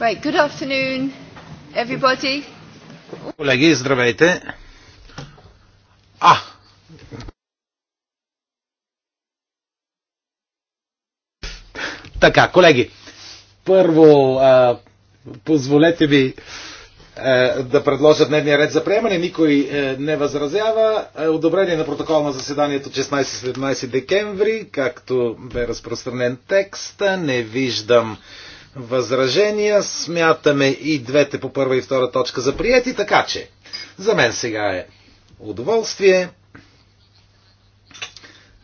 Right, good afternoon, everybody. Колеги, здравейте. А! Така, колеги, първо а, позволете ми а, да предложа дневния ред за приемане. Никой а, не възразява. Одобрение на протокол на заседанието 16-17 декември, както бе разпространен текста. Не виждам а, възражения. Смятаме и двете по първа и втора точка за прияти, така че за мен сега е удоволствие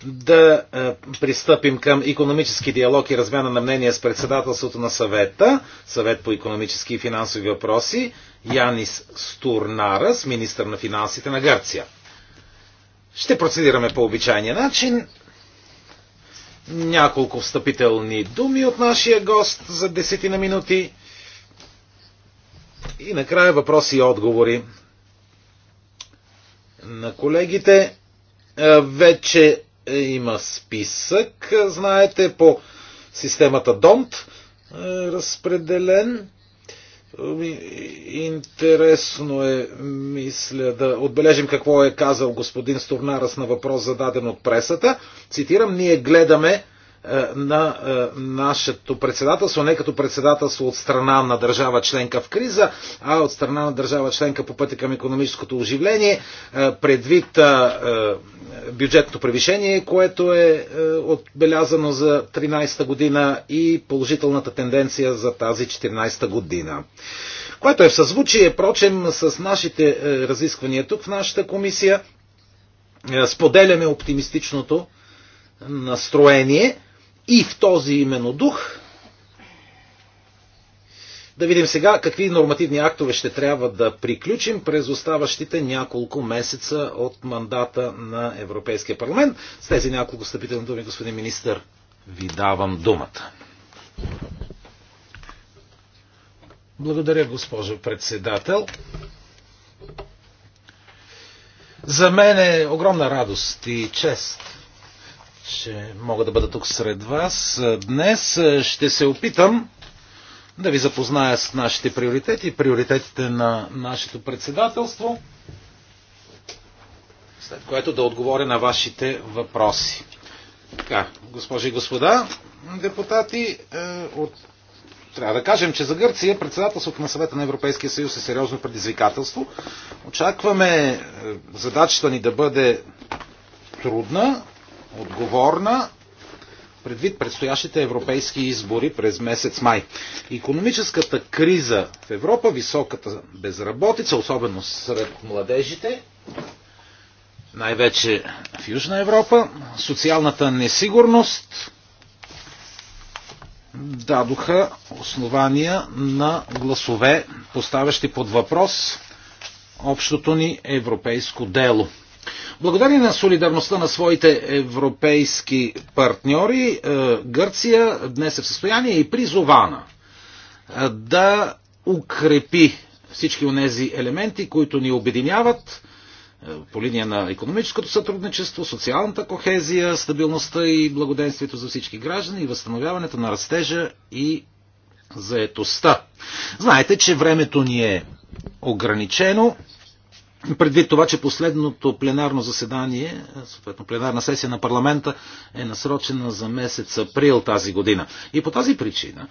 да е, пристъпим към економически диалог и размяна на мнение с председателството на съвета, съвет по економически и финансови въпроси, Янис Стурнарас, министър на финансите на Гърция. Ще процедираме по обичайния начин. Няколко встъпителни думи от нашия гост за десетина минути. И накрая въпроси и отговори на колегите. Е, вече има списък, знаете, по системата DOMT е, разпределен. Ами, интересно е, мисля, да отбележим какво е казал господин Стурнарас на въпрос зададен от пресата. Цитирам, ние гледаме е, на е, нашето председателство, не като председателство от страна на държава членка в криза, а от страна на държава членка по пътя към економическото оживление, е, предвид бюджетното превишение, което е отбелязано за 13-та година и положителната тенденция за тази 14-та година. Което е в съзвучие, прочем, с нашите разисквания тук в нашата комисия. Споделяме оптимистичното настроение – и в този именно дух да видим сега какви нормативни актове ще трябва да приключим през оставащите няколко месеца от мандата на Европейския парламент. С тези няколко стъпителни думи, господин министр, ви давам думата. Благодаря, госпожо председател. За мен е огромна радост и чест че мога да бъда тук сред вас. Днес е, ще се опитам да ви запозная с нашите приоритети, и приоритетите на нашето председателство, след което да отговоря на вашите въпроси. Така, госпожи и господа, депутати, е, от... трябва да кажем, че за Гърция председателството на съвета на Европейския съюз е сериозно предизвикателство. Очакваме е, задачата ни да бъде трудна, отговорна предвид предстоящите европейски избори през месец май. Економическата криза в Европа, високата безработица, особено сред младежите, най-вече в Южна Европа, социалната несигурност дадоха основания на гласове, поставящи под въпрос общото ни европейско дело – Благодарение на солидарността на своите европейски партньори, е, Гърция днес е в състояние и призована е, да укрепи всички тези елементи, които ни обединяват е, по линия на економическото сътрудничество, социалната кохезия, стабилността и благоденствието за всички граждани и възстановяването на растежа и заетостта. Знаете, че времето ни е ограничено. Предвид това, че последното пленарно заседание, съответно пленарна сесия на парламента е насрочена за месец април тази година. И по тази причина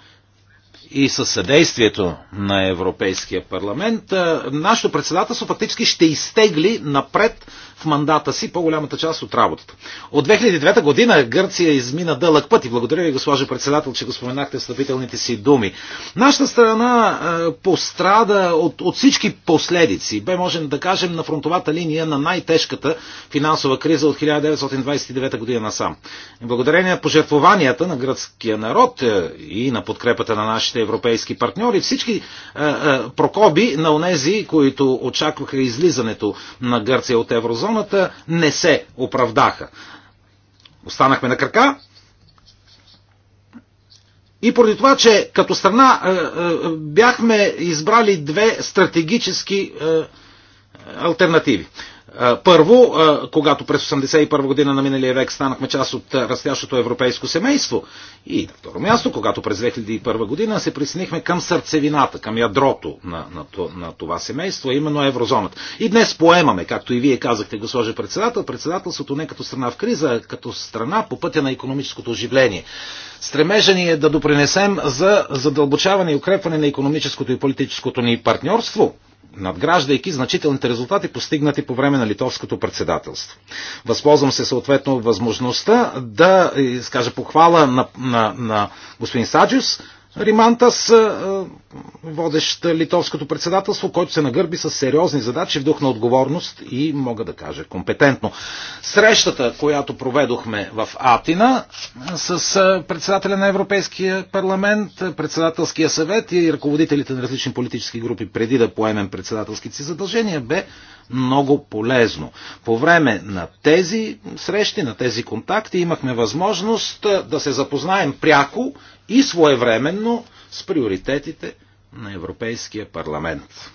и със съдействието на Европейския парламент, нашето председателство фактически ще изтегли напред в мандата си по-голямата част от работата. От 2009 година Гърция измина дълъг път и благодаря ви, госпожо председател, че го споменахте в стъпителните си думи. Нашата страна е, пострада от, от всички последици. Бе, можем да кажем, на фронтовата линия на най-тежката финансова криза от 1929 година насам. Благодарение на пожертвованията на гръцкия народ е, и на подкрепата на нашите европейски партньори, всички е, е, прокоби на онези, които очакваха излизането на Гърция от еврозона, еврозоната не се оправдаха. Останахме на крака. И поради това, че като страна е, е, бяхме избрали две стратегически е, альтернативи. Първо, когато през 81 година на миналия век станахме част от растящото европейско семейство. И на второ място, когато през 2001 година се присъединихме към сърцевината, към ядрото на, на, на това семейство, а именно еврозоната. И днес поемаме, както и вие казахте, госпожа председател, председателството не като страна в криза, а като страна по пътя на економическото оживление. Стремежа ни е да допринесем за задълбочаване и укрепване на економическото и политическото ни партньорство, надграждайки значителните резултати, постигнати по време на литовското председателство. Възползвам се съответно възможността да изкажа похвала на, на, на господин Саджус Римантас, е, е, водещ литовското председателство, който се нагърби с сериозни задачи в дух на отговорност и, мога да кажа, компетентно. Срещата, която проведохме в Атина е, с председателя на Европейския парламент, председателския съвет и ръководителите на различни политически групи преди да поемем председателските си задължения, бе много полезно. По време на тези срещи, на тези контакти имахме възможност да се запознаем пряко и своевременно с приоритетите на Европейския парламент.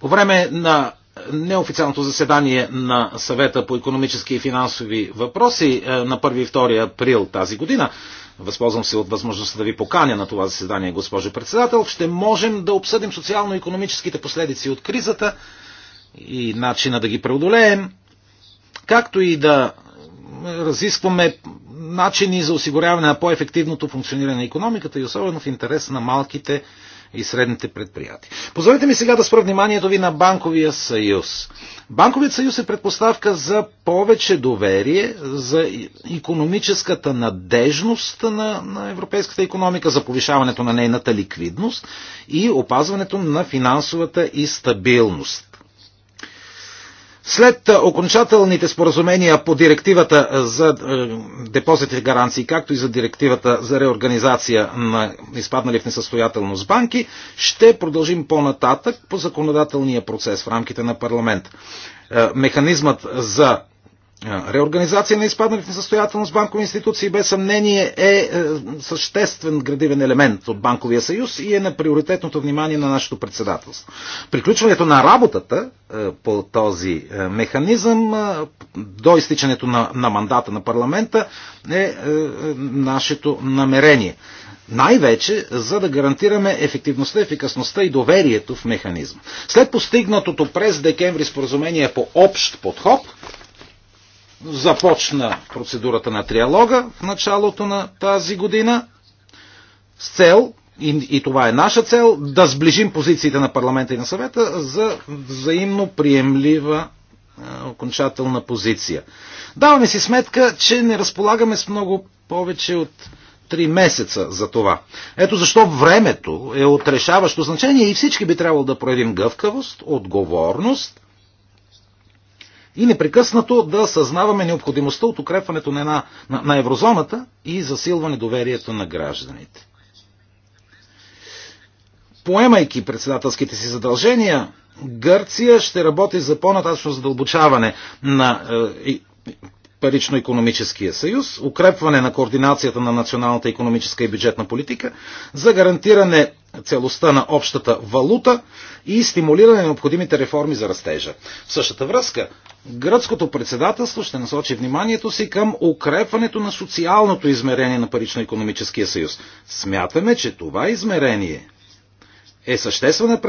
По време на неофициалното заседание на съвета по економически и финансови въпроси е, на 1 и 2 април тази година, възползвам се от възможността да ви поканя на това заседание, госпожо председател, ще можем да обсъдим социално-економическите последици от кризата и начина да ги преодолеем, както и да разискваме начини за осигуряване на по-ефективното функциониране на економиката и особено в интерес на малките и средните предприятия. Позволете ми сега да спра вниманието ви на Банковия съюз. Банковият съюз е предпоставка за повече доверие, за економическата надежност на, на европейската економика, за повишаването на нейната ликвидност и опазването на финансовата и стабилност. След окончателните споразумения по директивата за депозитни гаранции, както и за директивата за реорганизация на изпаднали в несъстоятелност банки, ще продължим по-нататък по законодателния процес в рамките на парламент. Механизмът за Реорганизация на изпаднали в несъстоятелност банкови институции без съмнение е, е съществен градивен елемент от Банковия съюз и е на приоритетното внимание на нашето председателство. Приключването на работата е, по този е, механизъм до изтичането на, на мандата на парламента е нашето намерение. Най-вече, за да гарантираме ефективността, ефикасността и доверието в механизма. След постигнатото през декември споразумение по общ подход, започна процедурата на триалога в началото на тази година с цел, и, и това е наша цел, да сближим позициите на парламента и на съвета за взаимно приемлива а, е, окончателна позиция. Даваме си сметка, че не разполагаме с много повече от 3 месеца за това. Ето защо времето е отрешаващо значение и всички би трябвало да проявим гъвкавост, отговорност и непрекъснато да съзнаваме необходимостта от укрепването на, една, на, на еврозоната и засилване доверието на гражданите. Поемайки председателските си задължения, Гърция ще работи за по-нататъчно задълбочаване на е, парично-економическия съюз, укрепване на координацията на националната економическа и бюджетна политика, за гарантиране целостта на общата валута и стимулиране на необходимите реформи за растежа. В същата връзка, гръцкото председателство ще насочи вниманието си към укрепването на социалното измерение на парично-економическия съюз. Смятаме, че това измерение е съществена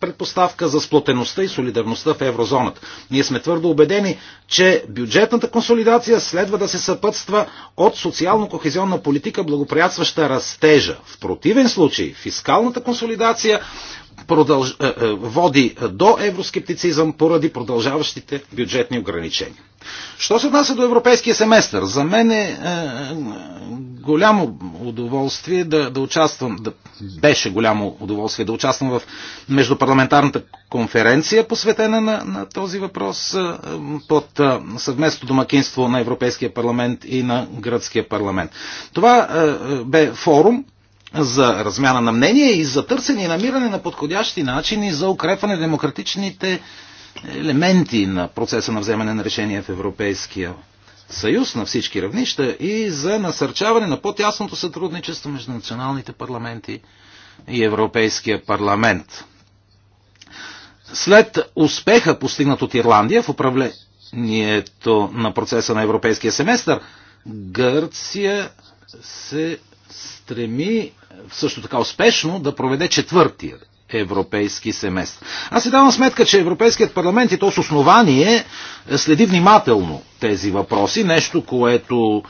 предпоставка за сплотеността и солидарността в еврозоната. Ние сме твърдо убедени, че бюджетната консолидация следва да се съпътства от социално-кохезионна политика, благоприятстваща растежа. В противен случай фискалната консолидация продълж... Е, е, води до евроскептицизъм поради продължаващите бюджетни ограничения. Що се отнася до европейския семестър? За мен е, е голямо удоволствие да, да участвам, да, беше голямо удоволствие да участвам в междупарламентарната конференция, посветена на, на този въпрос е, под е, съвместно домакинство на Европейския парламент и на Гръцкия парламент. Това е, е бе форум, за размяна на мнение и за търсене и намиране на подходящи начини за укрепване на демократичните елементи на процеса на вземане на решения в Европейския съюз на всички равнища и за насърчаване на по-тясното сътрудничество между националните парламенти и Европейския парламент. След успеха, постигнат от Ирландия в управлението на процеса на европейския семестър, Гърция се стреми също така успешно да проведе четвъртия европейски семестър. Аз си давам сметка, че Европейският парламент и то с основание следи внимателно тези въпроси, нещо, което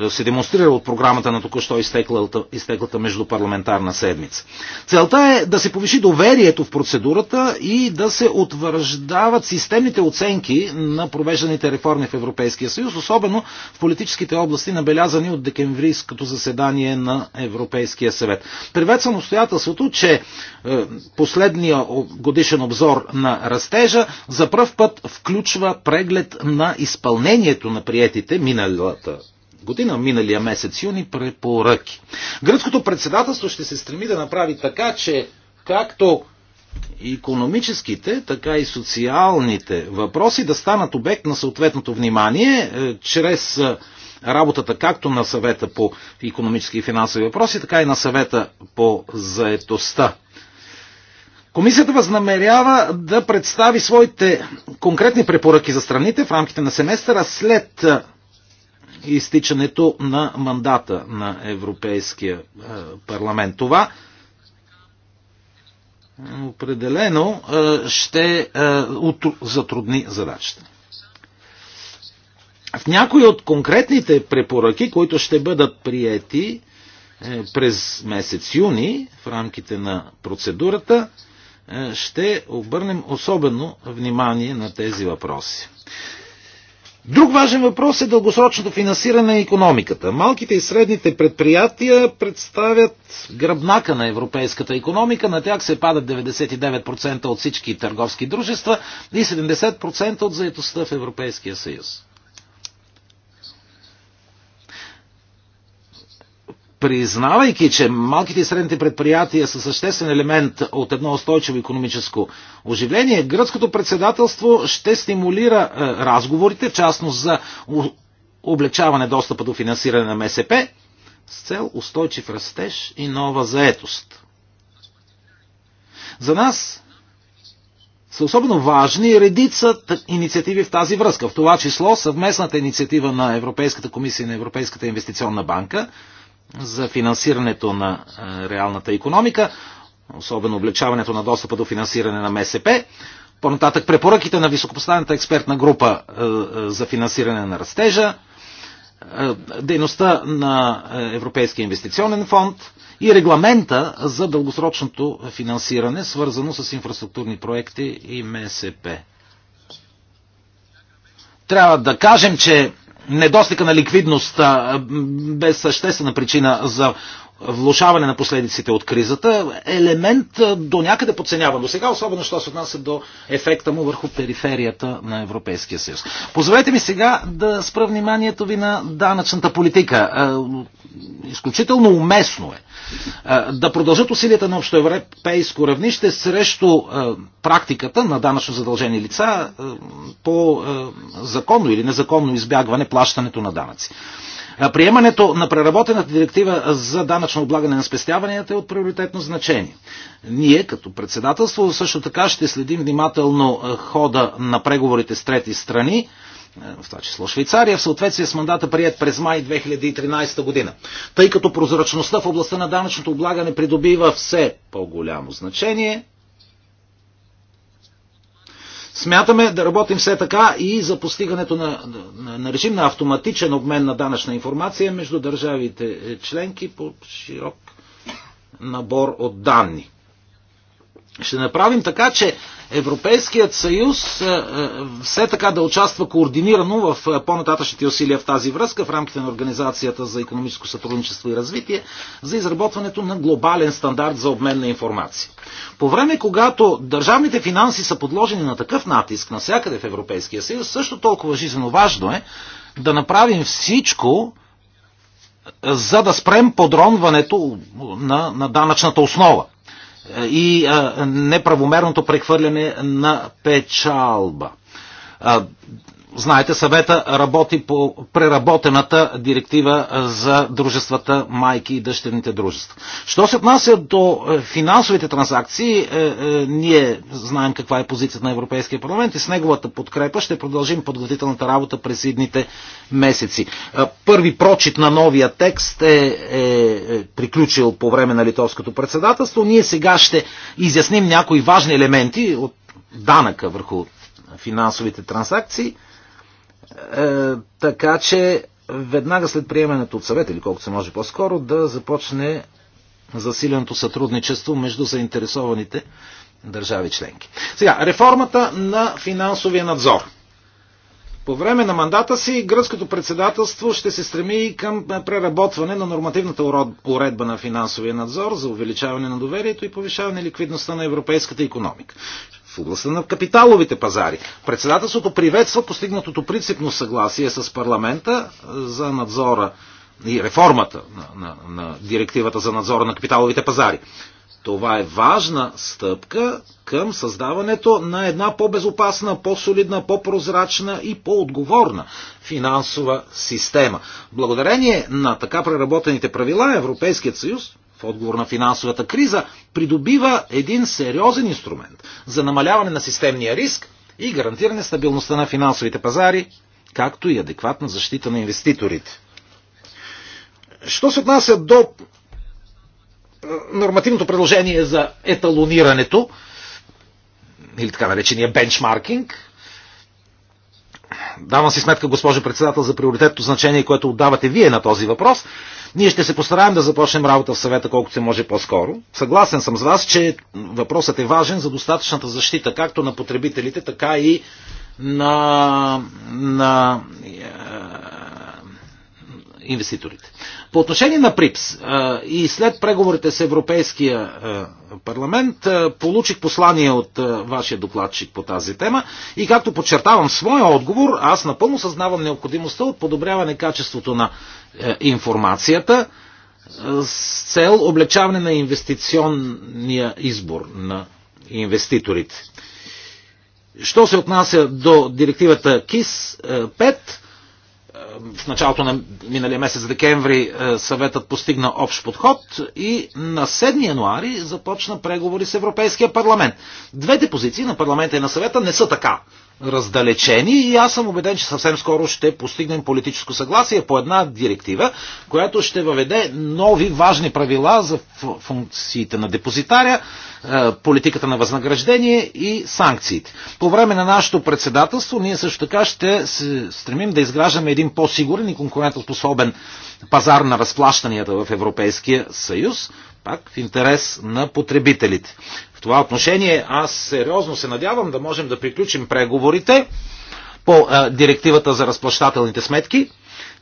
е, се демонстрира от програмата на току-що изтеклата, изтеклата междупарламентарна седмица. Целта е да се повиши доверието в процедурата и да се утвърждават системните оценки на провежданите реформи в Европейския съюз, особено в политическите области, набелязани от декемврийското заседание на Европейския съвет. Приветствам обстоятелството, че е, последния годишен обзор на растежа за пръв път включва преглед на изпълнението на приетите миналата година, миналия месец юни, препоръки. Гръцкото председателство ще се стреми да направи така, че както економическите, така и социалните въпроси да станат обект на съответното внимание е, чрез е, работата както на съвета по економически и финансови въпроси, така и на съвета по заетостта. Комисията възнамерява да представи своите конкретни препоръки за страните в рамките на семестъра след е, изтичането на мандата на Европейския е, парламент. Това е, определено е, ще затрудни задачата. В някои от конкретните препоръки, които ще бъдат приети през месец юни в рамките на процедурата, ще обърнем особено внимание на тези въпроси. Друг важен въпрос е дългосрочното финансиране на економиката. Малките и средните предприятия представят гръбнака на европейската економика. На тях се падат 99% от всички търговски дружества и 70% от заетостта в Европейския съюз. признавайки, че малките и средните предприятия са съществен елемент от едно устойчиво економическо оживление, гръцкото председателство ще стимулира е, разговорите, в частност за облегчаване достъпа до финансиране на МСП, с цел устойчив растеж и нова заетост. За нас са особено важни редица инициативи в тази връзка, в това число съвместната инициатива на Европейската комисия и на Европейската инвестиционна банка – за финансирането на е, реалната економика, особено облегчаването на достъпа до финансиране на МСП. По-нататък препоръките на високопоставената експертна група е, е, за финансиране на растежа, дейността на Европейския инвестиционен фонд и регламента за дългосрочното финансиране, свързано с инфраструктурни проекти и МСП. Трябва да кажем, че недостига на ликвидност без съществена причина за влушаване на последиците от кризата, елемент до някъде подценяван до сега, особено що се отнася до ефекта му върху периферията на Европейския съюз. Позволете ми сега да спра вниманието ви на данъчната политика. Изключително уместно е да продължат усилията на общоевропейско равнище срещу практиката на данъчно задължени лица по законно или незаконно избягване плащането на данъци. Приемането на преработената директива за данъчно облагане на спестяванията е от приоритетно значение. Ние, като председателство, също така ще следим внимателно хода на преговорите с трети страни, в това число Швейцария, в съответствие с мандата прият през май 2013 година. Тъй като прозрачността в областта на данъчното облагане придобива все по-голямо значение, Смятаме да работим все така и за постигането на, на, на режим на автоматичен обмен на данъчна информация между държавите е, членки по широк набор от данни. Ще направим така, че Европейският съюз е, е, все така да участва координирано в е, по-нататъчните усилия в тази връзка в рамките на Организацията за економическо сътрудничество и развитие за изработването на глобален стандарт за обмен на информация. По време, когато държавните финанси са подложени на такъв натиск навсякъде в Европейския съюз, също толкова жизненно важно е да направим всичко, за да спрем подронването на, на данъчната основа и неправомерното прехвърляне на печалба знаете, съвета работи по преработената директива за дружествата майки и дъщерните дружества. Що се отнася до е, финансовите транзакции, е, е, ние знаем каква е позицията на Европейския парламент и с неговата подкрепа ще продължим подготвителната работа през едните месеци. Първи прочит на новия текст е, е приключил по време на литовското председателство. Ние сега ще изясним някои важни елементи от данъка върху финансовите транзакции – е, така че веднага след приемането от съвет или колкото се може по-скоро да започне засиленото сътрудничество между заинтересованите държави членки. Сега, реформата на финансовия надзор. По време на мандата си гръцкото председателство ще се стреми и към преработване на нормативната уредба на финансовия надзор за увеличаване на доверието и повишаване ликвидността на европейската економика в областта на капиталовите пазари. Председателството приветства постигнатото принципно съгласие с парламента за надзора и реформата на, на, на директивата за надзора на капиталовите пазари. Това е важна стъпка към създаването на една по-безопасна, по-солидна, по-прозрачна и по-отговорна финансова система. Благодарение на така преработените правила Европейският съюз в отговор на финансовата криза, придобива един сериозен инструмент за намаляване на системния риск и гарантиране стабилността на финансовите пазари, както и адекватна защита на инвеститорите. Що се отнася до е, нормативното предложение за еталонирането, или така наречения бенчмаркинг, давам си сметка, госпожо председател, за приоритетното значение, което отдавате вие на този въпрос, ние ще се постараем да започнем работа в съвета колкото се може по-скоро. Съгласен съм с вас, че въпросът е важен за достатъчната защита както на потребителите, така и на, на е, инвеститорите. По отношение на ПРИПС и след преговорите с Европейския парламент получих послание от вашия докладчик по тази тема и както подчертавам своя отговор, аз напълно съзнавам необходимостта от подобряване качеството на информацията с цел облегчаване на инвестиционния избор на инвеститорите. Що се отнася до директивата КИС 5, в началото на миналия месец декември е, съветът постигна общ подход и на 7 януари започна преговори с Европейския парламент. Двете позиции на парламента и на съвета не са така раздалечени и аз съм убеден, че съвсем скоро ще постигнем политическо съгласие по една директива, която ще въведе нови важни правила за функциите на депозитаря, е, политиката на възнаграждение и санкциите. По време на нашето председателство ние също така ще се стремим да изграждаме един по-сигурен и конкурентоспособен пазар на разплащанията в Европейския съюз, пак в интерес на потребителите. В това отношение аз сериозно се надявам да можем да приключим преговорите по а, директивата за разплащателните сметки,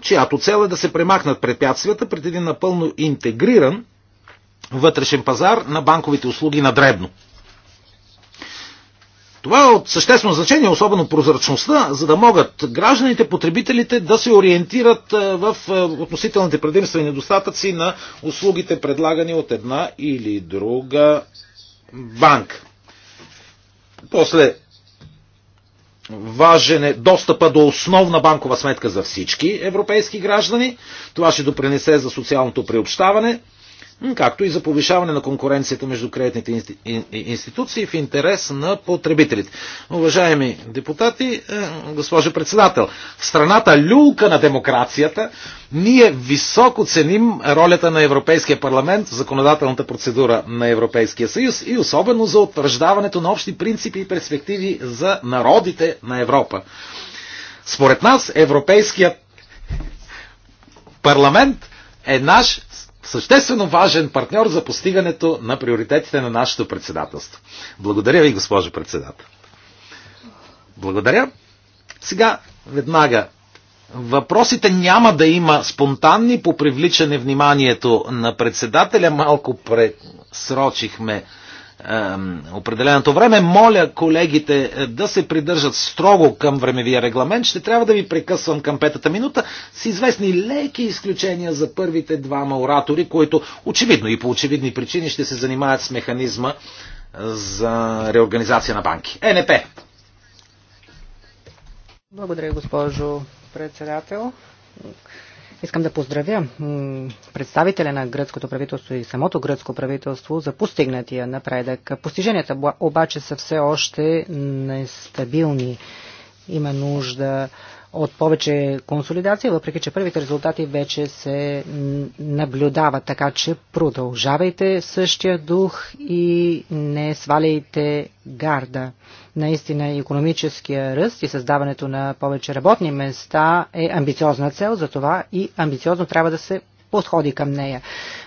чиято цел е да се премахнат препятствията пред един напълно интегриран вътрешен пазар на банковите услуги на дребно. Това е от съществено значение, особено прозрачността, за да могат гражданите, потребителите да се ориентират е, в е, относителните предимства и недостатъци на услугите, предлагани от една или друга банка. После важен е достъпа до основна банкова сметка за всички европейски граждани. Това ще допринесе за социалното приобщаване както и за повишаване на конкуренцията между кредитните институции в интерес на потребителите. Уважаеми депутати, е, госпожо председател, в страната люлка на демокрацията, ние високо ценим ролята на Европейския парламент в законодателната процедура на Европейския съюз и особено за утвърждаването на общи принципи и перспективи за народите на Европа. Според нас Европейският парламент е наш съществено важен партньор за постигането на приоритетите на нашето председателство. Благодаря ви, госпожо председател. Благодаря. Сега веднага Въпросите няма да има спонтанни по привличане вниманието на председателя. Малко пресрочихме определеното време. Моля колегите е, да се придържат строго към времевия регламент. Ще трябва да ви прекъсвам към петата минута с известни леки изключения за първите двама оратори, които очевидно и по очевидни причини ще се занимаят с механизма е, за реорганизация на банки. ЕНП. Благодаря, госпожо председател. Искам да поздравя представителя на гръцкото правителство и самото гръцко правителство за постигнатия напредък. Постиженията обаче са все още нестабилни. Има нужда от повече консолидация, въпреки че първите резултати вече се наблюдават. Така че продължавайте същия дух и не сваляйте гарда. Наистина економическия ръст и създаването на повече работни места е амбициозна цел, затова и амбициозно трябва да се подходи към нея.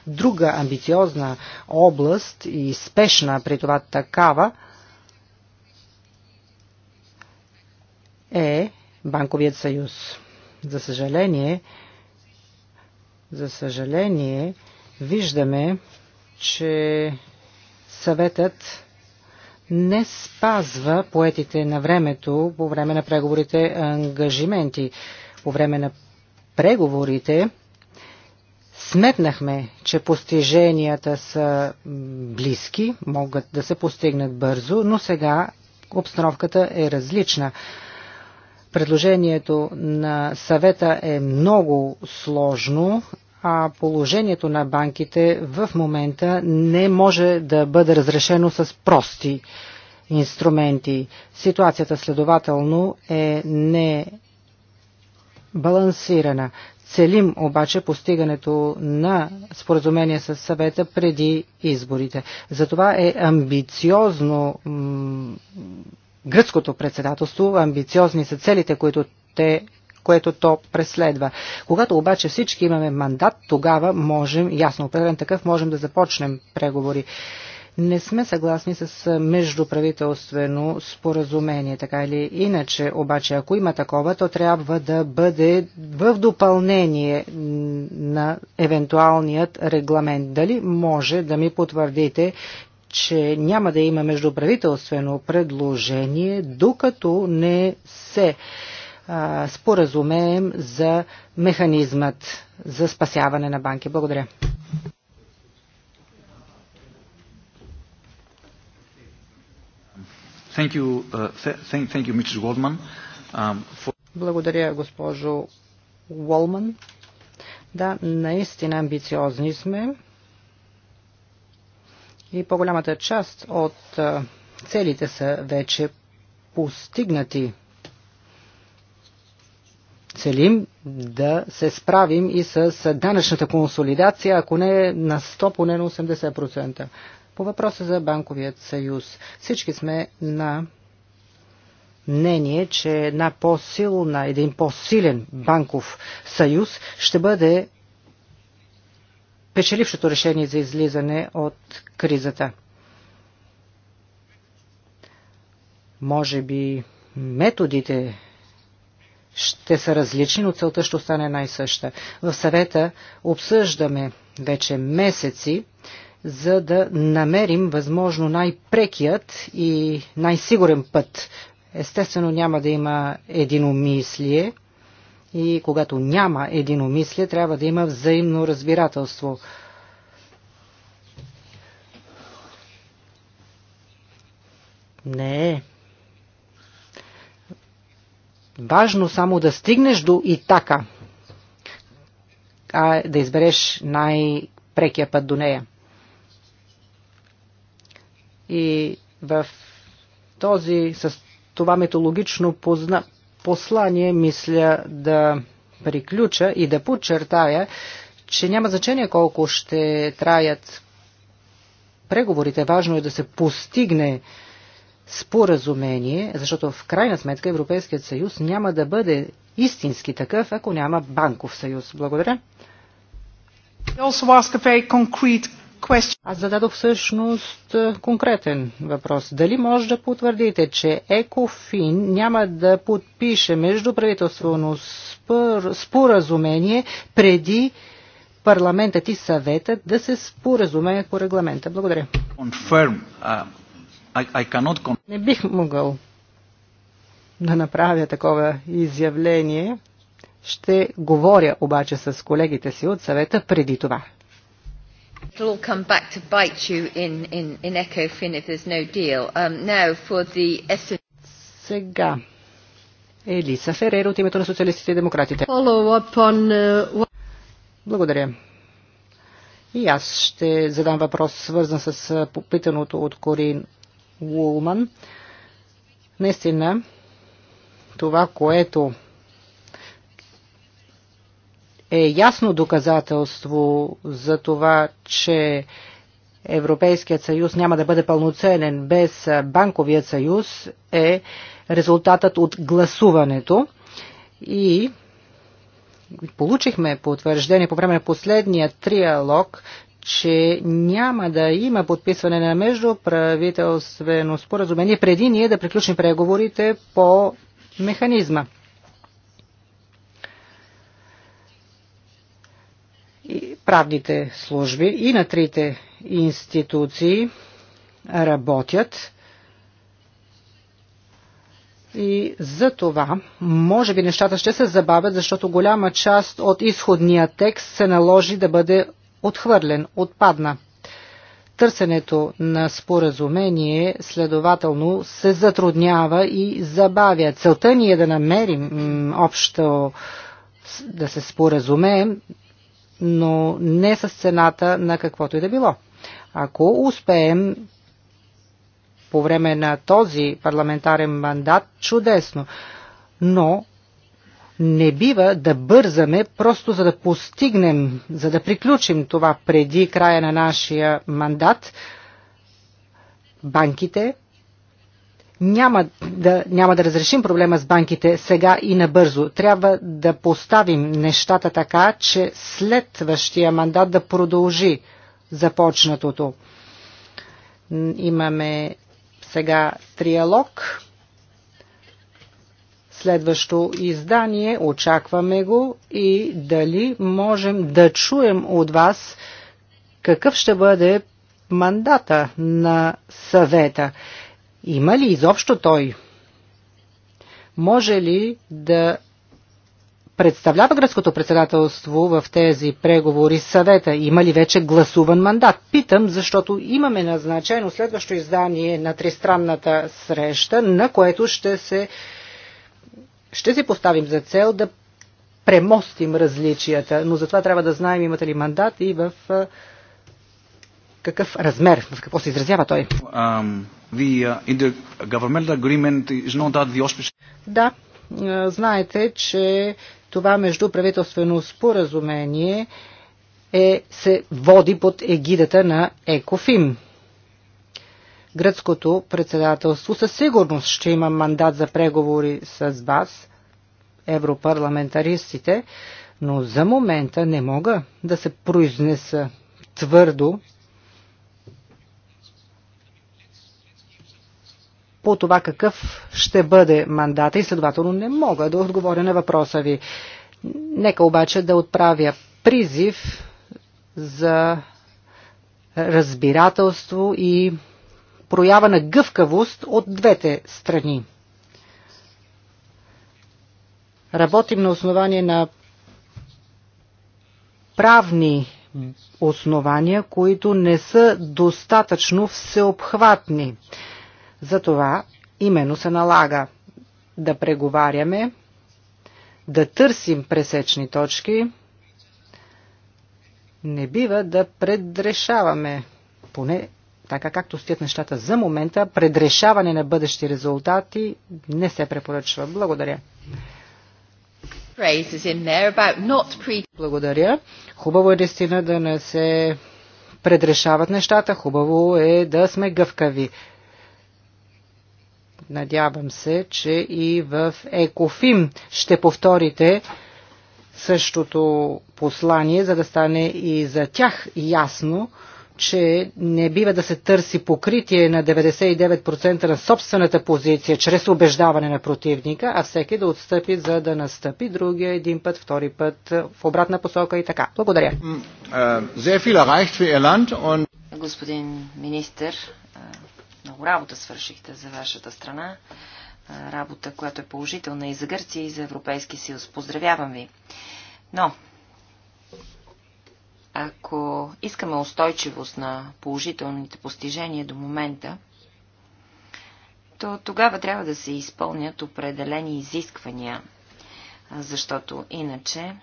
Друга амбициозна област и спешна при това такава е Банковият съюз. За съжаление, за съжаление, виждаме, че съветът не спазва поетите на времето, по време на преговорите, ангажименти. По време на преговорите сметнахме, че постиженията са близки, могат да се постигнат бързо, но сега обстановката е различна. Предложението на съвета е много сложно а положението на банките в момента не може да бъде разрешено с прости инструменти. Ситуацията следователно е не балансирана. Целим обаче постигането на споразумение с съвета преди изборите. Затова е амбициозно гръцкото председателство, амбициозни са целите, които те което то преследва. Когато обаче всички имаме мандат, тогава можем, ясно определен такъв, можем да започнем преговори. Не сме съгласни с междуправителствено споразумение, така или иначе. Обаче, ако има такова, то трябва да бъде в допълнение на евентуалният регламент. Дали може да ми потвърдите, че няма да има междуправителствено предложение, докато не се споразумеем за механизмът за спасяване на банки. Благодаря. Thank you, uh, thank you, Goldman, um, for... Благодаря, госпожо Уолман. Да, наистина амбициозни сме. И по-голямата част от целите са вече постигнати целим да се справим и с данъчната консолидация, ако не на 100, поне на 80%. По въпроса за банковият съюз. Всички сме на мнение, че една по-силна, един по-силен банков съюз ще бъде печелившото решение за излизане от кризата. Може би методите, ще са различни, но целта ще остане една и съща. В съвета обсъждаме вече месеци, за да намерим възможно най-прекият и най-сигурен път. Естествено няма да има единомислие и когато няма единомислие, трябва да има взаимно разбирателство. Не е важно само да стигнеш до Итака, а да избереш най-прекия път до нея. И в този, с това метологично позна, послание, мисля да приключа и да подчертая, че няма значение колко ще траят преговорите. Важно е да се постигне споразумение, защото в крайна сметка Европейският съюз няма да бъде истински такъв, ако няма банков съюз. Благодаря. Аз зададох всъщност е, конкретен въпрос. Дали може да потвърдите, че ЕКОФИН няма да подпише междуправителствено спор... споразумение преди парламентът и съветът да се споразумеят по регламента? Благодаря. I, I Не бих могъл да направя такова изявление. Ще говоря обаче с колегите си от съвета преди това. Um, Сега. Елиса Ферер от името на социалистите и демократите. On... Uh, Благодаря. И аз ще задам въпрос, свързан с попитаното от Корин Уолман. Наистина, това, което е ясно доказателство за това, че Европейският съюз няма да бъде пълноценен без банковият съюз е резултатът от гласуването и получихме потвърждение по време на последния триалог, че няма да има подписване на междуправителствено споразумение преди ние да приключим преговорите по механизма. И правните служби и на трите институции работят и за това, може би нещата ще се забавят, защото голяма част от изходния текст се наложи да бъде отхвърлен, отпадна. Търсенето на споразумение следователно се затруднява и забавя. Целта ни е да намерим общо да се споразумеем, но не с цената на каквото и да било. Ако успеем по време на този парламентарен мандат, чудесно. Но не бива да бързаме просто за да постигнем, за да приключим това преди края на нашия мандат. Банките няма да, няма да разрешим проблема с банките сега и набързо. Трябва да поставим нещата така, че следващия мандат да продължи започнатото. Имаме сега триалог следващо издание. Очакваме го и дали можем да чуем от вас какъв ще бъде мандата на съвета. Има ли изобщо той? Може ли да представлява гръцкото председателство в тези преговори с съвета? Има ли вече гласуван мандат? Питам, защото имаме назначено следващо издание на тристранната среща, на което ще се ще си поставим за цел да премостим различията, но затова трябва да знаем имате ли мандат и в какъв размер, в какво се изразява той. Um, the, uh, the да, знаете, че това междуправителствено споразумение е, се води под егидата на ЕКОФИМ гръцкото председателство със сигурност ще има мандат за преговори с вас, европарламентаристите, но за момента не мога да се произнеса твърдо по това какъв ще бъде мандата и следователно не мога да отговоря на въпроса ви. Нека обаче да отправя призив за разбирателство и проява на гъвкавост от двете страни. Работим на основание на правни основания, които не са достатъчно всеобхватни. Затова именно се налага да преговаряме, да търсим пресечни точки. Не бива да предрешаваме, поне така както стоят нещата за момента, предрешаване на бъдещи резултати не се препоръчва. Благодаря. Благодаря. Хубаво е наистина да не се предрешават нещата. Хубаво е да сме гъвкави. Надявам се, че и в Екофим ще повторите същото послание, за да стане и за тях ясно, че не бива да се търси покритие на 99% на собствената позиция чрез убеждаване на противника, а всеки да отстъпи, за да настъпи другия един път, втори път, в обратна посока и така. Благодаря. Господин министр, много работа свършихте за вашата страна. Работа, която е положителна и за Гърция, и за Европейски съюз. Поздравявам ви. Но, ако искаме устойчивост на положителните постижения до момента, то тогава трябва да се изпълнят определени изисквания, защото иначе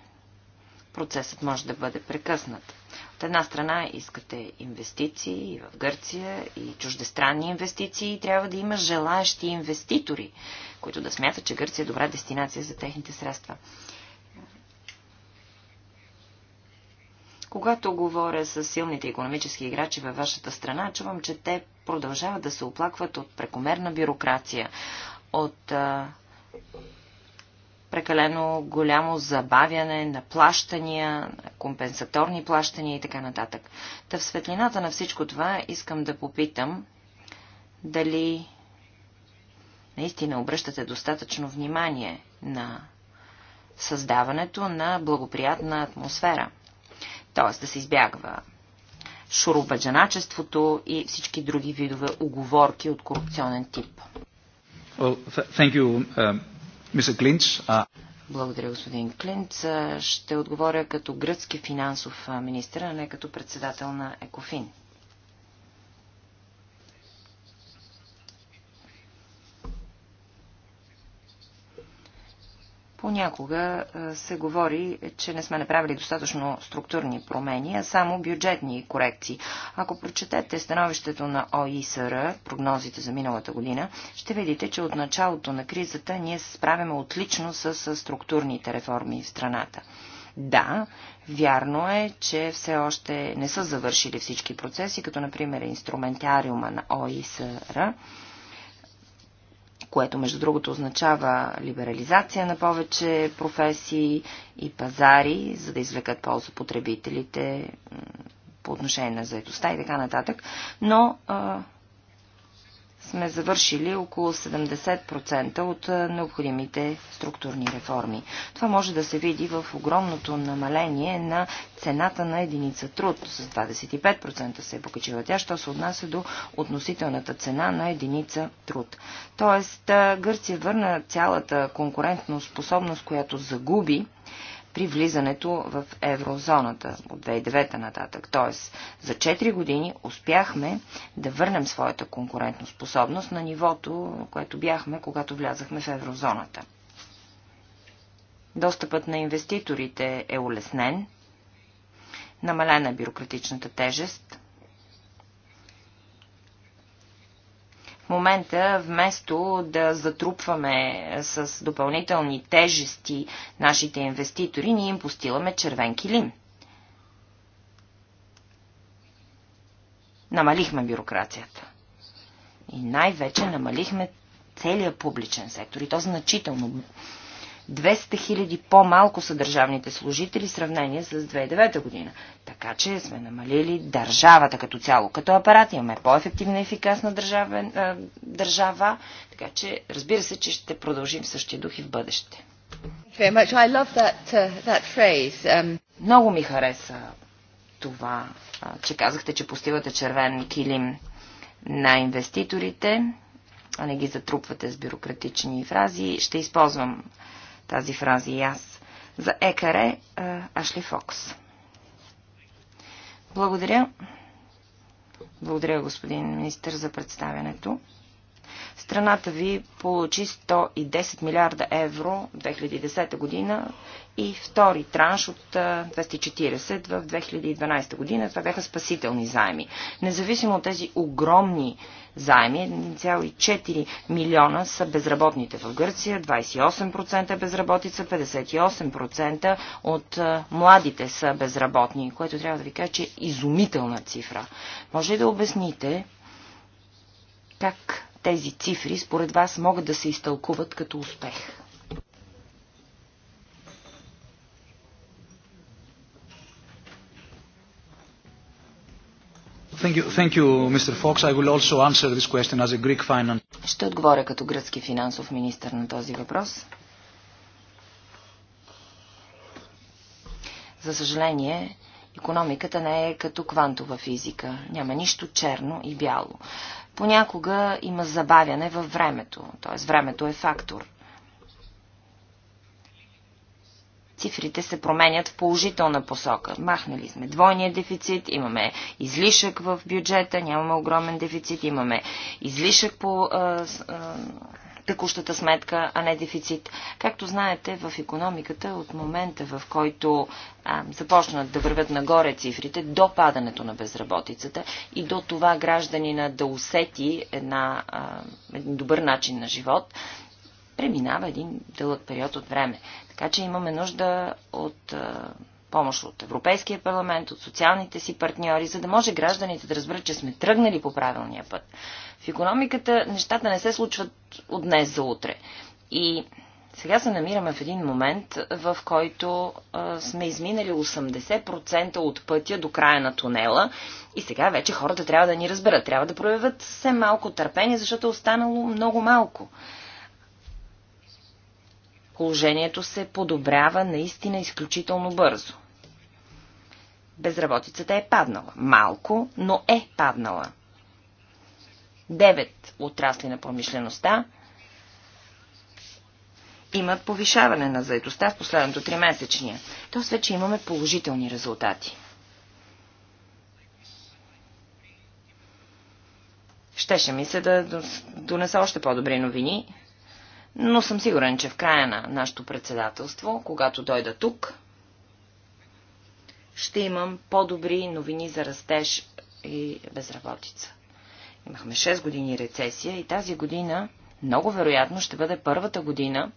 процесът може да бъде прекъснат. От една страна искате инвестиции и в Гърция, и чуждестранни инвестиции, и трябва да има желаящи инвеститори, които да смятат, че Гърция е добра дестинация за техните средства. Когато говоря с силните економически играчи във вашата страна, чувам, че те продължават да се оплакват от прекомерна бюрокрация, от а, прекалено голямо забавяне на плащания, на компенсаторни плащания и така нататък. Та в светлината на всичко това искам да попитам дали наистина обръщате достатъчно внимание на създаването на благоприятна атмосфера – т.е. да се избягва шурубаджаначеството и всички други видове оговорки от корупционен тип. Well, you, um, uh, Благодаря, господин Клинц. Ще отговоря като гръцки финансов министр, а не като председател на ЕКОФИН. Понякога е, се говори, че не сме направили достатъчно структурни промени, а само бюджетни корекции. Ако прочетете становището на ОИСР, прогнозите за миналата година, ще видите, че от началото на кризата ние се справяме отлично с структурните реформи в страната. Да, вярно е, че все още не са завършили всички процеси, като например инструментариума на ОИСР, което между другото означава либерализация на повече професии и пазари, за да извлекат полза потребителите по отношение на заедостта и така нататък. Но сме завършили около 70% от необходимите структурни реформи. Това може да се види в огромното намаление на цената на единица труд. С 25% се е покачила тя, що се отнася до относителната цена на единица труд. Тоест, Гърция върна цялата конкурентно способност, която загуби при влизането в еврозоната от 2009 нататък. Тоест, за 4 години успяхме да върнем своята конкурентоспособност на нивото, което бяхме, когато влязахме в еврозоната. Достъпът на инвеститорите е улеснен, намалена е бюрократичната тежест, момента, вместо да затрупваме с допълнителни тежести нашите инвеститори, ние им постиламе червен килим. Намалихме бюрокрацията. И най-вече намалихме целият публичен сектор. И то значително. 200 хиляди по-малко са държавните служители в сравнение с 2009 година. Така че сме намалили държавата като цяло. Като апарат имаме по-ефективна и ефикасна държава, а, държава, така че разбира се, че ще продължим в същия дух и в бъдеще. Uh, um, Много ми хареса това, че казахте, че постивате червен килим на инвеститорите, а не ги затрупвате с бюрократични фрази. Ще използвам тази фраза и аз. За Екаре е, Ашли Фокс. Благодаря. Благодаря, господин министр, за представянето. Страната ви получи 110 милиарда евро в 2010 година и втори транш от 240 в 2012 година. Това бяха спасителни заеми. Независимо от тези огромни заеми, 1,4 милиона са безработните в Гърция, 28% е безработица, 58% от младите са безработни, което трябва да ви кажа, че е изумителна цифра. Може ли да обясните как тези цифри според вас могат да се изтълкуват като успех? Ще отговоря като гръцки финансов министр на този въпрос. За съжаление, економиката не е като квантова физика. Няма нищо черно и бяло понякога има забавяне във времето, т.е. времето е фактор. Цифрите се променят в положителна посока. Махнали сме двойния дефицит, имаме излишък в бюджета, нямаме огромен дефицит, имаме излишък по а, а, текущата сметка, а не дефицит. Както знаете, в економиката от момента, в който а, започнат да вървят нагоре цифрите, до падането на безработицата и до това гражданина да усети една, а, един добър начин на живот, преминава един дълъг период от време. Така че имаме нужда от а, помощ от Европейския парламент, от социалните си партньори, за да може гражданите да разберат, че сме тръгнали по правилния път. В економиката нещата не се случват от днес за утре. И сега се намираме в един момент, в който а, сме изминали 80% от пътя до края на тунела и сега вече хората трябва да ни разберат, трябва да проявят все малко търпение, защото е останало много малко. Положението се подобрява наистина изключително бързо. Безработицата е паднала. Малко, но е паднала. Девет отрасли на промишлеността имат повишаване на заедостта в последното три месечния. Тоест вече имаме положителни резултати. Щеше ми се да донеса още по-добри новини, но съм сигурен, че в края на нашето председателство, когато дойда тук, ще имам по-добри новини за растеж и безработица. Имахме 6 години рецесия и тази година много вероятно ще бъде първата година,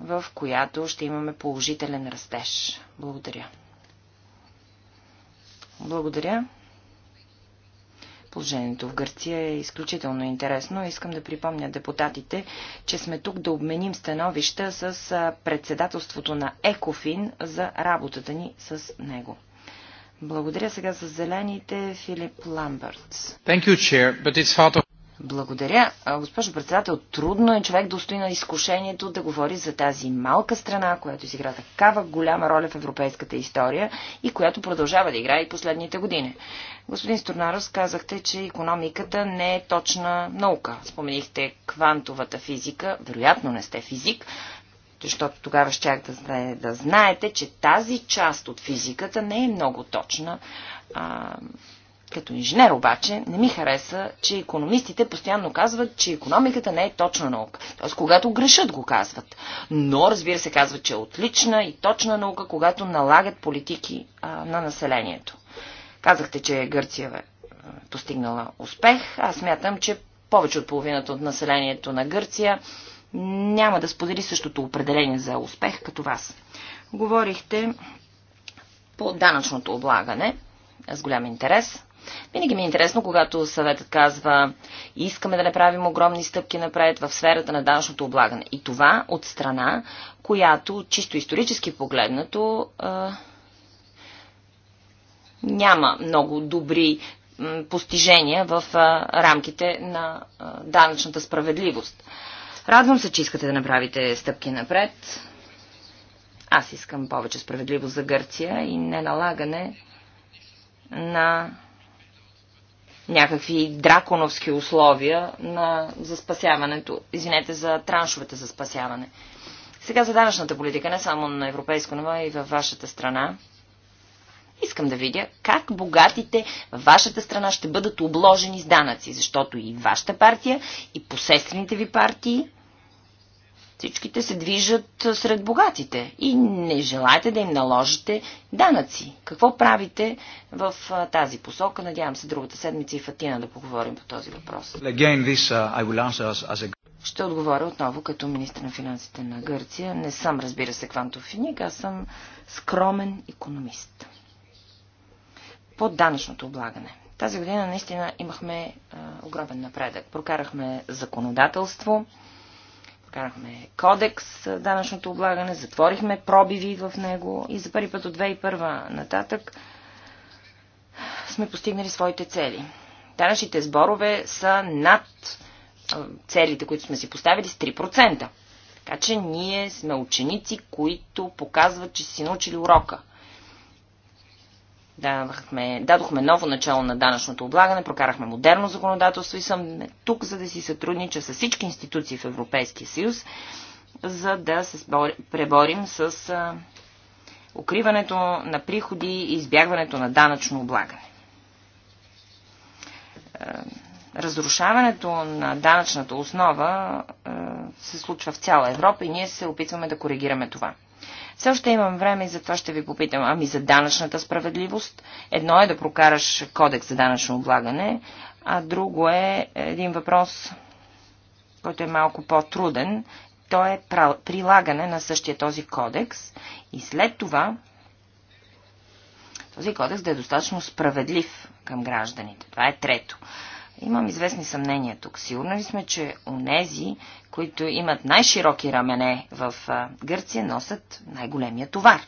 в която ще имаме положителен растеж. Благодаря. Благодаря. Положението в Гърция е изключително интересно. Искам да припомня депутатите, че сме тук да обменим становища с председателството на ЕКОФИН за работата ни с него. Благодаря сега за зелените Филип Ламбъртс. Thank you, Chair, but it's hard to... Благодаря. Госпожо председател, трудно е човек да устои на изкушението да говори за тази малка страна, която изигра такава голяма роля в европейската история и която продължава да играе и последните години. Господин Стурнаров, казахте, че економиката не е точна наука. Споменихте квантовата физика. Вероятно не сте физик, защото тогава щях да, знае, да знаете, че тази част от физиката не е много точна. А, като инженер обаче не ми хареса, че економистите постоянно казват, че економиката не е точна наука. Т.е. когато грешат го казват. Но разбира се казват, че е отлична и точна наука, когато налагат политики а, на населението. Казахте, че Гърция е постигнала успех. Аз смятам, че повече от половината от населението на Гърция няма да сподели същото определение за успех като вас. Говорихте по данъчното облагане с голям интерес. Винаги ми е интересно, когато съветът казва, искаме да направим огромни стъпки напред в сферата на данъчното облагане. И това от страна, която чисто исторически погледнато няма много добри постижения в рамките на данъчната справедливост. Радвам се, че искате да направите стъпки напред. Аз искам повече справедливост за Гърция и неналагане на някакви драконовски условия на, за спасяването, извинете, за траншовете за спасяване. Сега за данъчната политика, не само на европейско, ниво, и във вашата страна. Искам да видя как богатите във вашата страна ще бъдат обложени с данъци, защото и вашата партия, и посестрените ви партии Всичките се движат сред богатите и не желаете да им наложите данъци. Какво правите в тази посока? Надявам се другата седмица и Фатина да поговорим по този въпрос. Again, this, uh, a... Ще отговоря отново като министр на финансите на Гърция. Не съм, разбира се, квантофиник, аз съм скромен економист. По данъчното облагане. Тази година наистина имахме а, огромен напредък. Прокарахме законодателство, вкарахме кодекс данъчното облагане, затворихме пробиви в него и за първи път от 2001 нататък сме постигнали своите цели. Данъчните сборове са над целите, които сме си поставили с 3%. Така че ние сме ученици, които показват, че си научили урока. Дадохме, дадохме ново начало на данъчното облагане, прокарахме модерно законодателство и съм тук, за да си сътруднича с всички институции в Европейския съюз, за да се преборим с а, укриването на приходи и избягването на данъчно облагане. Разрушаването на данъчната основа се случва в цяла Европа и ние се опитваме да коригираме това. Все още имам време и затова ще ви попитам. Ами за данъчната справедливост. Едно е да прокараш кодекс за данъчно облагане, а друго е един въпрос, който е малко по-труден. То е прилагане на същия този кодекс и след това този кодекс да е достатъчно справедлив към гражданите. Това е трето. Имам известни съмнения тук. Сигурни ли сме, че онези, които имат най-широки рамене в Гърция, носят най-големия товар.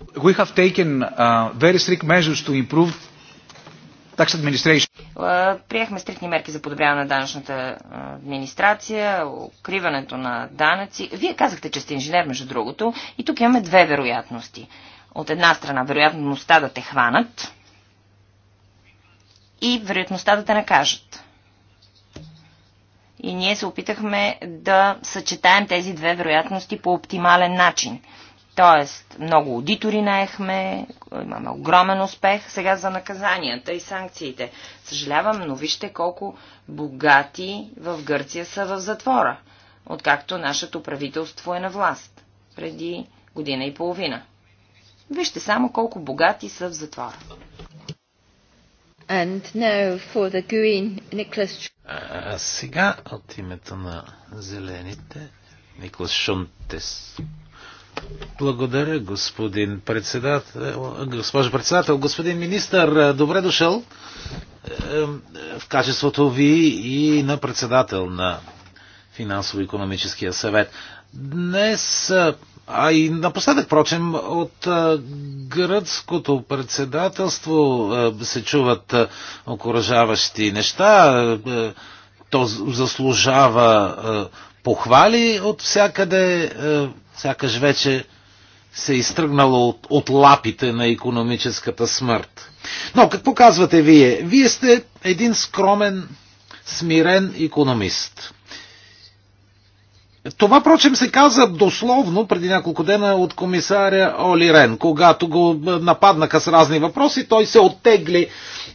We have taken uh, very strict measures to improve tax administration. Приехме стрикни мерки за подобряване на данъчната администрация, укриването на данъци. Вие казахте, че сте инженер, между другото, и тук имаме две вероятности. От една страна, вероятността да те хванат и вероятността да те накажат. И ние се опитахме да съчетаем тези две вероятности по оптимален начин. Тоест, много аудитори наехме, имаме огромен успех сега за наказанията и санкциите. Съжалявам, но вижте колко богати в Гърция са в затвора, откакто нашето правителство е на власт, преди година и половина. Вижте само колко богати са в затвора. And now for the green, Nicholas... А сега от името на зелените Николас Шунтес. Благодаря, господин председател, госпожа председател, господин министър, добре дошъл в качеството ви и на председател на финансово-економическия съвет. Днес а и напоследък, впрочем, от гръцкото председателство се чуват окоръжаващи неща. То заслужава похвали от всякъде, сякаш вече се е изтръгнало от, от лапите на економическата смърт. Но какво казвате вие? Вие сте един скромен, смирен економист. Това, прочим, се каза дословно преди няколко дена от комисаря Оли Рен. Когато го нападнаха с разни въпроси, той се оттегли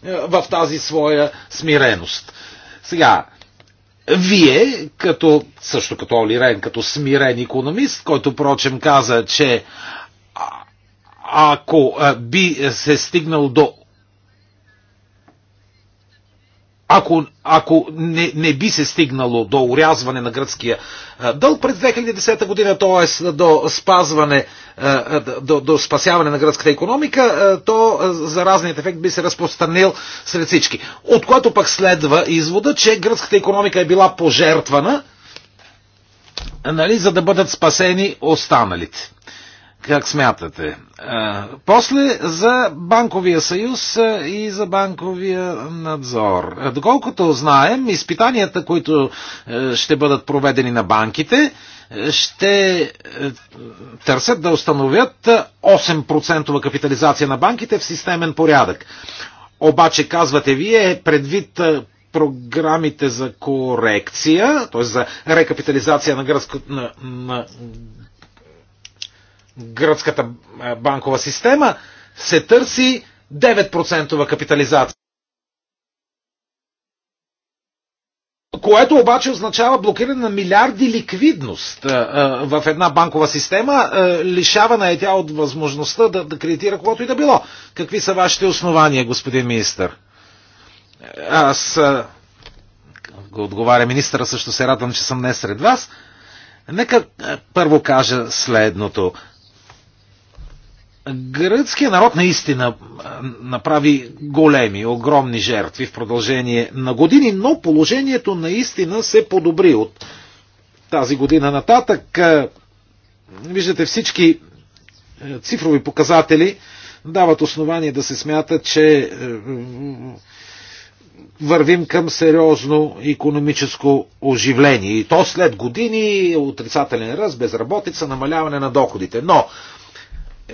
е, в тази своя смиреност. Сега, вие, като, също като Оли Рен, като смирен економист, който, прочим, каза, че ако би се стигнал до ако, ако не, не би се стигнало до урязване на гръцкия дълг през 2010 година, т.е. до спазване, до, до спасяване на гръцката економика, то заразният ефект би се разпространил сред всички. От което пък следва извода, че гръцката економика е била пожертвана, нали, за да бъдат спасени останалите. Как смятате? После за банковия съюз и за банковия надзор. Доколкото знаем, изпитанията, които ще бъдат проведени на банките, ще търсят да установят 8% капитализация на банките в системен порядък. Обаче, казвате вие, предвид програмите за корекция, т.е. за рекапитализация на, гръцко, на, на гръцката банкова система, се търси 9% капитализация. Което обаче означава блокиране на милиарди ликвидност в една банкова система, лишавана е тя от възможността да, да кредитира каквото и да било. Какви са вашите основания, господин министър? Аз го отговаря министъра, също се радвам, че съм днес сред вас. Нека първо кажа следното. Гръцкият народ наистина направи големи, огромни жертви в продължение на години, но положението наистина се подобри от тази година нататък. Виждате всички цифрови показатели дават основание да се смята, че вървим към сериозно економическо оживление. И то след години отрицателен ръст, безработица, намаляване на доходите. Но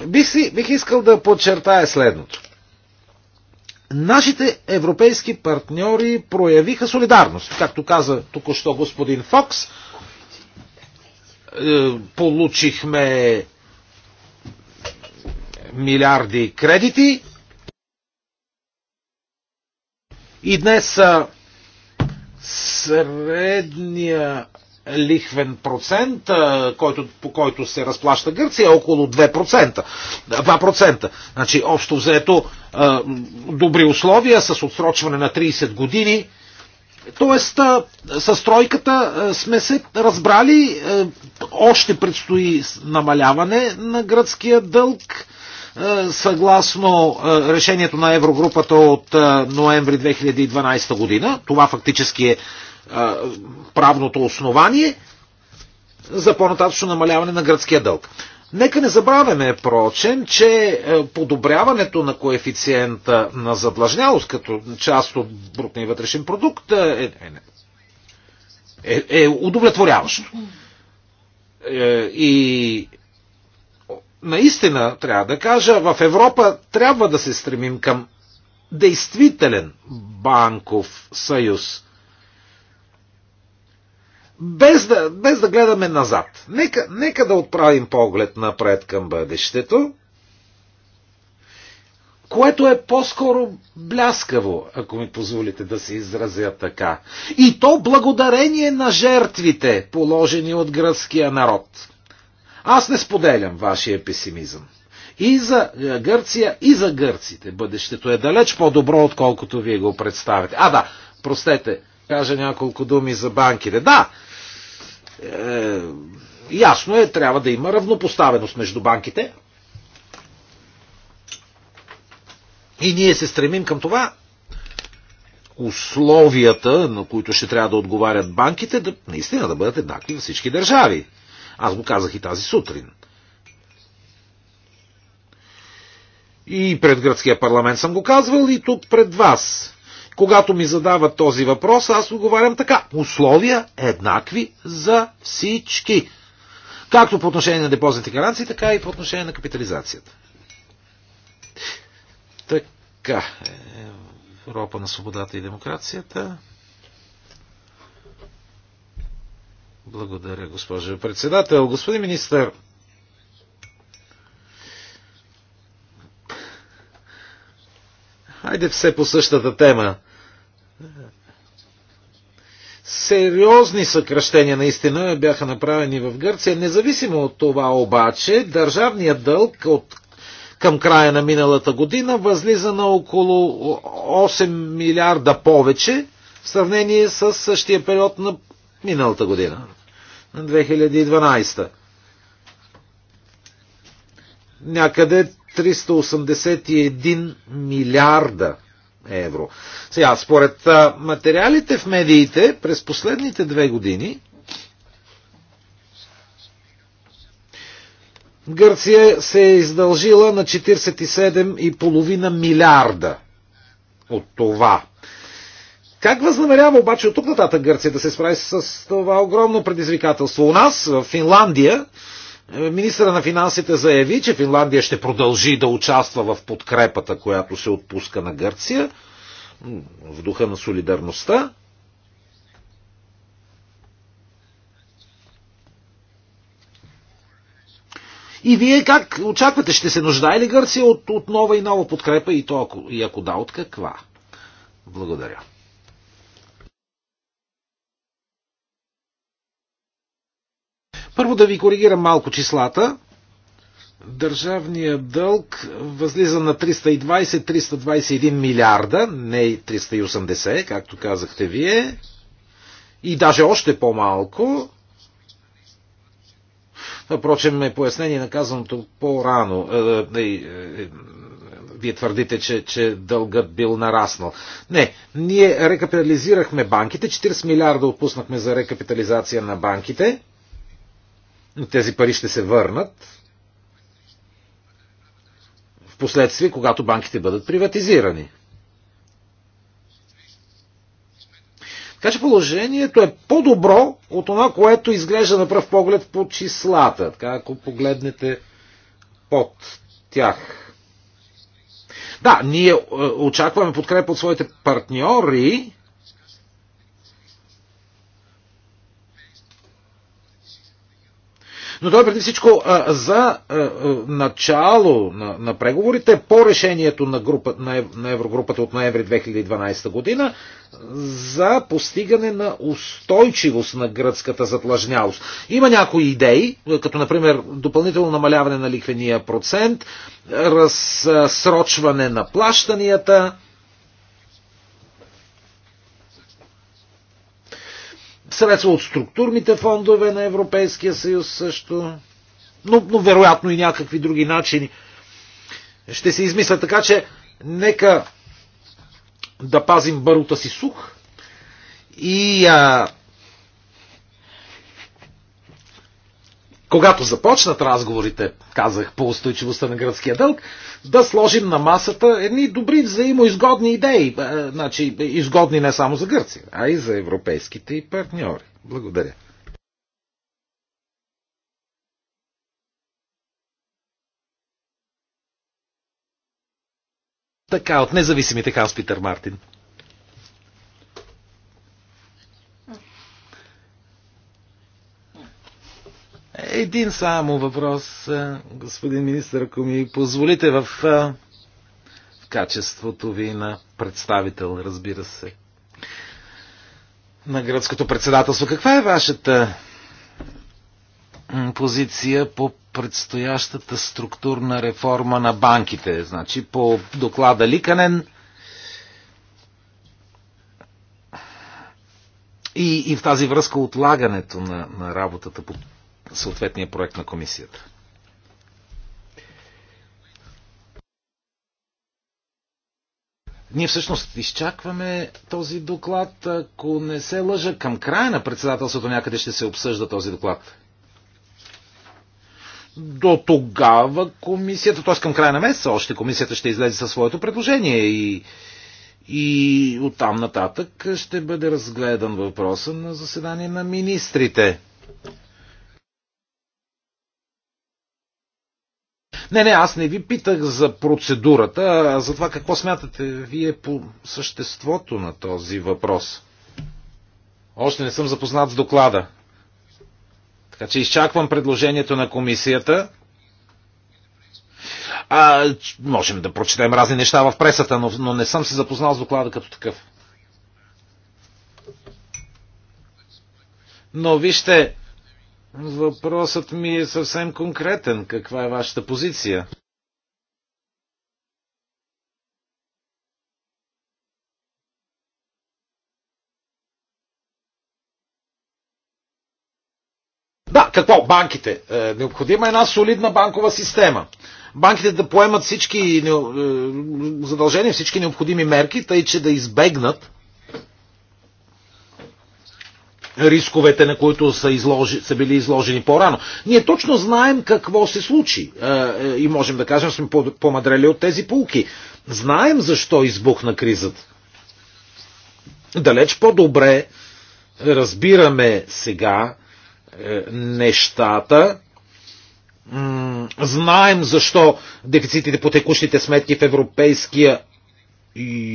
Бих, си, бих искал да подчертая следното. Нашите европейски партньори проявиха солидарност, както каза току-що господин Фокс. Е, получихме милиарди кредити и днес средния лихвен процент, който, по който се разплаща Гърция, е около 2%. 2%. Значи, общо взето, добри условия с отсрочване на 30 години. Тоест, с тройката сме се разбрали, още предстои намаляване на гръцкия дълг съгласно решението на Еврогрупата от ноември 2012 година. Това фактически е правното основание за по-нататъчно намаляване на гръцкия дълг. Нека не забравяме, прочен, че е, подобряването на коефициента на задлъжнялост като част от брутния вътрешен продукт е, е, е, е, е удовлетворяващо. И наистина, трябва да кажа, в Европа трябва да се стремим към действителен банков съюз без да, без да гледаме назад. Нека, нека да отправим поглед напред към бъдещето, което е по-скоро бляскаво, ако ми позволите да се изразя така. И то благодарение на жертвите, положени от гръцкия народ. Аз не споделям вашия песимизъм. И за е, Гърция, и за гърците бъдещето е далеч по-добро, отколкото вие го представите. А да, простете, кажа няколко думи за банките. Да, е, ясно е, трябва да има равнопоставеност между банките. И ние се стремим към това условията, на които ще трябва да отговарят банките, да, наистина да бъдат еднакви във всички държави. Аз го казах и тази сутрин. И пред гръцкия парламент съм го казвал, и тук пред вас. Когато ми задават този въпрос, аз отговарям така. Условия еднакви за всички. Както по отношение на депозитните гаранции, така и по отношение на капитализацията. Така. Е, Европа на свободата и демокрацията. Благодаря, госпожо председател. Господин министър, Хайде все по същата тема. Сериозни съкръщения наистина бяха направени в Гърция. Независимо от това обаче, държавният дълг от към края на миналата година възлиза на около 8 милиарда повече в сравнение с същия период на миналата година, на 2012. Някъде 381 милиарда евро. Сега, според материалите в медиите, през последните две години Гърция се е издължила на 47,5 милиарда от това. Как възнамерява обаче от тук нататък Гърция да се справи с това огромно предизвикателство? У нас, в Финландия, Министра на финансите заяви, че Финландия ще продължи да участва в подкрепата, която се отпуска на Гърция, в духа на солидарността. И вие как очаквате? Ще се нуждае ли Гърция от, от нова и нова подкрепа и, то, ако, и ако да, от каква? Благодаря. Първо да ви коригирам малко числата. Държавният дълг възлиза на 320-321 милиарда, не 380, както казахте вие, и даже още по-малко. Впрочем, е пояснение на казаното по-рано. Вие твърдите, че, че дългът бил нараснал. Не, ние рекапитализирахме банките, 40 милиарда отпуснахме за рекапитализация на банките – тези пари ще се върнат в последствие, когато банките бъдат приватизирани. Така че положението е по-добро от това, което изглежда на пръв поглед по числата. Така, ако погледнете под тях. Да, ние е, очакваме подкрепа от своите партньори, Но той преди всичко за начало на, на преговорите по решението на, група, на, на Еврогрупата от ноември 2012 година за постигане на устойчивост на гръцката затлъжнялост. Има някои идеи, като например допълнително намаляване на ликвения процент, разсрочване на плащанията, Средства от структурните фондове на Европейския съюз също. Но, но вероятно и някакви други начини ще се измислят. Така че нека да пазим барута си сух и а, когато започнат разговорите, казах, по устойчивостта на гръцкия дълг, да сложим на масата едни добри взаимоизгодни идеи. Е, значи, изгодни не само за Гърция, а и за европейските и партньори. Благодаря. Така, от независимите Хаус Питер Мартин. Един само въпрос, господин министър, ако ми позволите в, в качеството ви на представител, разбира се, на гръцкото председателство. Каква е вашата позиция по предстоящата структурна реформа на банките? Значи по доклада Ликанен и, и в тази връзка отлагането на, на работата по съответния проект на комисията. Ние всъщност изчакваме този доклад. Ако не се лъжа, към края на председателството някъде ще се обсъжда този доклад. До тогава комисията, т.е. към края на месеца още комисията ще излезе със своето предложение и, и оттам нататък ще бъде разгледан въпроса на заседание на министрите. Не, не, аз не ви питах за процедурата, а за това какво смятате вие по съществото на този въпрос. Още не съм запознат с доклада. Така че изчаквам предложението на комисията. А, можем да прочетем разни неща в пресата, но, но не съм се запознал с доклада като такъв. Но вижте, Въпросът ми е съвсем конкретен. Каква е вашата позиция? Да, какво? Банките. Е, необходима е една солидна банкова система. Банките да поемат всички е, задължения, всички необходими мерки, тъй че да избегнат рисковете, на които са, изложи, са били изложени по-рано. Ние точно знаем какво се случи е, е, и можем да кажем, сме помадрели от тези полки. Знаем защо избухна кризата. Далеч по-добре разбираме сега е, нещата, знаем защо дефицитите по текущите сметки в Европейския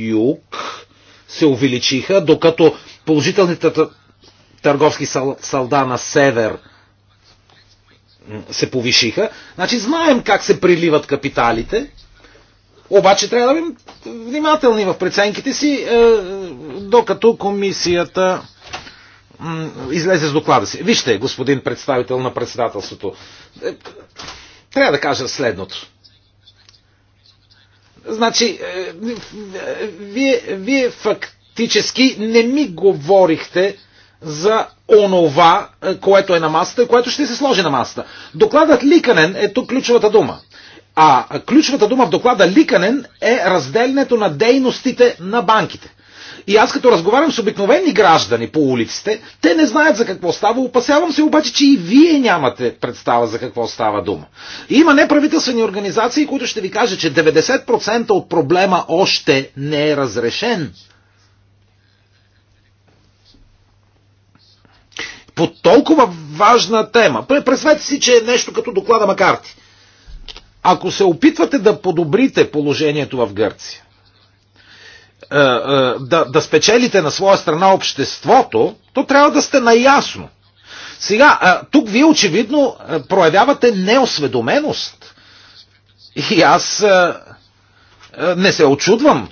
юг се увеличиха, докато положителните търговски салда на север се повишиха. Значи знаем как се приливат капиталите, обаче трябва да бъдем внимателни в преценките си, е, докато комисията излезе с доклада си. Вижте, господин представител на председателството, е, трябва да кажа следното. Значи, е, вие, вие фактически не ми говорихте за онова, е, което е на масата и което ще се сложи на масата. Докладът Ликанен е тук ключовата дума. А ключовата дума в доклада Ликанен е разделянето на дейностите на банките. И аз като разговарям с обикновени граждани по улиците, те не знаят за какво става. Опасявам се обаче, че и вие нямате представа за какво става дума. И има неправителствени организации, които ще ви кажат, че 90% от проблема още не е разрешен. по толкова важна тема. Представете си, че е нещо като доклада Макарти. Ако се опитвате да подобрите положението в Гърция, е, е, да, да спечелите на своя страна обществото, то трябва да сте наясно. Сега, е, тук вие очевидно проявявате неосведоменост. И аз не се очудвам,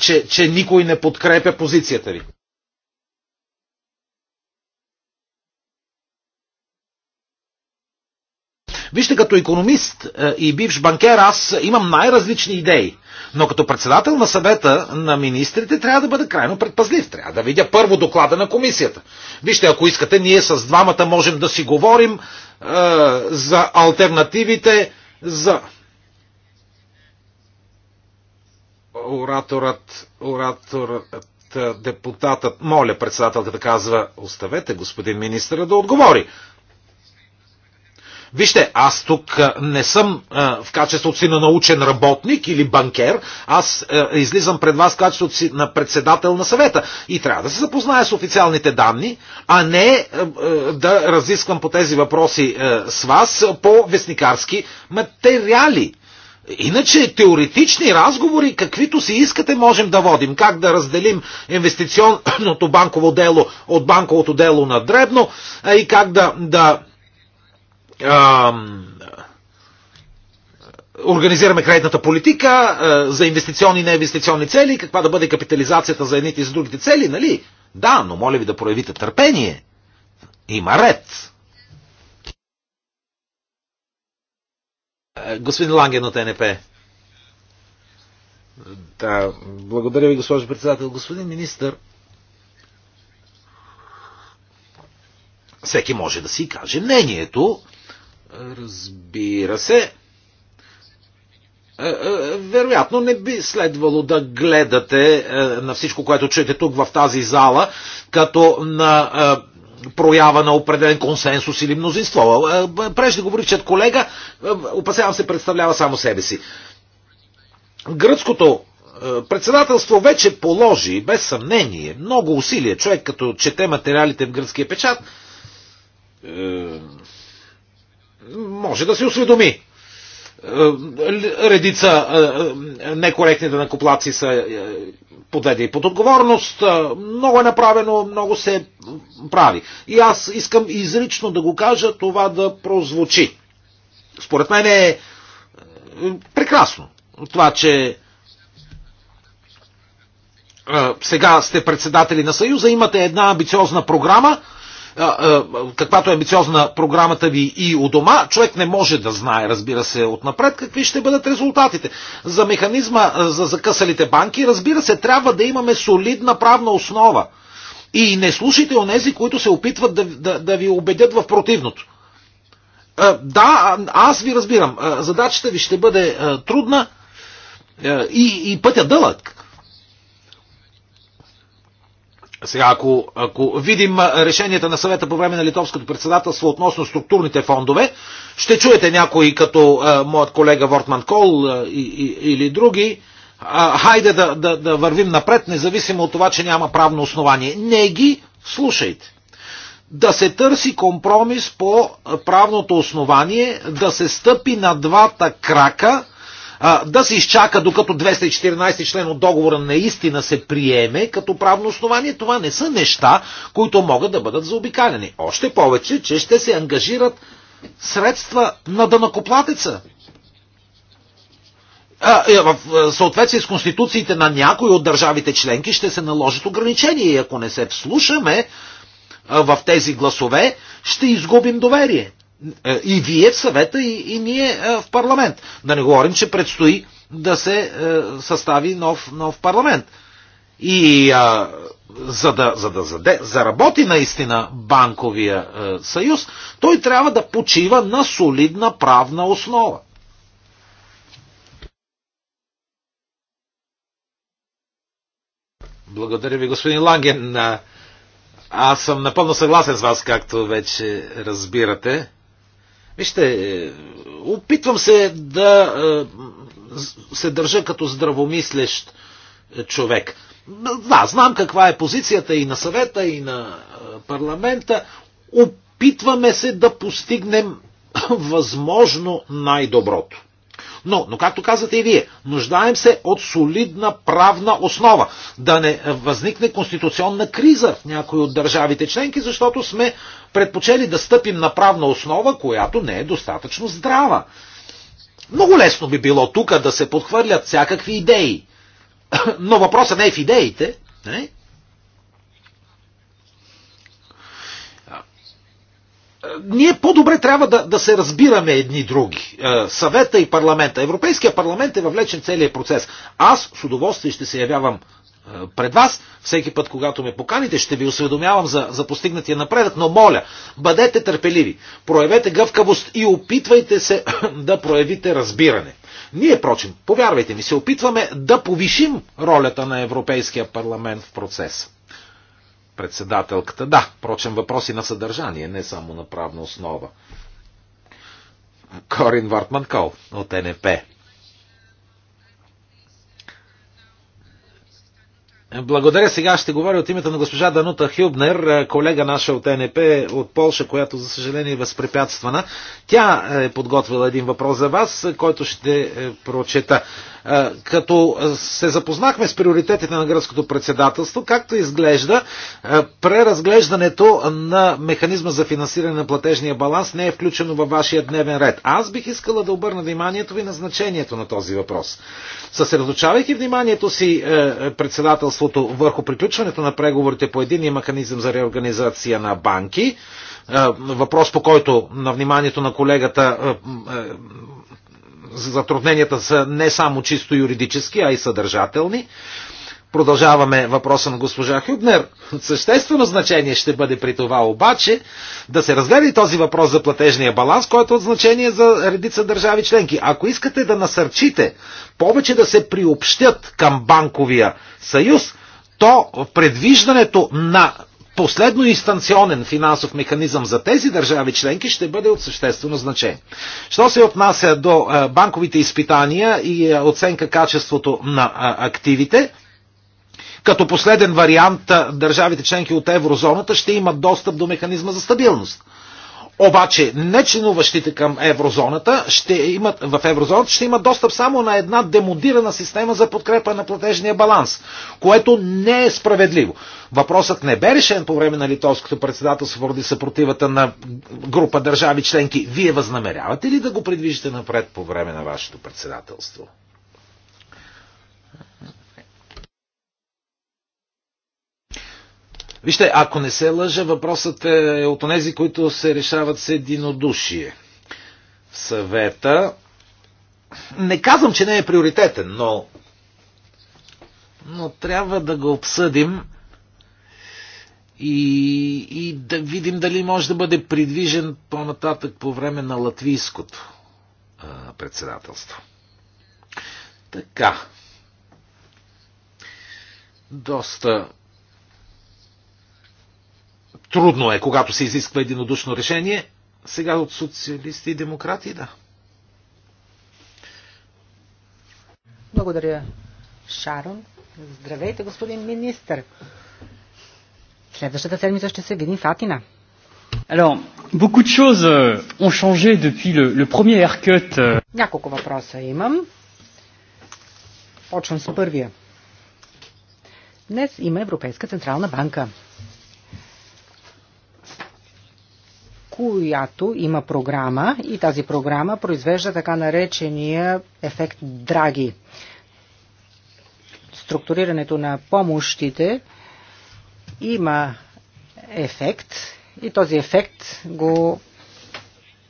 че, че никой не подкрепя позицията ви. Вижте, като економист е, и бивш банкер, аз имам най-различни идеи. Но като председател на съвета на министрите трябва да бъда крайно предпазлив. Трябва да видя първо доклада на комисията. Вижте, ако искате, ние с двамата можем да си говорим е, за альтернативите, за... Ораторът, ораторът депутатът, моля председателката казва, оставете господин министъра да отговори. Вижте, аз тук не съм в качеството си на научен работник или банкер, аз излизам пред вас в качеството си на председател на съвета и трябва да се запозная с официалните данни, а не да разисквам по тези въпроси с вас по вестникарски материали. Иначе теоретични разговори, каквито си искате, можем да водим. Как да разделим инвестиционното банково дело от банковото дело на дребно и как да, да организираме кредитната политика за инвестиционни и неинвестиционни цели, каква да бъде капитализацията за едните и за другите цели, нали? Да, но моля ви да проявите търпение. Има ред. Е, господин Ланген от НП. Да, благодаря ви, госпожо председател. Господин министр, всеки може да си каже мнението Разбира се. Е, е, вероятно не би следвало да гледате е, на всичко, което чуете тук в тази зала, като на проява на определен консенсус или мнозинство. че колега, опасявам се, представлява само себе си. Гръцкото председателство вече положи, без съмнение, много усилия. Човек, като чете материалите в гръцкия печат, може да се осведоми. Е, редица е, е, некоректни накоплаци са подведе и под отговорност. Много е направено, много се прави. И аз искам изрично да го кажа, това да прозвучи. Според мен е прекрасно това, че сега сте председатели на Съюза, имате една амбициозна програма, каквато е амбициозна програмата ви и у дома, човек не може да знае, разбира се, отнапред какви ще бъдат резултатите. За механизма за закъсалите банки, разбира се, трябва да имаме солидна правна основа. И не слушайте онези, които се опитват да, да, да ви убедят в противното. Да, аз ви разбирам. Задачата ви ще бъде трудна и, и пътя дълъг. Сега, ако, ако видим решенията на съвета по време на литовското председателство относно структурните фондове, ще чуете някой като а, моят колега Вортман Кол а, и, и, или други. А, хайде да, да, да вървим напред, независимо от това, че няма правно основание. Не ги слушайте. Да се търси компромис по правното основание, да се стъпи на двата крака да се изчака докато 214 член от договора наистина се приеме като правно основание, това не са неща, които могат да бъдат заобикалени. Още повече, че ще се ангажират средства на дънакоплатеца. Е, е, в съответствие с конституциите на някои от държавите членки ще се наложат ограничения и ако не се вслушаме в тези гласове, ще изгубим доверие. Е, и вие в съвета, и, и ние е, в парламент. Да не говорим, че предстои да се е, състави нов, нов парламент. И а, за да, за да заде, заработи наистина банковия е, съюз, той трябва да почива на солидна правна основа. Благодаря ви, господин Ланген. Аз съм напълно съгласен с вас, както вече разбирате. Вижте, е, опитвам се да е, се държа като здравомислещ е, човек. Да, знам каква е позицията и на съвета, и на парламента. Опитваме се да постигнем възможно най-доброто. Но, но както казвате и вие, нуждаем се от солидна правна основа. Да не възникне конституционна криза в някои от държавите членки, защото сме предпочели да стъпим на правна основа, която не е достатъчно здрава. Много лесно би било тук да се подхвърлят всякакви идеи. Но въпросът не е в идеите, не? ние по-добре трябва да, да се разбираме едни други. Е, съвета и парламента. Европейския парламент е въвлечен целият процес. Аз с удоволствие ще се явявам е, пред вас. Всеки път, когато ме поканите, ще ви осведомявам за, за постигнатия напредък, но моля, бъдете търпеливи, проявете гъвкавост и опитвайте се да проявите разбиране. Ние, прочим, повярвайте ми, се опитваме да повишим ролята на Европейския парламент в процеса председателката. Да, впрочем, въпроси на съдържание, не само на правна основа. Корин Вартманкол от НП. Благодаря. Сега ще говоря от името на госпожа Данута Хюбнер, колега наша от НП от Полша, която за съжаление е възпрепятствана. Тя е подготвила един въпрос за вас, който ще е, прочета. Е, като се запознахме с приоритетите на гръцкото председателство, както изглежда, е, преразглеждането на механизма за финансиране на платежния баланс не е включено във вашия дневен ред. Аз бих искала да обърна вниманието ви на значението на този въпрос. Съсредоточавайки вниманието си е, председателството върху приключването на преговорите по единия механизъм за реорганизация на банки, въпрос по който на вниманието на колегата затрудненията са не само чисто юридически, а и съдържателни. Продължаваме въпроса на госпожа Хюбнер. Съществено значение ще бъде при това обаче да се разгледа този въпрос за платежния баланс, който е от значение за редица държави членки. Ако искате да насърчите повече да се приобщят към банковия съюз, то предвиждането на последно инстанционен финансов механизъм за тези държави членки ще бъде от съществено значение. Що се отнася до банковите изпитания и оценка качеството на активите, като последен вариант държавите членки от еврозоната ще имат достъп до механизма за стабилност. Обаче не членуващите към еврозоната ще имат, в еврозоната ще имат достъп само на една демодирана система за подкрепа на платежния баланс, което не е справедливо. Въпросът не бе решен по време на литовското председателство поради съпротивата на група държави членки. Вие възнамерявате ли да го предвижите напред по време на вашето председателство? Вижте, ако не се лъжа, въпросът е от тези, които се решават с единодушие. В съвета. Не казвам, че не е приоритетен, но. Но трябва да го обсъдим и, и да видим дали може да бъде придвижен по-нататък по време на латвийското а, председателство. Така. Доста Трудно е, когато се изисква единодушно решение. Сега от социалисти и демократи, да. Благодаря, Шарон. Здравейте, господин министр. Следващата седмица ще се видим в Атина. Alors, beaucoup de choses euh, ont changé depuis le, le premier haircut. Euh. Няколко въпроса имам. Почвам с първия. Днес има Европейска централна банка. която има програма и тази програма произвежда така наречения ефект Драги. Структурирането на помощите има ефект и този ефект го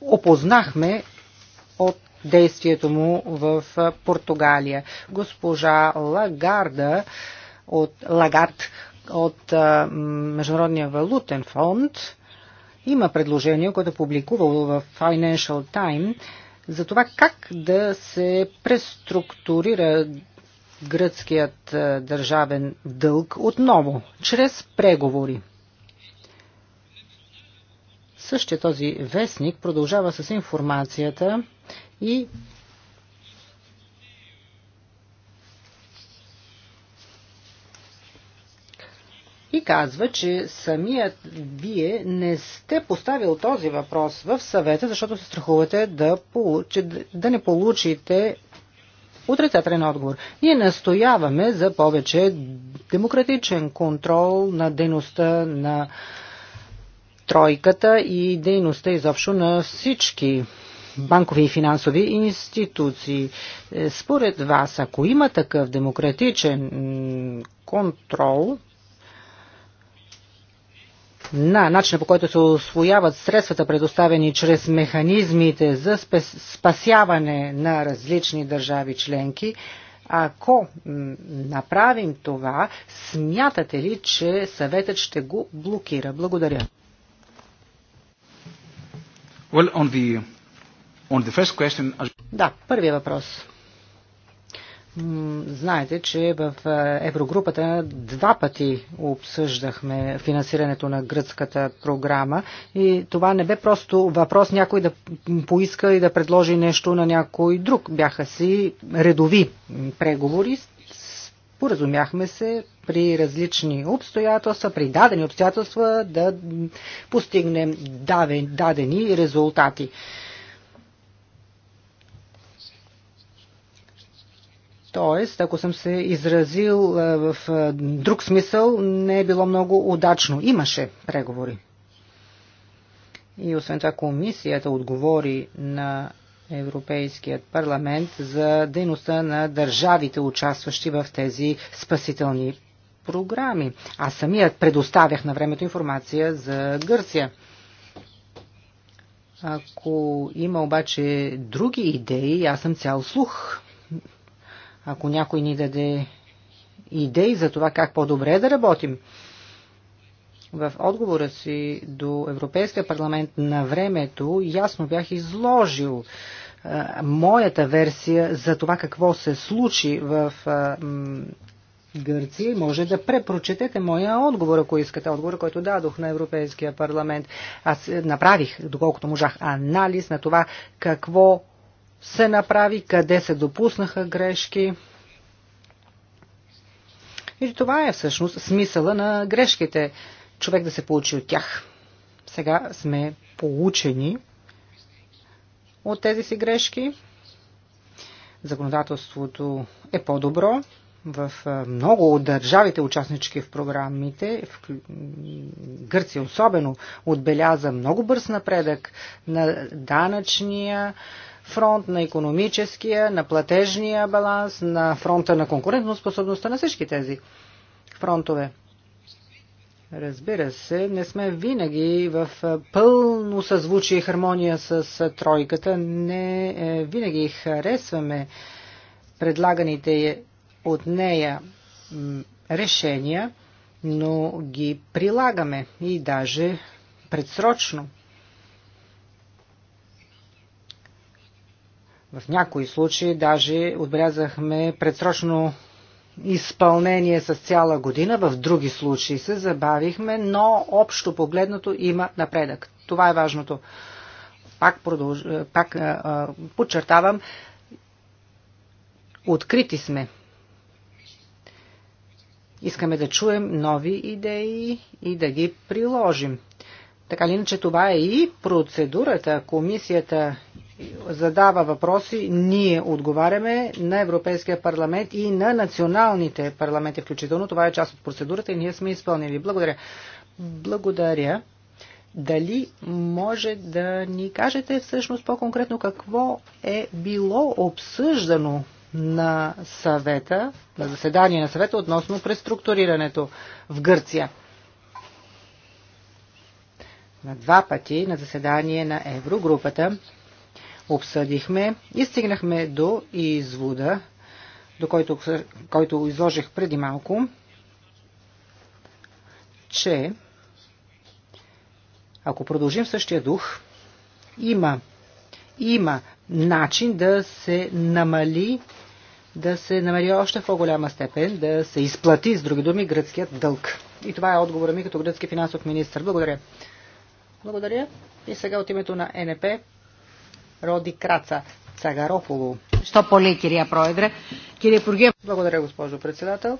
опознахме от действието му в Португалия. Госпожа Лагарда от, Лагард от Международния валутен фонд има предложение, което е публикувало в Financial Time за това как да се преструктурира гръцкият е, държавен дълг отново, чрез преговори. Същия този вестник продължава с информацията и и казва, че самият вие не сте поставил този въпрос в съвета, защото се страхувате да, получи, да не получите отрицателен отговор. Ние настояваме за повече демократичен контрол на дейността на тройката и дейността изобщо на всички банкови и финансови институции. Е, според вас, ако има такъв демократичен контрол, на начина по който се освояват средствата, предоставени чрез механизмите за спасяване на различни държави членки, ако направим това, смятате ли, че съветът ще го блокира? Благодаря. Well, on the, on the question... Да, първият въпрос. Знаете, че в Еврогрупата два пъти обсъждахме финансирането на гръцката програма и това не бе просто въпрос някой да поиска и да предложи нещо на някой друг. Бяха си редови преговори, Поразумяхме се при различни обстоятелства, при дадени обстоятелства да постигнем дадени резултати. Тоест, ако съм се изразил в друг смисъл, не е било много удачно. Имаше преговори. И освен това комисията отговори на Европейският парламент за дейността на държавите, участващи в тези спасителни програми. Аз самият предоставях на времето информация за Гърция. Ако има обаче други идеи, аз съм цял слух. Ако някой ни даде идеи за това как по-добре е да работим, в отговора си до Европейския парламент на времето ясно бях изложил а, моята версия за това какво се случи в а, м, Гърция. Може да препрочетете моя отговор, ако искате. Отговор, който дадох на Европейския парламент. Аз е, направих, доколкото можах, анализ на това какво се направи, къде се допуснаха грешки. И това е всъщност смисъла на грешките. Човек да се получи от тях. Сега сме получени от тези си грешки. Законодателството е по-добро. В много от държавите, участнички в програмите, в Гърция особено, отбеляза много бърз напредък на данъчния фронт на економическия, на платежния баланс, на фронта на конкурентоспособността, на всички тези фронтове. Разбира се, не сме винаги в пълно съзвучие и хармония с тройката. Не е, винаги харесваме предлаганите от нея решения, но ги прилагаме и даже предсрочно. В някои случаи даже отбелязахме предсрочно изпълнение с цяла година, в други случаи се забавихме, но общо погледнато има напредък. Това е важното. Пак, продълж... Пак а, а, подчертавам, открити сме. Искаме да чуем нови идеи и да ги приложим. Така ли иначе това е и процедурата. Комисията задава въпроси, ние отговаряме на Европейския парламент и на националните парламенти включително. Това е част от процедурата и ние сме изпълнили. Благодаря. Благодаря. Дали може да ни кажете всъщност по-конкретно какво е било обсъждано на съвета, на заседание на съвета относно преструктурирането в Гърция? На два пъти на заседание на Еврогрупата обсъдихме и стигнахме до извода, до който, който изложих преди малко, че ако продължим същия дух, има, има начин да се намали да се намери още в по-голяма степен, да се изплати, с други думи, гръцкият дълг. И това е отговора ми като гръцки финансов министр. Благодаря. Благодаря. И сега от името на НП Роди Краца Цагарополу. Що поле, кирия проедре? Кирия Пурге. Благодаря, госпожо председател.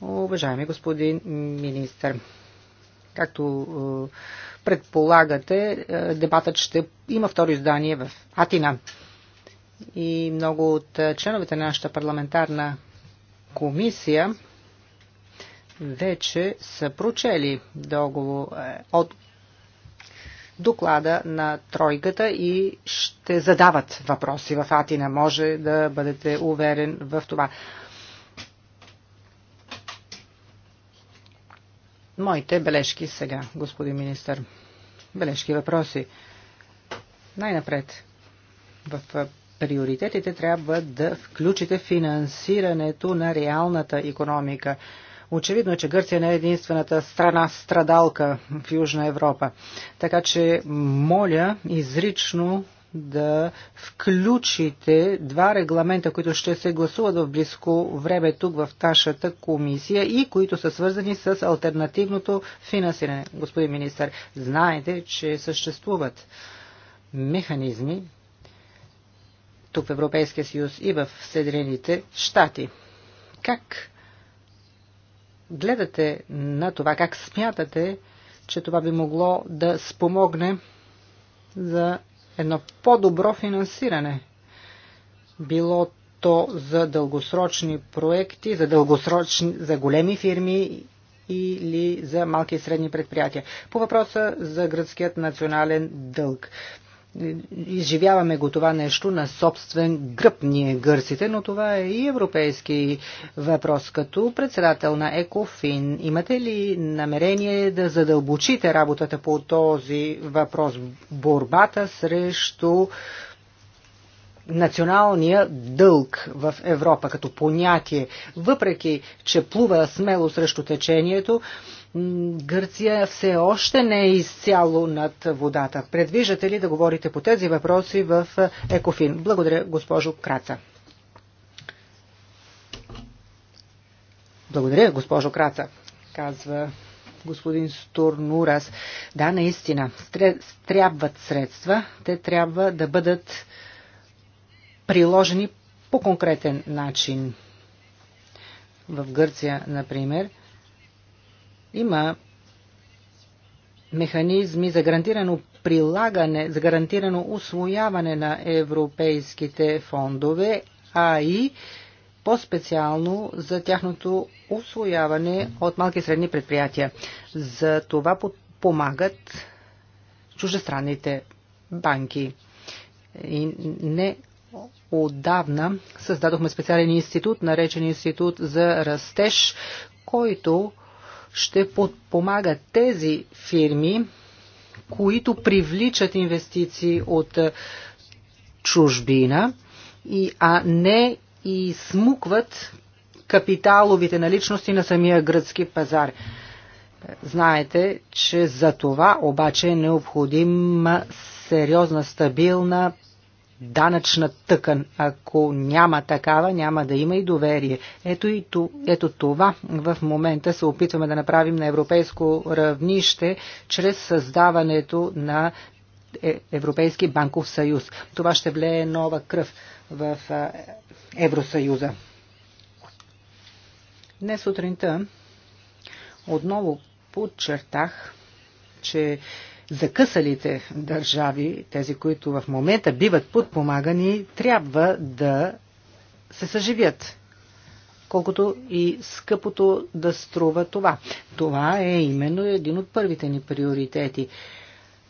Уважаеми господин министр, както е, предполагате, е, дебатът ще има второ издание в Атина. И много от е, членовете на нашата парламентарна комисия вече са прочели договор от доклада на тройката и ще задават въпроси в Атина. Може да бъдете уверен в това. Моите бележки сега, господин министър. Бележки, въпроси. Най-напред, в приоритетите трябва да включите финансирането на реалната економика. Очевидно е, че Гърция не е единствената страна страдалка в Южна Европа. Така че моля изрично да включите два регламента, които ще се гласуват в близко време тук в нашата комисия и които са свързани с альтернативното финансиране. Господин министър, знаете, че съществуват механизми тук в Европейския съюз и в Съединените щати. Как гледате на това? Как смятате, че това би могло да спомогне за едно по-добро финансиране? Било то за дългосрочни проекти, за, дългосрочни, за големи фирми или за малки и средни предприятия. По въпроса за гръцкият национален дълг изживяваме го това нещо на собствен гръб ние гърците, но това е и европейски въпрос. Като председател на ЕКОФИН, имате ли намерение да задълбочите работата по този въпрос? Борбата срещу националния дълг в Европа като понятие. Въпреки, че плува смело срещу течението, Гърция все още не е изцяло над водата. Предвиждате ли да говорите по тези въпроси в Екофин? Благодаря, госпожо Краца. Благодаря, госпожо Краца, казва господин Стурнурас. Да, наистина, трябват средства, те трябва да бъдат приложени по конкретен начин. В Гърция, например, има механизми за гарантирано прилагане, за гарантирано освояване на европейските фондове, а и по-специално за тяхното освояване от малки и средни предприятия. За това помагат чужестранните банки и не отдавна създадохме специален институт, наречен Институт за растеж, който ще подпомага тези фирми, които привличат инвестиции от чужбина, а не и смукват капиталовите наличности на самия гръцки пазар. Знаете, че за това обаче е необходима сериозна, стабилна данъчна тъкан. Ако няма такава, няма да има и доверие. Ето, и ту, ето това в момента се опитваме да направим на европейско равнище, чрез създаването на е, Европейски банков съюз. Това ще влее нова кръв в Евросъюза. Днес сутринта отново подчертах, че закъсалите държави, тези, които в момента биват подпомагани, трябва да се съживят. Колкото и скъпото да струва това. Това е именно един от първите ни приоритети.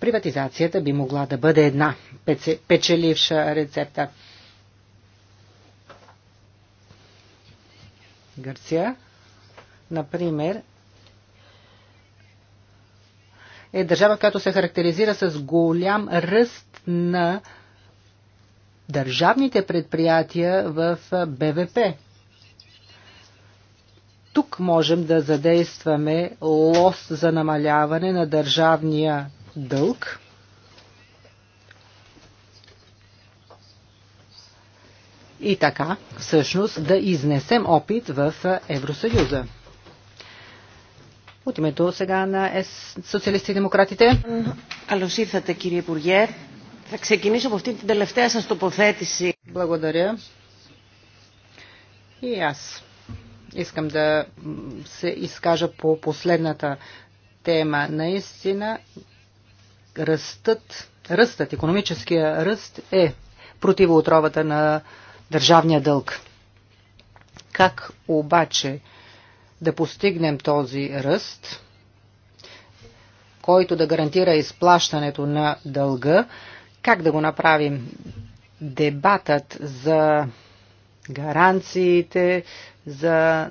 Приватизацията би могла да бъде една печеливша рецепта. Гърция, например, е държава, която се характеризира с голям ръст на държавните предприятия в БВП. Тук можем да задействаме лос за намаляване на държавния дълг. И така, всъщност, да изнесем опит в Евросъюза. От името сега на ЕС, социалисти и демократите. Καλώς ήρθατε κύριε Υπουργέ. Θα ξεκινήσω από αυτή την τελευταία σας τοποθέτηση. Благодаря. И аз искам да се изкажа по последната тема. Наистина ръстът, ръстът, економическия ръст е противоотровата на държавния дълг. Как обаче да постигнем този ръст, който да гарантира изплащането на дълга. Как да го направим? Дебатът за гаранциите, за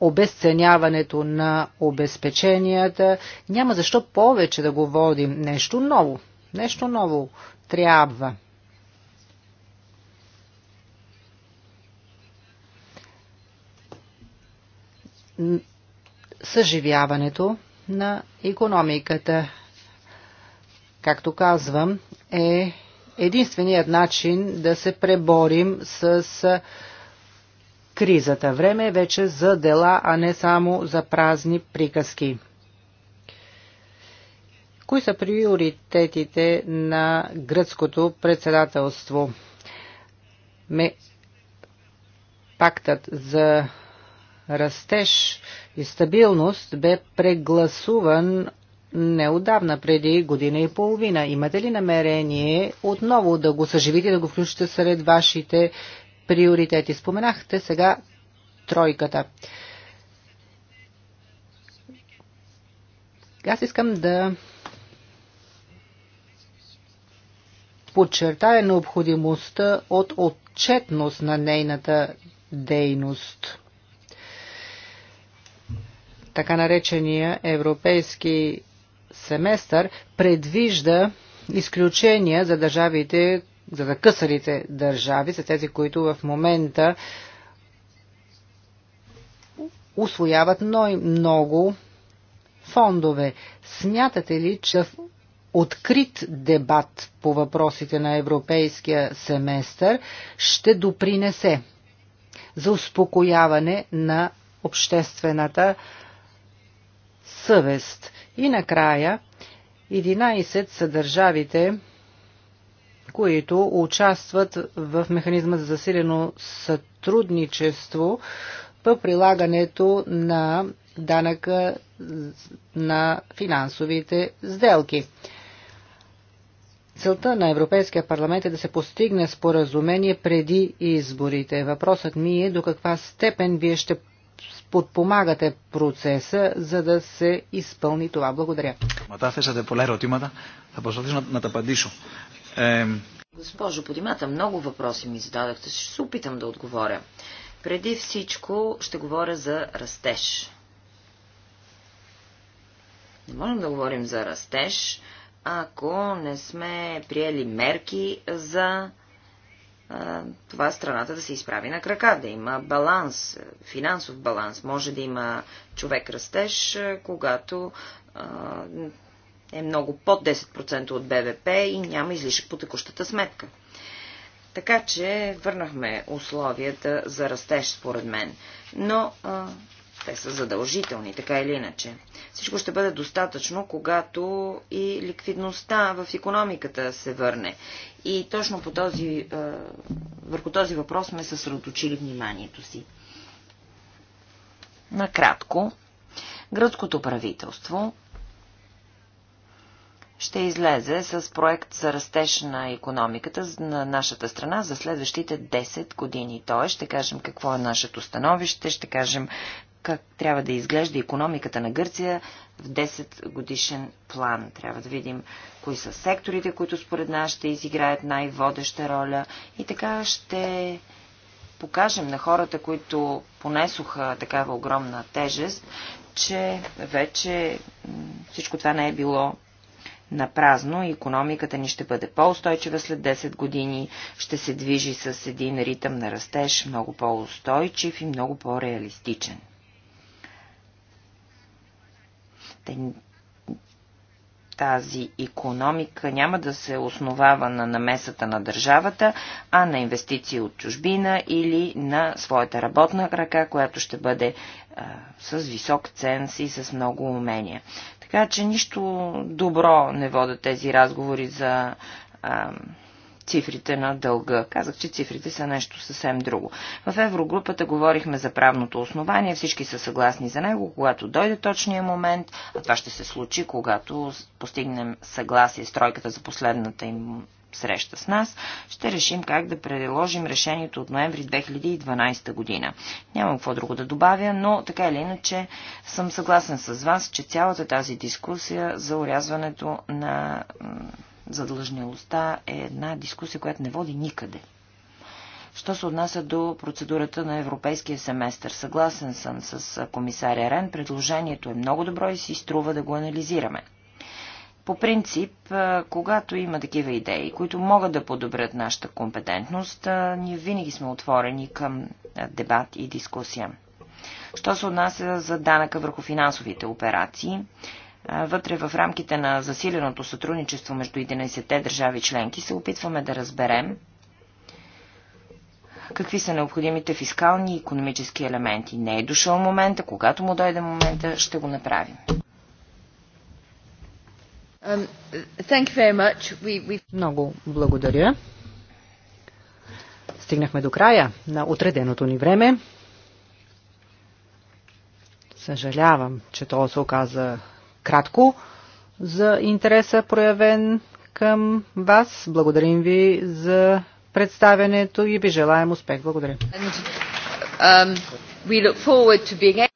обесценяването на обезпеченията. Няма защо повече да го водим. Нещо ново. Нещо ново трябва. съживяването на економиката. Както казвам, е единственият начин да се преборим с кризата. Време е вече за дела, а не само за празни приказки. Кои са приоритетите на гръцкото председателство? Ме... Пактът за растеж и стабилност бе прегласуван неодавна, преди година и половина. Имате ли намерение отново да го съживите, да го включите сред вашите приоритети? Споменахте сега тройката. Аз искам да подчертая необходимостта от отчетност на нейната дейност така наречения европейски семестър предвижда изключения за държавите, за закъсалите държави, за тези, които в момента освояват много фондове. Смятате ли, че открит дебат по въпросите на европейския семестър ще допринесе за успокояване на обществената съвест. И накрая 11 са държавите, които участват в механизма за засилено сътрудничество по прилагането на данъка на финансовите сделки. Целта на Европейския парламент е да се постигне споразумение преди изборите. Въпросът ми е до каква степен вие ще подпомагате процеса, за да се изпълни това. Благодаря. Мата θέσατε поле ερωτήματα. Θα προσπαθήσω να τα απαντήσω. Госпожо Подимата, много въпроси ми зададохте. Ще се опитам да отговоря. Преди всичко ще говоря за растеж. Не можем да говорим за растеж, ако не сме приели мерки за това страната да се изправи на крака, да има баланс, финансов баланс. Може да има човек растеж, когато е много под 10% от БВП и няма излишък по текущата сметка. Така че върнахме условията за растеж, според мен. Но те са задължителни, така или иначе. Всичко ще бъде достатъчно, когато и ликвидността в економиката се върне. И точно по този, е, върху този въпрос сме съсредоточили вниманието си. Накратко, гръцкото правителство ще излезе с проект за растеж на економиката на нашата страна за следващите 10 години. Тоест, ще кажем какво е нашето становище, ще кажем как трябва да изглежда економиката на Гърция в 10 годишен план. Трябва да видим кои са секторите, които според нас ще изиграят най-водеща роля и така ще покажем на хората, които понесоха такава огромна тежест, че вече всичко това не е било на празно. Економиката ни ще бъде по-устойчива след 10 години, ще се движи с един ритъм на растеж, много по-устойчив и много по-реалистичен. тази економика няма да се основава на намесата на държавата, а на инвестиции от чужбина или на своята работна ръка, която ще бъде а, с висок ценз и с много умения. Така че нищо добро не водят тези разговори за а, цифрите на дълга. Казах, че цифрите са нещо съвсем друго. В Еврогрупата говорихме за правното основание, всички са съгласни за него, когато дойде точния момент, а това ще се случи, когато постигнем съгласие с тройката за последната им среща с нас, ще решим как да предложим решението от ноември 2012 година. Нямам какво друго да добавя, но така или иначе съм съгласен с вас, че цялата тази дискусия за урязването на задлъжнялостта е една дискусия, която не води никъде. Що се отнася до процедурата на европейския семестър? Съгласен съм с комисаря Рен. Предложението е много добро и си струва да го анализираме. По принцип, когато има такива идеи, които могат да подобрят нашата компетентност, ние винаги сме отворени към дебат и дискусия. Що се отнася за данъка върху финансовите операции, вътре в рамките на засиленото сътрудничество между 11-те държави членки се опитваме да разберем какви са необходимите фискални и економически елементи. Не е дошъл момента, когато му дойде момента, ще го направим. Um, we, we... Много благодаря. Стигнахме до края на отреденото ни време. Съжалявам, че то се оказа кратко за интереса проявен към вас. Благодарим ви за представянето и ви желаем успех. Благодаря. Um,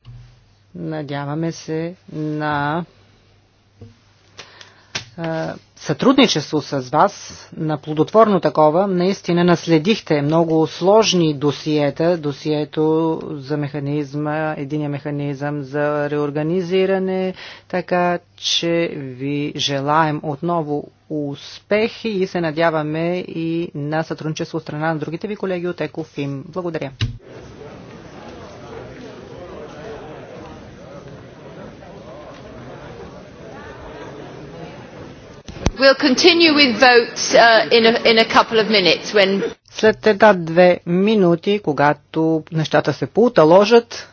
Надяваме се на е, сътрудничество с вас, на плодотворно такова, наистина наследихте много сложни досиета, досието за механизма, единия механизъм за реорганизиране, така че ви желаем отново успехи и се надяваме и на сътрудничество от страна на другите ви колеги от ЕКОФИМ. Благодаря. We'll continue with votes uh, in, a, in a couple of minutes when... След една-две минути, когато нещата се поуталожат,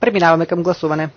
преминаваме към гласуване.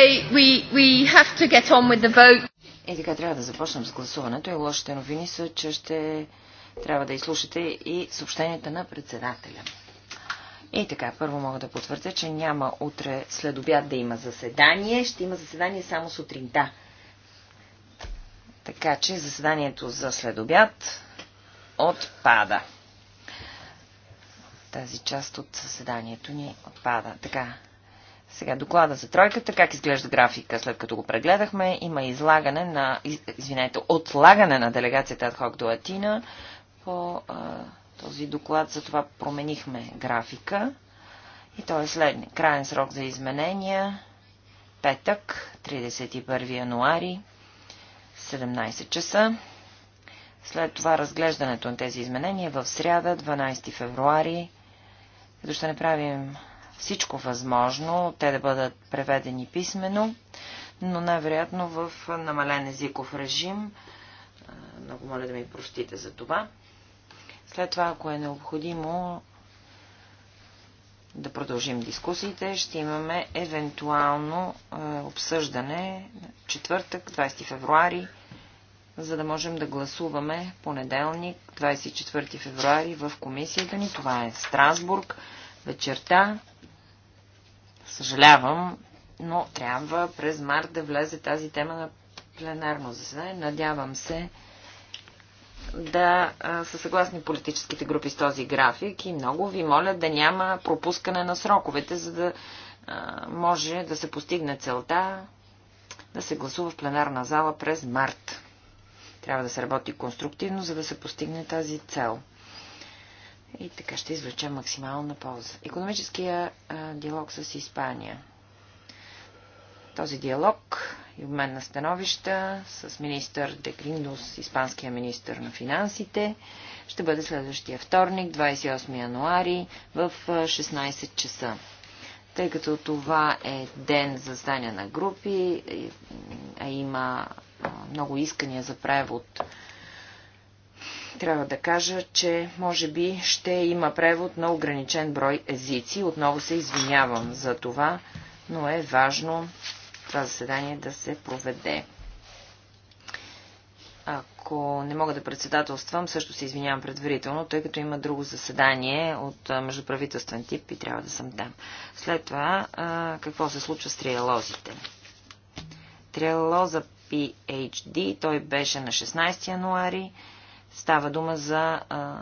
Okay, we, we have to get on with the vote. Е, така трябва да започнем с гласуването и е, лошите новини са, че ще трябва да изслушате и съобщенията на председателя. И така, първо мога да потвърдя, че няма утре след обяд да има заседание. Ще има заседание само сутринта. Така че заседанието за след обяд отпада. Тази част от заседанието ни отпада. Така, сега доклада за тройката, как изглежда графика, след като го прегледахме, има излагане на, извинете, отлагане на делегацията Адхок до Атина по а, този доклад, затова променихме графика. И то е следния. Краен срок за изменения, петък, 31 януари, 17 часа. След това разглеждането на тези изменения в сряда, 12 февруари, като ще направим всичко възможно, те да бъдат преведени писменно, но най-вероятно в намален езиков режим. Много моля да ми простите за това. След това, ако е необходимо да продължим дискусиите, ще имаме евентуално обсъждане четвъртък, 20 февруари, за да можем да гласуваме понеделник, 24 февруари в комисията ни. Това е Страсбург вечерта Съжалявам, но трябва през март да влезе тази тема на пленарно заседание. Надявам се да са съгласни политическите групи с този график и много ви моля да няма пропускане на сроковете, за да може да се постигне целта да се гласува в пленарна зала през март. Трябва да се работи конструктивно, за да се постигне тази цел и така ще извлечем максимална полза. Економическия а, диалог с Испания. Този диалог и обмен на становища с министър Дегриндус, испанския министър на финансите, ще бъде следващия вторник, 28 януари, в 16 часа. Тъй като това е ден за здания на групи, а има много искания за превод от трябва да кажа, че може би ще има превод на ограничен брой езици. Отново се извинявам за това, но е важно това заседание да се проведе. Ако не мога да председателствам, също се извинявам предварително, тъй като има друго заседание от междуправителствен тип и трябва да съм там. След това, какво се случва с триалозите? Триалоза PhD, той беше на 16 януари Става дума за а,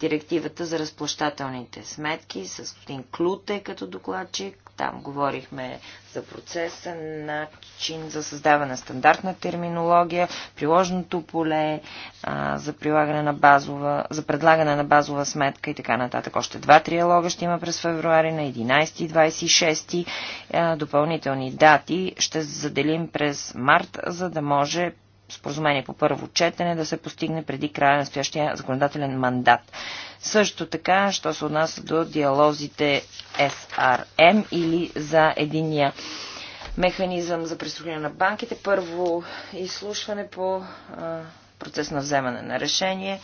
директивата за разплащателните сметки с господин Клуте като докладчик. Там говорихме за процеса, начин за създаване на стандартна терминология, приложното поле, а, за, прилагане на базова, за предлагане на базова сметка и така нататък. Още два триалога ще има през февруари на 11 и 26. А, допълнителни дати ще заделим през март, за да може споразумение по първо четене да се постигне преди края на настоящия законодателен мандат. Също така, що се отнася до диалозите SRM или за единия механизъм за преструктуриране на банките. Първо изслушване по процес на вземане на решение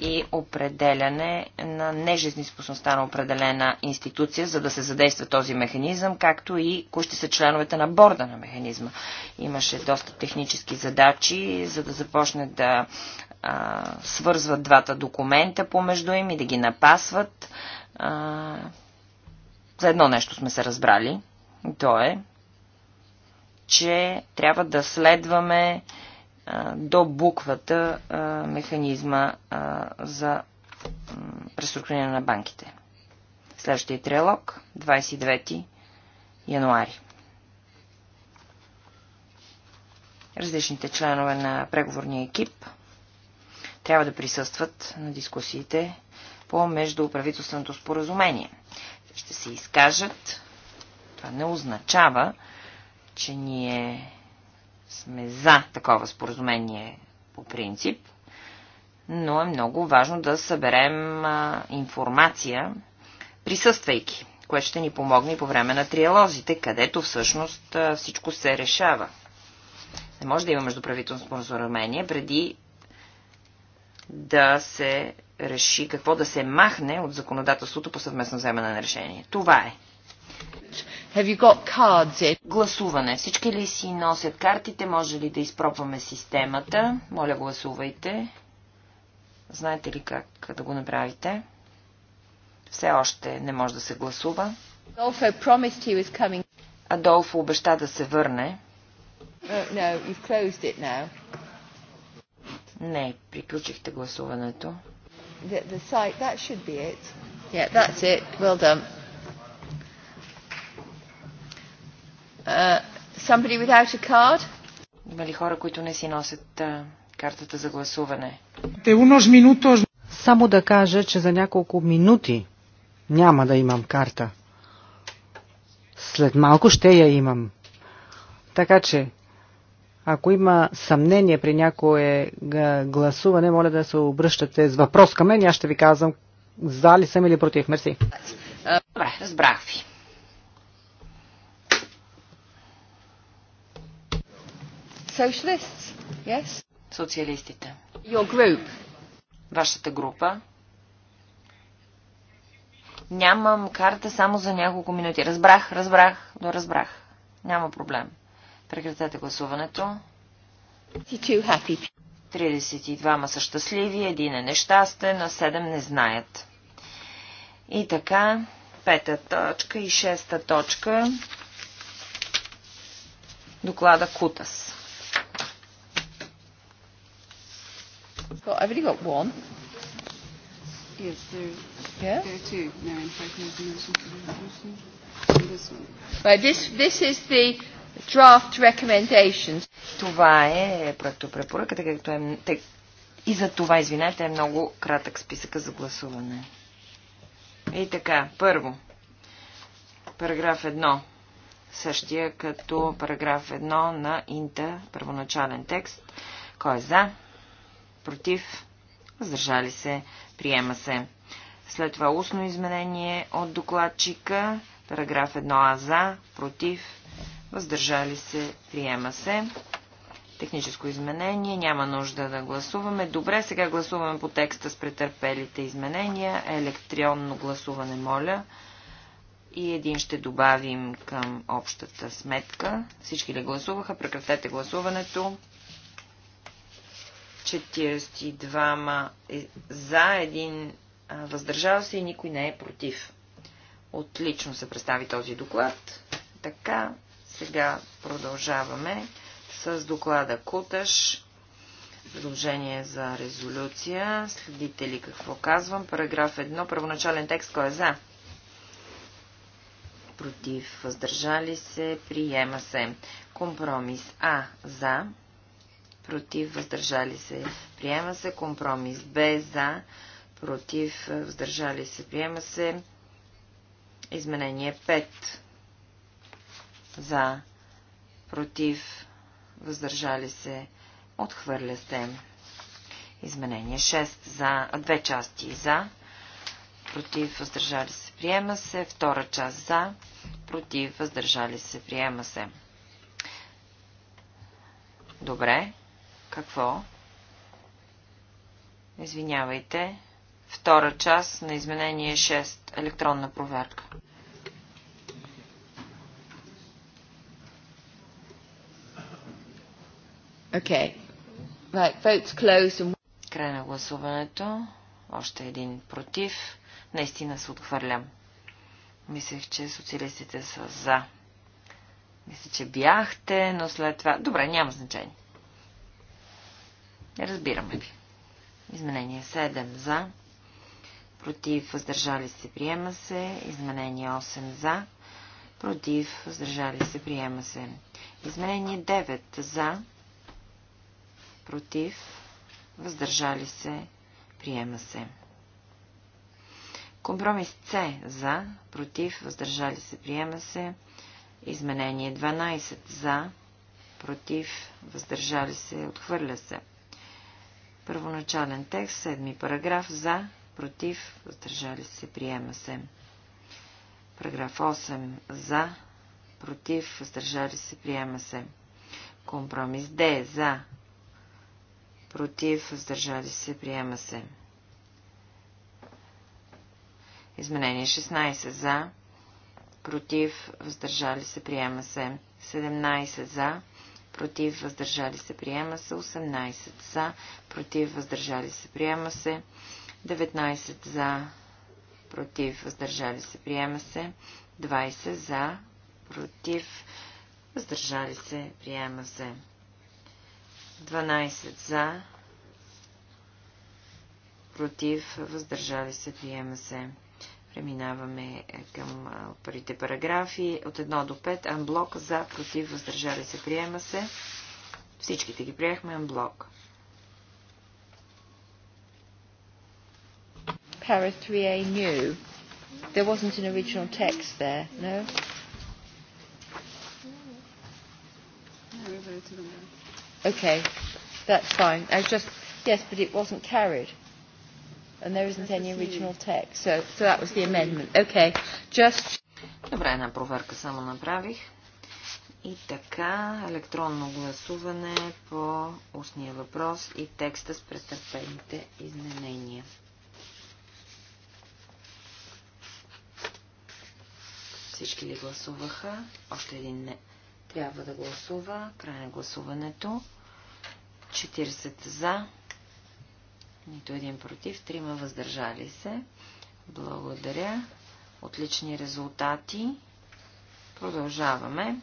и определяне на нежизнеспособността на определена институция, за да се задейства този механизъм, както и кои ще са членовете на борда на механизма. Имаше доста технически задачи, за да започне да а, свързват двата документа помежду им и да ги напасват. А, за едно нещо сме се разбрали. То е, че трябва да следваме до буквата механизма за преструктуриране на банките. Следващия трилог, 29 януари. Различните членове на преговорния екип трябва да присъстват на дискусиите по междуправителственото споразумение. Ще се изкажат. Това не означава, че ние сме за такова споразумение по принцип, но е много важно да съберем информация, присъствайки, което ще ни помогне и по време на триалозите, където всъщност всичко се решава. Не може да има междуправително споразумение преди да се реши какво да се махне от законодателството по съвместно вземане на решение. Това е. Гласуване. Всички ли си носят картите? Може ли да изпробваме системата? Моля, гласувайте. Знаете ли как да го направите? Все още не може да се гласува. Адолфо обеща да се върне. Uh, не, приключихте гласуването. The, the site, that should be it. Yeah, that's it. Well done. Uh, somebody without a card? Има ли хора, които не си носят картата за гласуване? Само да кажа, че за няколко минути няма да имам карта. След малко ще я имам. Така че, ако има съмнение при някое гласуване, моля да се обръщате с въпрос към мен. Аз ще ви казвам за ли съм или против. Мерси. Добре, разбрах ви. Socialists, yes? Социалистите. Your group. Вашата група. Нямам карта само за няколко минути. Разбрах, разбрах, но разбрах. Няма проблем. Прекратете гласуването. 32 са щастливи, един е нещастен, а 7 не знаят. И така, пета точка и шеста точка. Доклада Кутас. Well, I've only got one. Yes, there, yeah? there are two. No, in fact, there's a motion for resolution and this one. Right, this, this is the draft recommendations. Това е проекто както е... и за това, извинете, е много кратък списъка за гласуване. И така, първо. Параграф 1. Същия като параграф 1 на Инта, първоначален текст. Кой е за? против, въздържали се, приема се. След това устно изменение от докладчика, параграф 1а за, против, въздържали се, приема се. Техническо изменение, няма нужда да гласуваме. Добре, сега гласуваме по текста с претърпелите изменения. Електронно гласуване, моля. И един ще добавим към общата сметка. Всички ли гласуваха? Прекратете гласуването. 42 е за, един въздържал се и никой не е против. Отлично се представи този доклад. Така, сега продължаваме с доклада Куташ. Предложение за резолюция. Следите ли какво казвам? Параграф 1. Първоначален текст. Кой е за? Против. Въздържали се. Приема се. Компромис А. За против, въздържали се, приема се. Компромис Б за, против, въздържали се, приема се. Изменение 5 за, против, въздържали се, отхвърля се. Изменение 6 за, две части за, против, въздържали се, приема се. Втора част за, против, въздържали се, приема се. Добре. Какво? Извинявайте. Втора част на изменение 6. Електронна проверка. Okay. Right, votes and... Край на гласуването. Още един против. Наистина се отхвърлям. Мислех, че социалистите са за. Мисля, че бяхте, но след това... Добре, няма значение. Разбираме ви. Изменение 7 за. Против въздържали се, приема се. Изменение 8 за. Против въздържали се, приема се. Изменение 9 за. Против въздържали се, приема се. Компромис С за, против, въздържали се, приема се. Изменение 12 за, против, въздържали се, отхвърля се. Първоначален текст, седми параграф, за, против, въздържали се, приема се. Параграф 8, за, против, въздържали се, приема се. Компромис Д, за, против, въздържали се, приема се. Изменение 16, за, против, въздържали се, приема се. 17 за, против, въздържали се, приема се. 18 за, против, въздържали се, приема се. 19 за, против, въздържали се, приема се. 20 за, против, въздържали се, приема се. 12 за, против, въздържали се, приема се. Преминаваме е, към първите параграфи от 1 до 5. Анблок за, против, въздържали се, приема се. Всичките ги приехме анблок. Para 3A new. There wasn't an original text there, no? Okay, that's fine. I just, yes, but it wasn't carried. And there isn't any original text. So, so that was the amendment. Okay. Just... Добре, една проверка само направих. И така, електронно гласуване по устния въпрос и текста с претърпените изменения. Всички ли гласуваха? Още един не. Трябва да гласува. Край на гласуването. 40 за, нито един против, трима въздържали се. Благодаря. Отлични резултати. Продължаваме.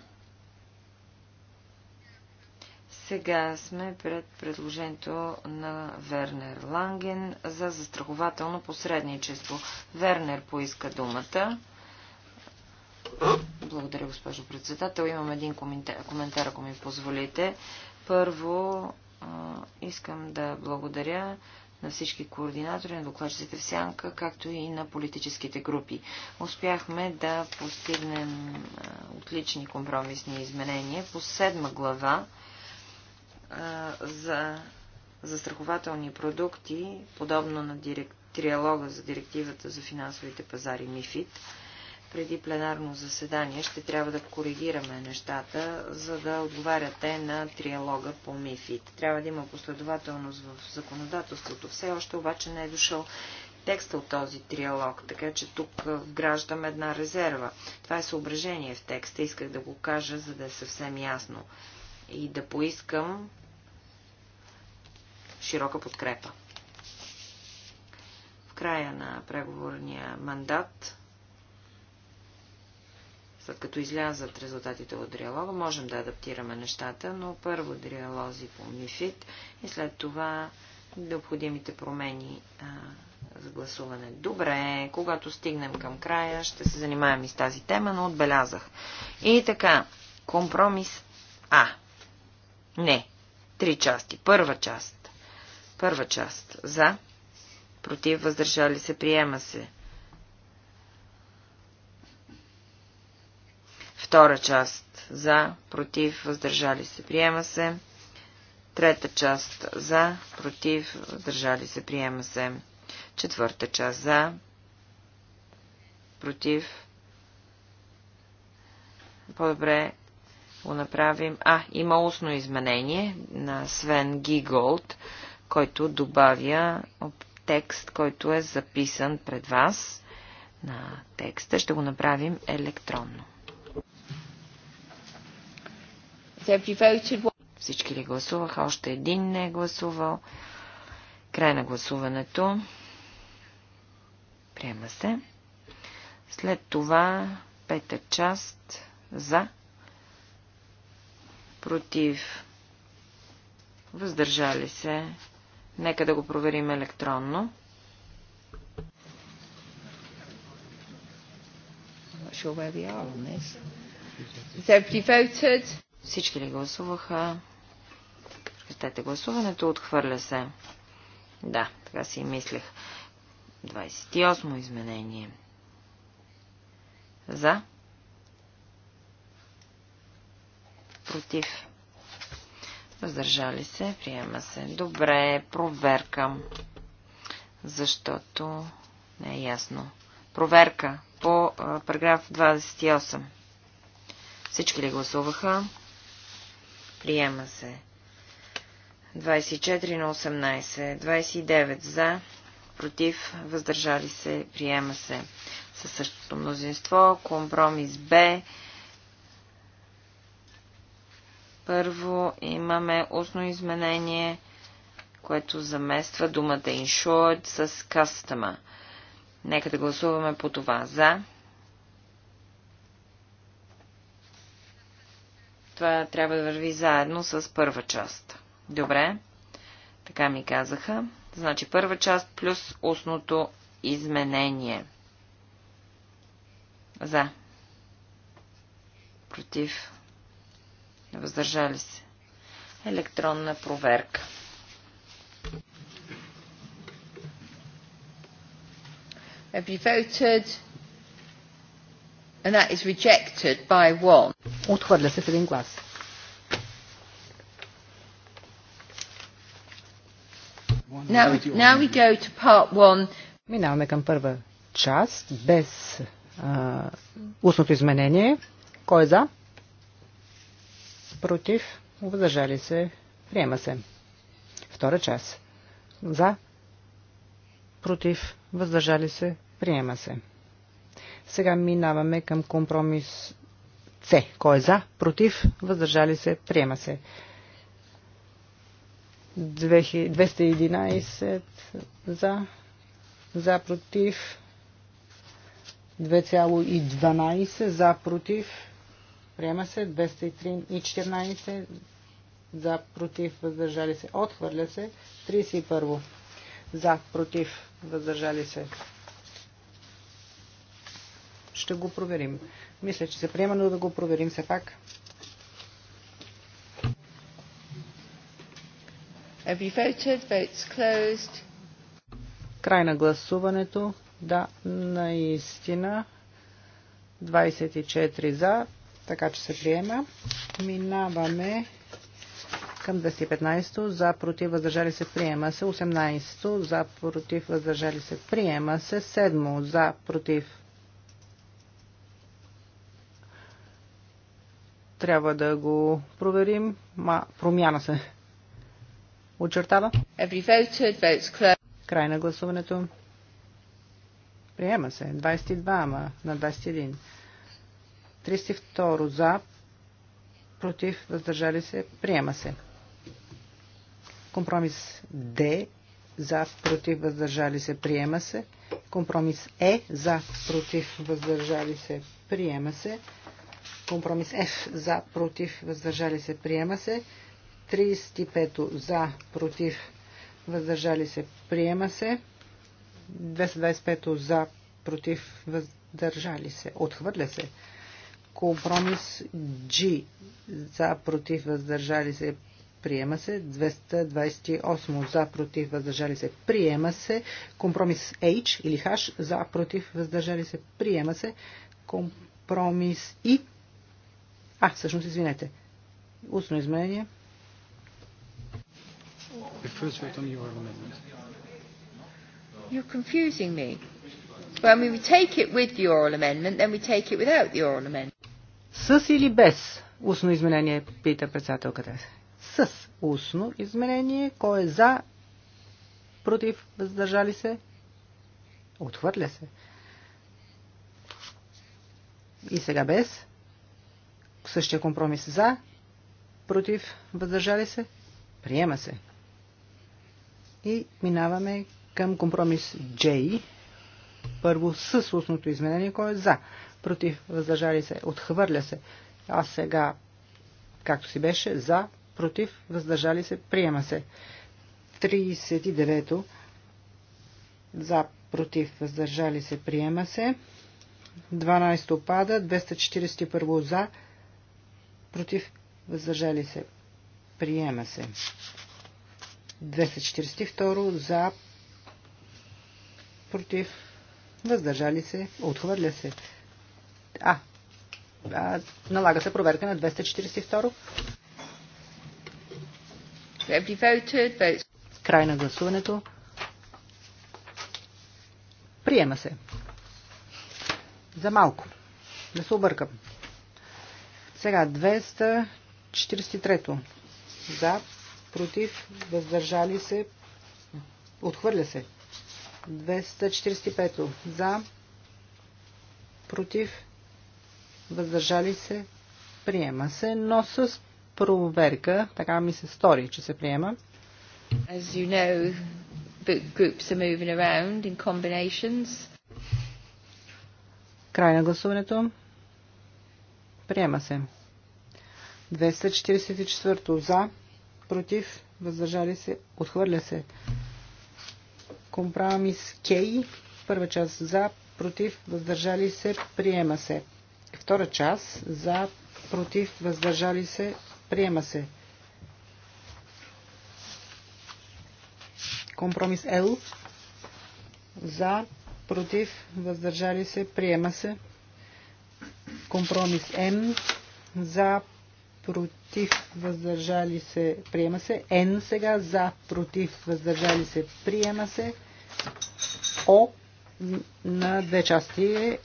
Сега сме пред предложението на Вернер Ланген за застрахователно посредничество. Вернер поиска думата. Благодаря, госпожо председател. Имам един коментар, ако ми позволите. Първо, искам да благодаря на всички координатори, на докладчиците в сянка, както и на политическите групи. Успяхме да постигнем отлични компромисни изменения по седма глава за застрахователни продукти, подобно на директ, триалога за директивата за финансовите пазари МИФИД преди пленарно заседание ще трябва да коригираме нещата, за да отговаряте на триалога по МИФИД. Трябва да има последователност в законодателството. Все още обаче не е дошъл текста от този триалог, така че тук вграждам една резерва. Това е съображение в текста, исках да го кажа, за да е съвсем ясно. И да поискам широка подкрепа. В края на преговорния мандат след като излязат резултатите от диалога, можем да адаптираме нещата, но първо диалози по мифит и след това необходимите промени а, за гласуване. Добре, когато стигнем към края, ще се занимаем и с тази тема, но отбелязах. И така, компромис А. Не. Три части. Първа част. Първа част. За. Против. Въздържали се. Приема се. Втора част за, против, въздържали се, приема се. Трета част за, против, въздържали се, приема се. Четвърта част за, против. По-добре го направим. А, има устно изменение на Свен Гиголд, който добавя текст, който е записан пред вас на текста. Ще го направим електронно. Всички ли гласуваха? Още един не е гласувал. Край на гласуването. Приема се. След това пета част за, против, въздържали се. Нека да го проверим електронно. Sure where we are on this. Has voted? Всички ли гласуваха? Прекратете гласуването. Отхвърля се. Да, така си и мислех. 28 изменение. За. Против. Въздържали се. Приема се. Добре, проверка. Защото не е ясно. Проверка по параграф 28. Всички ли гласуваха? Приема се. 24 на 18. 29 за. Против. Въздържали се. Приема се. Със същото мнозинство. Компромис Б. Първо имаме устно изменение, което замества думата insured с customer. Нека да гласуваме по това. За. Това трябва да върви заедно с първа част. Добре. Така ми казаха. Значи първа част плюс устното изменение. За. Против. Въздържали се. Електронна проверка. Have you voted? And that is rejected by one. Отхвърля се в един глас. Now, now we go to part one. Минаваме към първа част без uh, устното изменение. Кой е за? Против? Въздържали се? Приема се. Втора част. За? Против? Въздържали се? Приема се. Сега минаваме към компромис С. Кой е за? Против? Въздържали се? Приема се. 211 за, за против, 2,12 за против, приема се, 14 за против, въздържали се, отхвърля се, 31 за против, въздържали се, ще го проверим. Мисля, че се приема, но да го проверим все пак. voted, votes closed. Край на гласуването. Да, наистина. 24 за, така че се приема. Минаваме към 215 за против въздържали се приема се 18 за против въздържали се приема се 7 за против Трябва да го проверим. Ма, промяна се. Очертава. Край на гласуването. Приема се. 22, ама на 21. 32 за, против, въздържали се, приема се. Компромис Д за, против, въздържали се, приема се. Компромис Е за, против, въздържали се, приема се. Компромис F за, против, въздържали се, приема се. 35 за, против, въздържали се, приема се. 225 за, против, въздържали се, отхвърля се. Компромис G за, против, въздържали се, приема се. 228 за, против, въздържали се, приема се. Компромис H или H за, против, въздържали се, приема се. Компромис I а, всъщност, извинете. Устно изменение. You're confusing me. When we take it with the oral amendment, then we take it without the oral amendment. С или без устно изменение, пита председателката. С устно изменение, кой е за, против, въздържали се, отхвърля се. И сега без. Същия компромис за, против, въздържали се, приема се. И минаваме към компромис J. Първо с устното изменение, кое е за, против, въздържали се, отхвърля се. А сега, както си беше, за, против, въздържали се, приема се. 39-то. За, против, въздържали се, приема се. 12-то пада, 241 за, против, въздържали се, приема се. 242 за, против, въздържали се, отхвърля се. А, а налага се проверка на 242. Край на гласуването. Приема се. За малко. Да се объркам. Сега 243-то. За, против, въздържали се, отхвърля се. 245-то. За, против, въздържали се, приема се, но с проверка, така ми се стори, че се приема. As you know, groups are moving around in combinations. Край на гласуването. Приема се. 244 за, против, въздържали се, отхвърля се. Компромис Кей, първа част за, против, въздържали се, приема се. Втора част за, против, въздържали се, приема се. Компромис Л, за, против, въздържали се, приема се. Компромис М, за, против, въздържали се, приема се. Н сега за, против, въздържали се, приема се. О на две части. Е.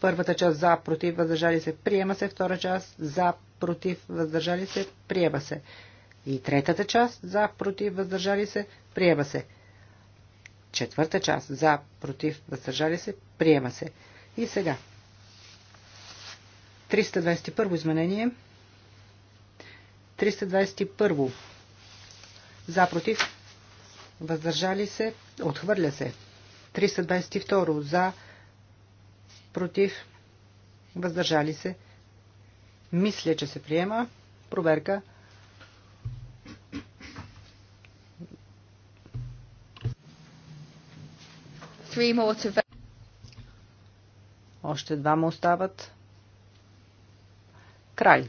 Първата част за, против, въздържали се, приема се. Втора част за, против, въздържали се, приема се. И третата част за, против, въздържали се, приема се. Четвърта част за, против, въздържали се, приема се. И сега. 321 изменение. 321. За, против, въздържали се, отхвърля се. 322. За, против, въздържали се. Мисля, че се приема. Проверка. Още двама остават. Край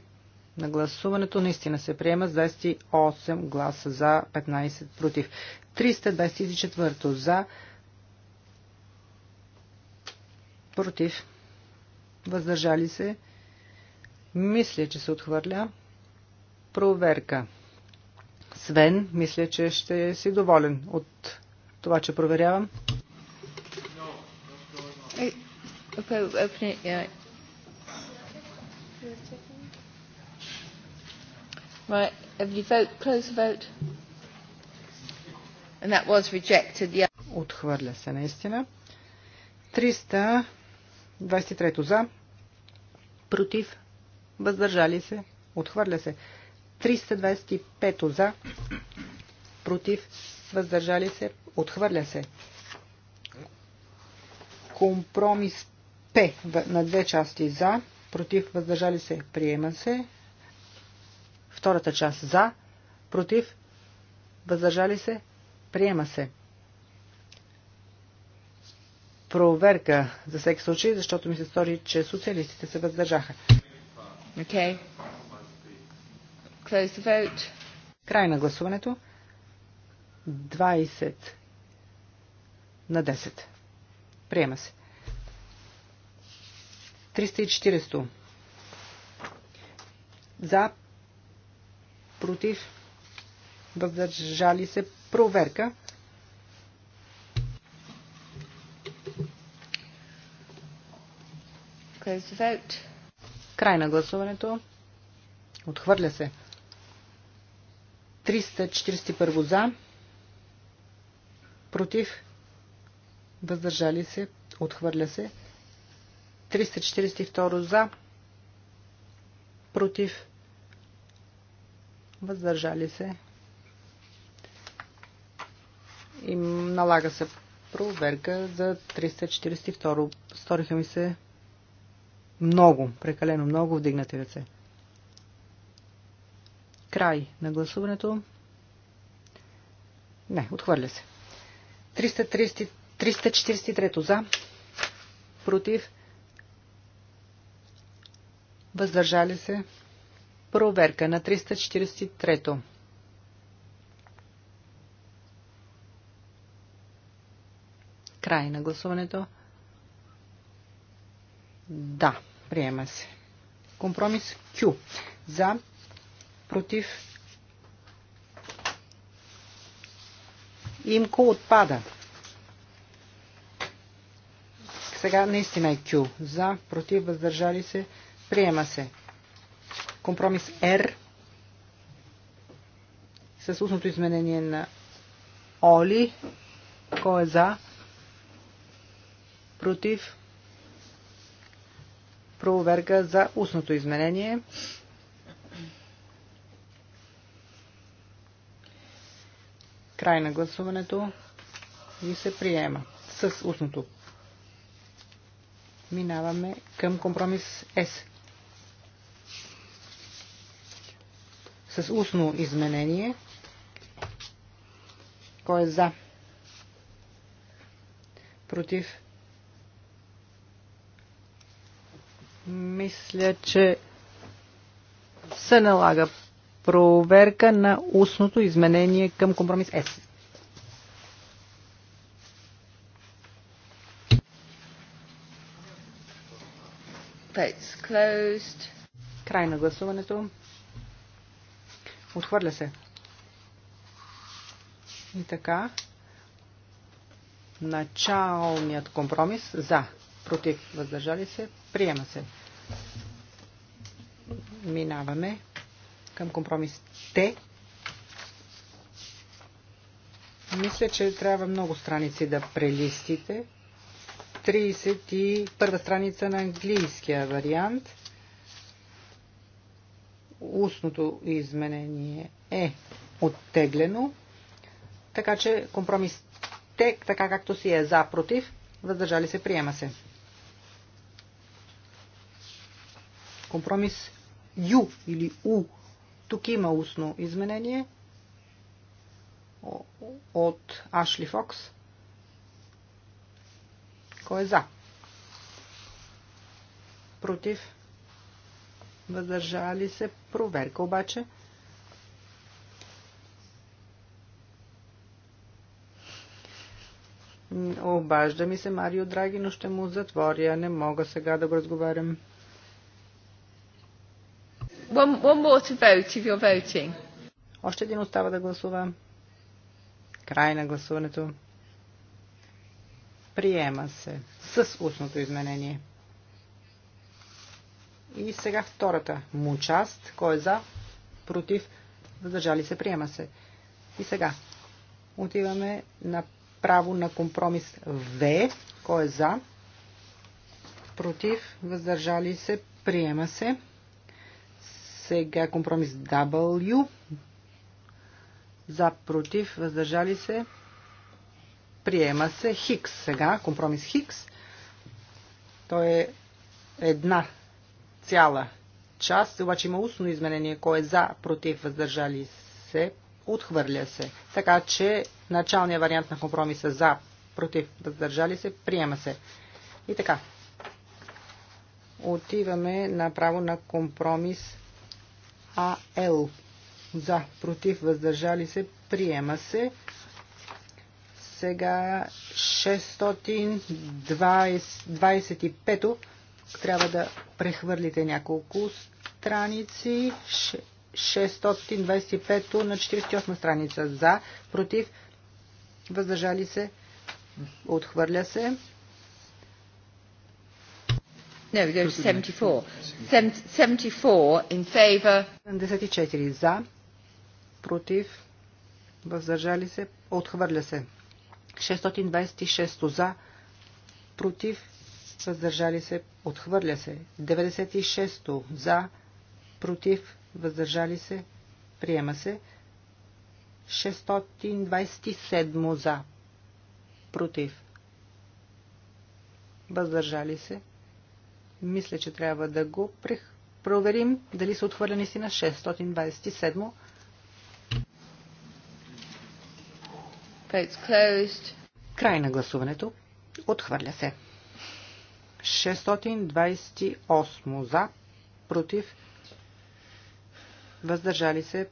на гласуването наистина се приема с 28 гласа за, 15 против. 324 за, против, въздържали се. Мисля, че се отхвърля. Проверка. Свен, мисля, че ще си доволен от това, че проверявам. Okay, open it, yeah. Right, every vote, close the vote. And that was rejected. Yeah. Отхвърля се наистина. 323 за, против, въздържали се, отхвърля се. 325 за, против, въздържали се, отхвърля се. Компромис П на две части за, против, въздържали се, приема се. Втората част за, против, въздържали се, приема се. Проверка за всеки случай, защото ми се стори, че социалистите се въздържаха. Okay. Close the vote. Край на гласуването. 20 на 10. Приема се. 340. За, против, въздържали се, проверка. Край на гласуването. Отхвърля се. 341 за, против, въздържали се, отхвърля се. 342 за, против, въздържали се. И налага се проверка за 342. Сториха ми се много, прекалено много вдигнати ръце. Край на гласуването. Не, отхвърля се. 330, 343 за, против, въздържали се, Проверка на 343-то. Край на гласуването. Да, приема се. Компромис Q. За, против. Имко отпада. Сега наистина е Q. За, против, въздържали се. Приема се. Компромис R с устното изменение на Оли. Кой е за? Против? Проверка за устното изменение. Край на гласуването и се приема с устното. Минаваме към компромис С. с устно изменение. Кой е за? Против? Мисля, че се налага проверка на устното изменение към компромис С. Край на гласуването. Отхвърля се. И така. Началният компромис за. Против. Въздържали се. Приема се. Минаваме към компромис Т. Мисля, че трябва много страници да прелистите. 31 страница на английския вариант устното изменение е оттеглено, така че компромис тек, така както си е за, против, въздържали се, приема се. Компромис Ю или У. Тук има устно изменение от Ашли Фокс. Кой е за? Против? въздържали се, проверка обаче. Обажда ми се Марио Драги, но ще му затворя. Не мога сега да го разговарям. One, one more to vote if you're voting. Още един остава да гласува. Край на гласуването. Приема се с устното изменение. И сега втората му част. Кой е за? Против? Въздържали се? Приема се. И сега отиваме направо на компромис В. Кой е за? Против? Въздържали се? Приема се. Сега компромис W. За, против, въздържали се. Приема се Хикс сега, компромис Хикс. Той е една цяла част, обаче има устно изменение, кой е за, против, въздържали се, отхвърля се. Така че началният вариант на компромиса за, против, въздържали се, приема се. И така. Отиваме направо на компромис АЛ. За, против, въздържали се, приема се. Сега 625 трябва да прехвърлите няколко страници. 625 на 48 страница. За, против, въздържали се, отхвърля се. No, we go to 74. 74 in favor. 74 за, против, въздържали се, отхвърля се. 626 за, против, въздържали се, отхвърля се. 96-то за, против, въздържали се, приема се. 627 за, против, въздържали се. Мисля, че трябва да го прих... проверим дали са отхвърлени си на 627. Край на гласуването. Отхвърля се. 628 за, против, въздържали се.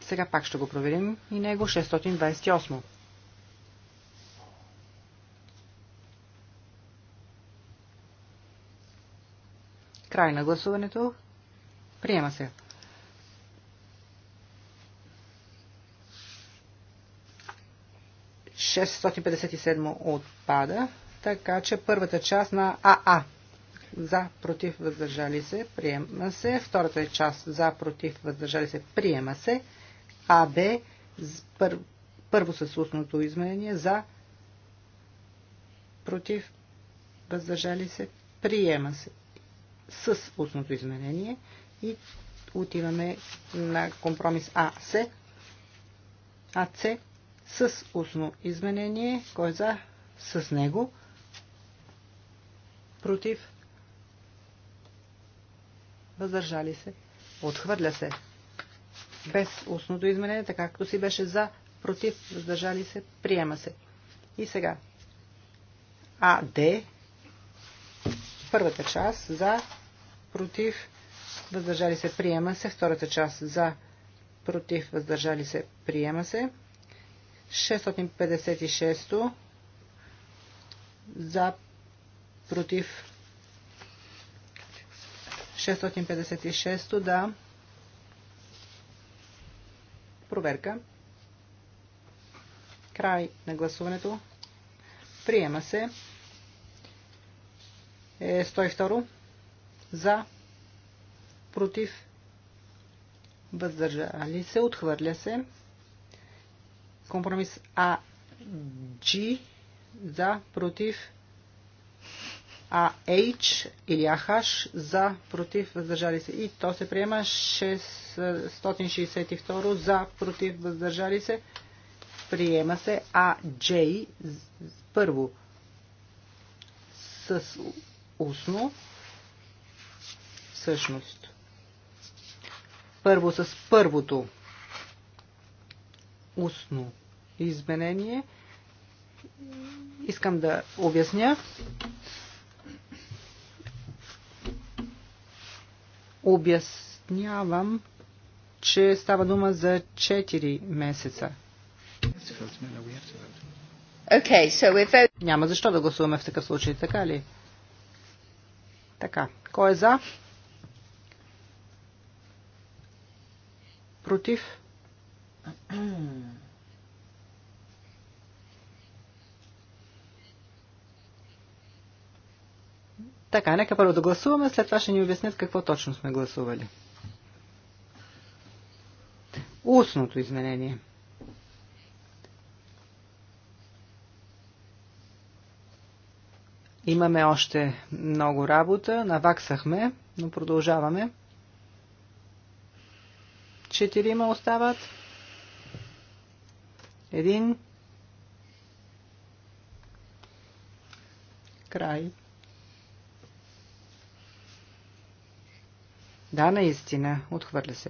Сега пак ще го проверим и него 628. Край на гласуването. Приема се. Шестстотин отпада така че първата част на АА. За, против, въздържали се, приема се. Втората част за, против, въздържали се, приема се. АБ, пър, първо с устното изменение, за, против, въздържали се, приема се с устното изменение и отиваме на компромис АС, А с устно изменение, кой е за, с него, против, въздържали се, отхвърля се. Без устното изменение, така както си беше за, против, въздържали се, приема се. И сега. А, Д. Първата част за, против, въздържали се, приема се. Втората част за, против, въздържали се, приема се. 656 за, Против. 656 да. Проверка. Край на гласуването. Приема се. Е 102. За. Против. Въздържали се. Отхвърля се. Компромис А. G. За. Против. А H или АХ за, против, въздържали се. И то се приема 662 за, против, въздържали се. Приема се А J първо с устно всъщност. Първо с първото устно изменение. Искам да обясня. обяснявам, че става дума за 4 месеца. Okay, so if... Няма защо да гласуваме в такъв случай, така ли? Така. Кой е за? Против? Така, нека първо да гласуваме, след това ще ни обяснят какво точно сме гласували. Устното изменение. Имаме още много работа, наваксахме, но продължаваме. Четирима остават. Един. Край. Да, наистина, отхвърля се.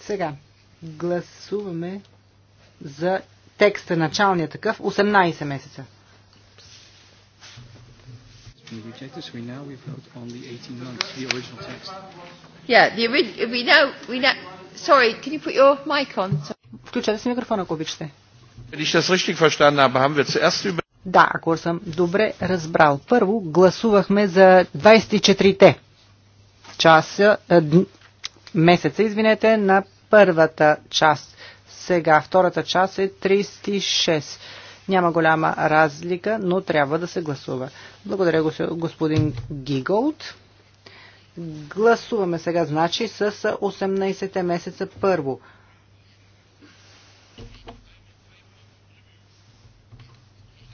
Сега, гласуваме за текста, началния такъв, 18 месеца. Включете си микрофона, ако обичате. Wenn ich das richtig verstanden habe, haben wir zuerst über да, ако съм добре разбрал. Първо гласувахме за 24-те часа, е, месеца, извинете, на първата част. Сега втората част е 36. Няма голяма разлика, но трябва да се гласува. Благодаря, господин Гиголд. Гласуваме сега, значи, с 18-те месеца първо.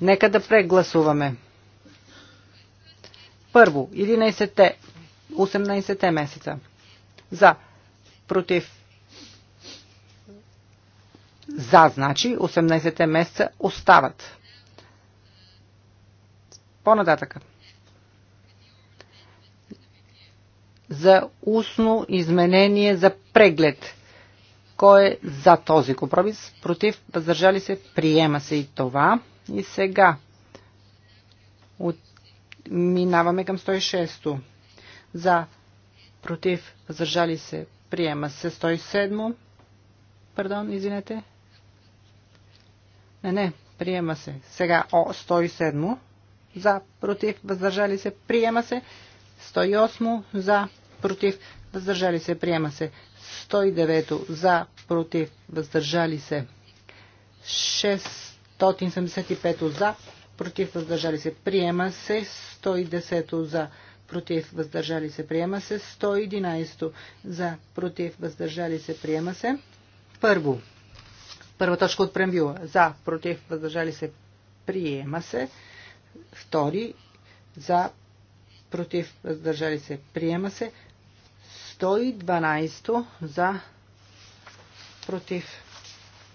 Нека да прегласуваме. Първо, 11-те, 18-те месеца. За, против, за, значи 18-те месеца остават. По-нататъка. За устно изменение за преглед. Кой е за този компромис? Против? Въздържали се? Приема се и това. И сега от... минаваме към 106-то. За, против, въздържали се, приема се 107-мо. Пардон, извинете. Не, не, приема се. Сега О, 107-мо. За, против, въздържали се, приема се. 108-мо. За, против, въздържали се, приема се. 109 за, против, въздържали се. 675 за, против, въздържали се. Приема се 110 за, против, въздържали се. Приема се 111 за, против, въздържали се. Приема се. Първо. Първа точка от прембюла. За, против, въздържали се. Приема се. Втори. За, против, въздържали се. Приема се. 112 за против.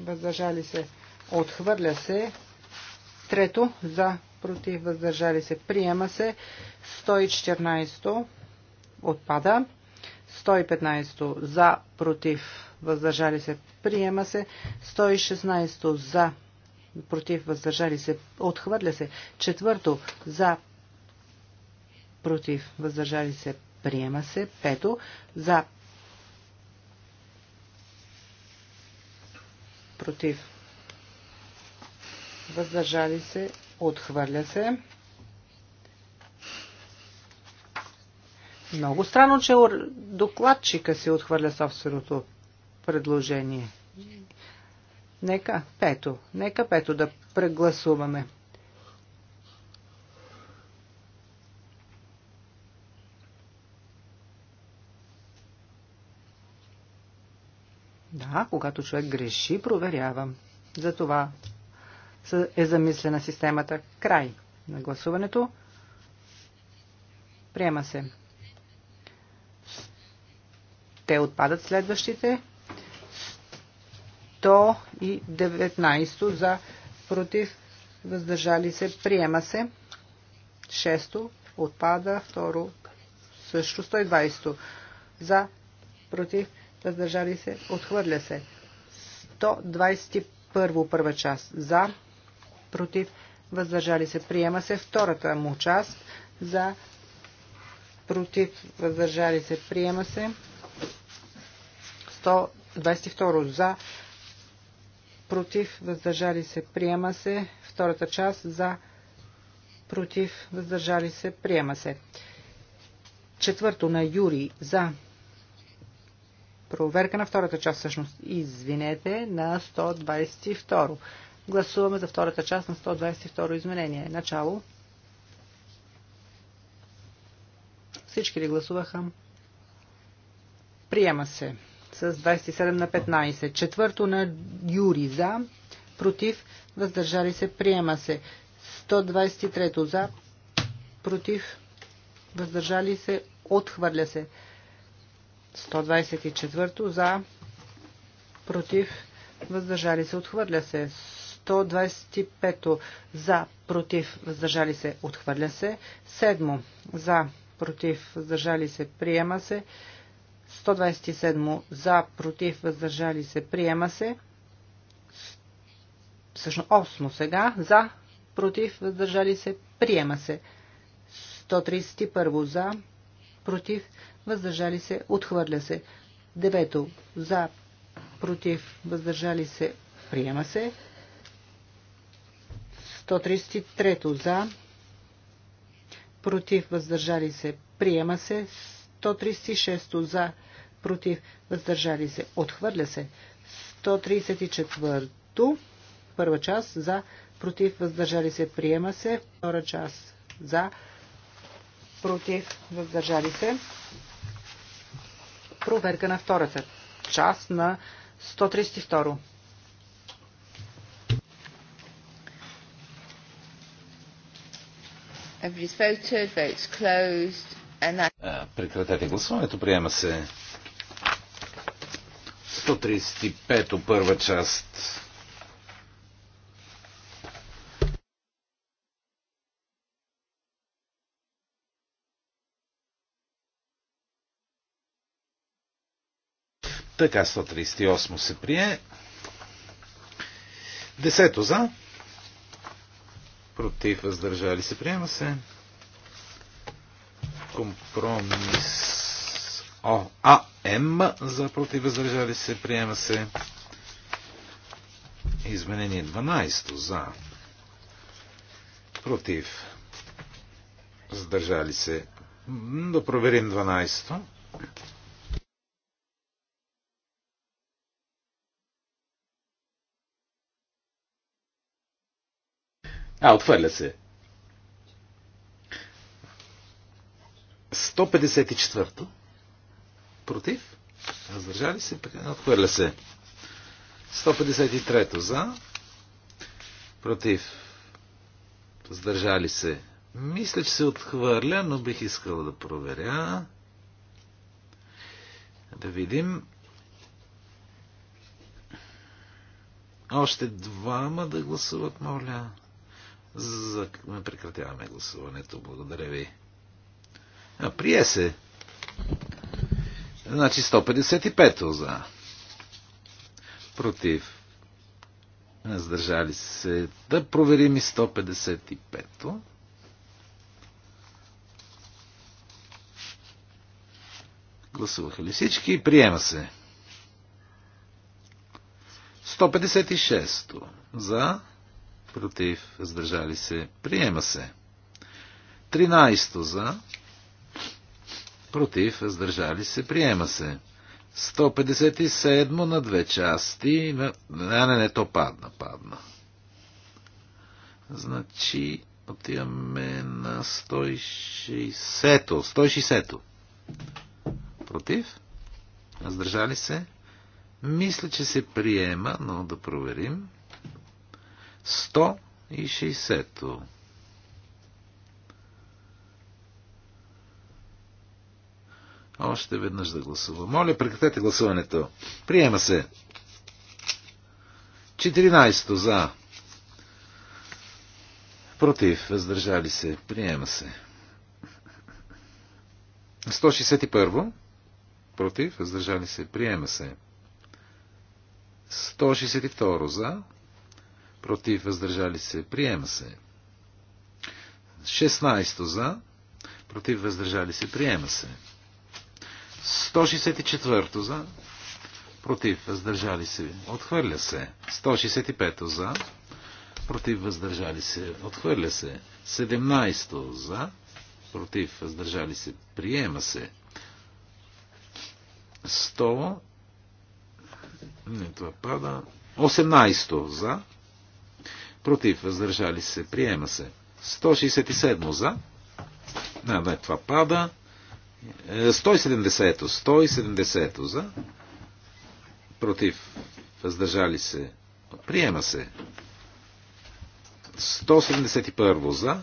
Въздържали се. Отхвърля се. Трето за против. Въздържали се. Приема се. 114 отпада. 115 за против. Въздържали се. Приема се. 116 за против. Въздържали се. Отхвърля се. Четвърто за против. Въздържали се. Приема се. Пето. За. Против. Въздържали се. Отхвърля се. Много странно, че докладчика си отхвърля собственото предложение. Нека пето, нека пето да прегласуваме. а когато човек греши, проверявам. За това е замислена системата. Край на гласуването. Приема се. Те отпадат следващите. 119 за против въздържали се. Приема се. 6 отпада. Второ също 120 за против въздържали се, отхвърля се. 121 първа част за, против, въздържали се, приема се. Втората му част за, против, въздържали се, приема се. 122 за, против, въздържали се, приема се. Втората част за, против, въздържали се, приема се. Четвърто на Юри за, Проверка на втората част, всъщност. Извинете, на 122. Гласуваме за втората част на 122 изменение. Начало. Всички ли гласуваха? Приема се с 27 на 15. Четвърто на Юри за, против, въздържали се, приема се. 123 за, против, въздържали се, отхвърля се. 124 за, против, въздържали се, отхвърля се. 125 за, против, въздържали се, отхвърля се. 7 за, против, въздържали се, приема се. 127 за, против, въздържали се, приема се. Всъщност 8 сега. За, против, въздържали се, приема се. 131 за, против, въздържали се, отхвърля се. Девето, за, против, въздържали се, приема се. 133 за, против, въздържали се, приема се. 136 за, против, въздържали се, отхвърля се. 134 първа част за, против, въздържали се, приема се. Втора част за, против, против, въздържали се. Проверка на втората част на 132. Прекратете гласуването. Приема се 135 първа част. Така 138 се прие. Десето за. Против въздържали се. Приема се. Компромис. О, а, М за против въздържали се. Приема се. Изменение 12 за. Против. Въздържали се. Да проверим 12. А, отхвърля се. 154-то. Против. Раздържали се. Отхвърля се. 153-то. За. Против. Раздържали се. Мисля, че се отхвърля, но бих искал да проверя. Да видим. Още двама да гласуват, моля. За... Прекратяваме гласуването. Благодаря ви. А, прие се. Значи 155 за. Против. Сдържали се. Да проверим и 155-то. Гласуваха ли всички? Приема се. 156 За против, въздържали се, приема се. 13 за, против, въздържали се, приема се. 157 на две части, на... не, не, не, то падна, падна. Значи, отиваме на 160-то, 160-то. Против, въздържали се, мисля, че се приема, но да проверим. 160-то. Още веднъж да гласувам. Моля, прекратете гласуването. Приема се. 14 за. Против. Въздържали се. Приема се. 161. Против. Въздържали се. Приема се. 162 за против, въздържали се, приема се. 16 за, против, въздържали се, приема се. 164 за, против, въздържали се, отхвърля се. 165 за, против, въздържали се, отхвърля се. 17 за, против, въздържали се, приема се. 100, не това пада, 18 за, Против. Въздържали се. Приема се. 167 за. Не, не, това пада. 170 е, 170 за. Против. Въздържали се. Приема се. 171 за.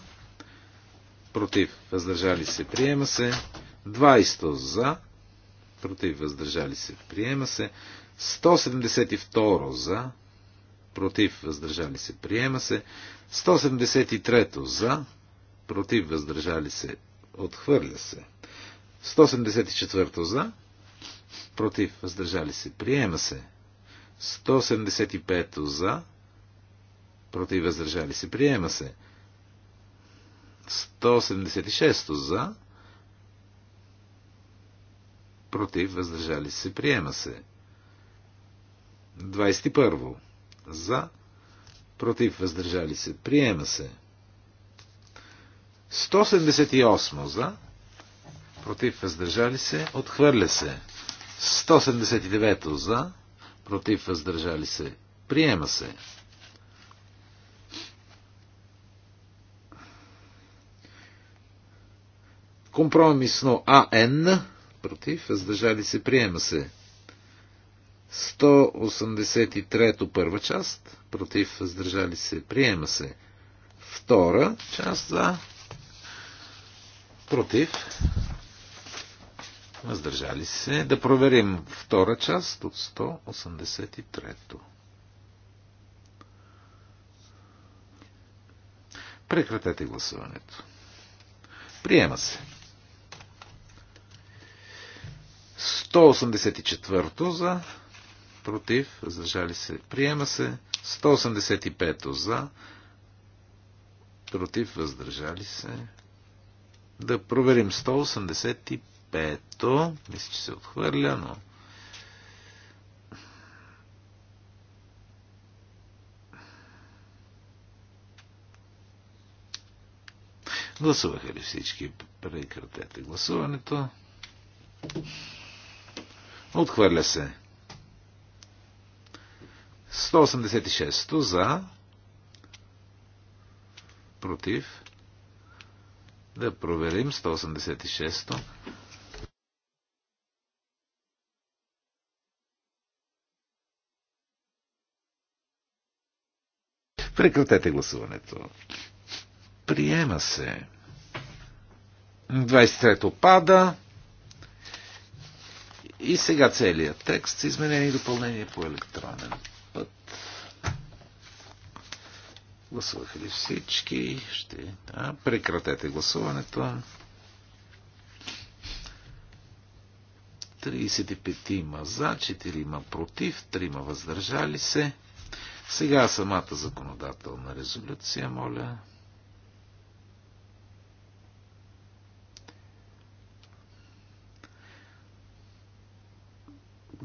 Против. Въздържали се. Приема се. 20 за. Против. Въздържали се. Приема се. 172 за против, въздържали се, приема се. 173 за, против, въздържали се, отхвърля се. 174 за, против, въздържали се, приема се. 175 за, против, въздържали се, приема се. 176 за, против, въздържали се, приема се. 21 за, против, въздържали се, приема се. 178 за, против, въздържали се, отхвърля се. 179 за, против, въздържали се, приема се. компромисно АН, против, въздържали се, приема се. 183-то първа част, против, въздържали се, приема се. Втора част за, против, въздържали се. Да проверим втора част от 183-то. Прекратете гласуването. Приема се. 184 то за против, въздържали се, приема се. 185 за, против, въздържали се. Да проверим 185-то. Мисля, че се отхвърля, но... Гласуваха ли всички? Прекратете гласуването. Отхвърля се. 186 за, против. Да проверим 186 Прекратете гласуването. Приема се. 23-то пада. И сега целият текст, изменение и допълнение по електронен път. Гласуваха ли всички? Ще... А, прекратете гласуването. 35 има за, 4 има против, 3 има въздържали се. Сега самата законодателна резолюция, моля.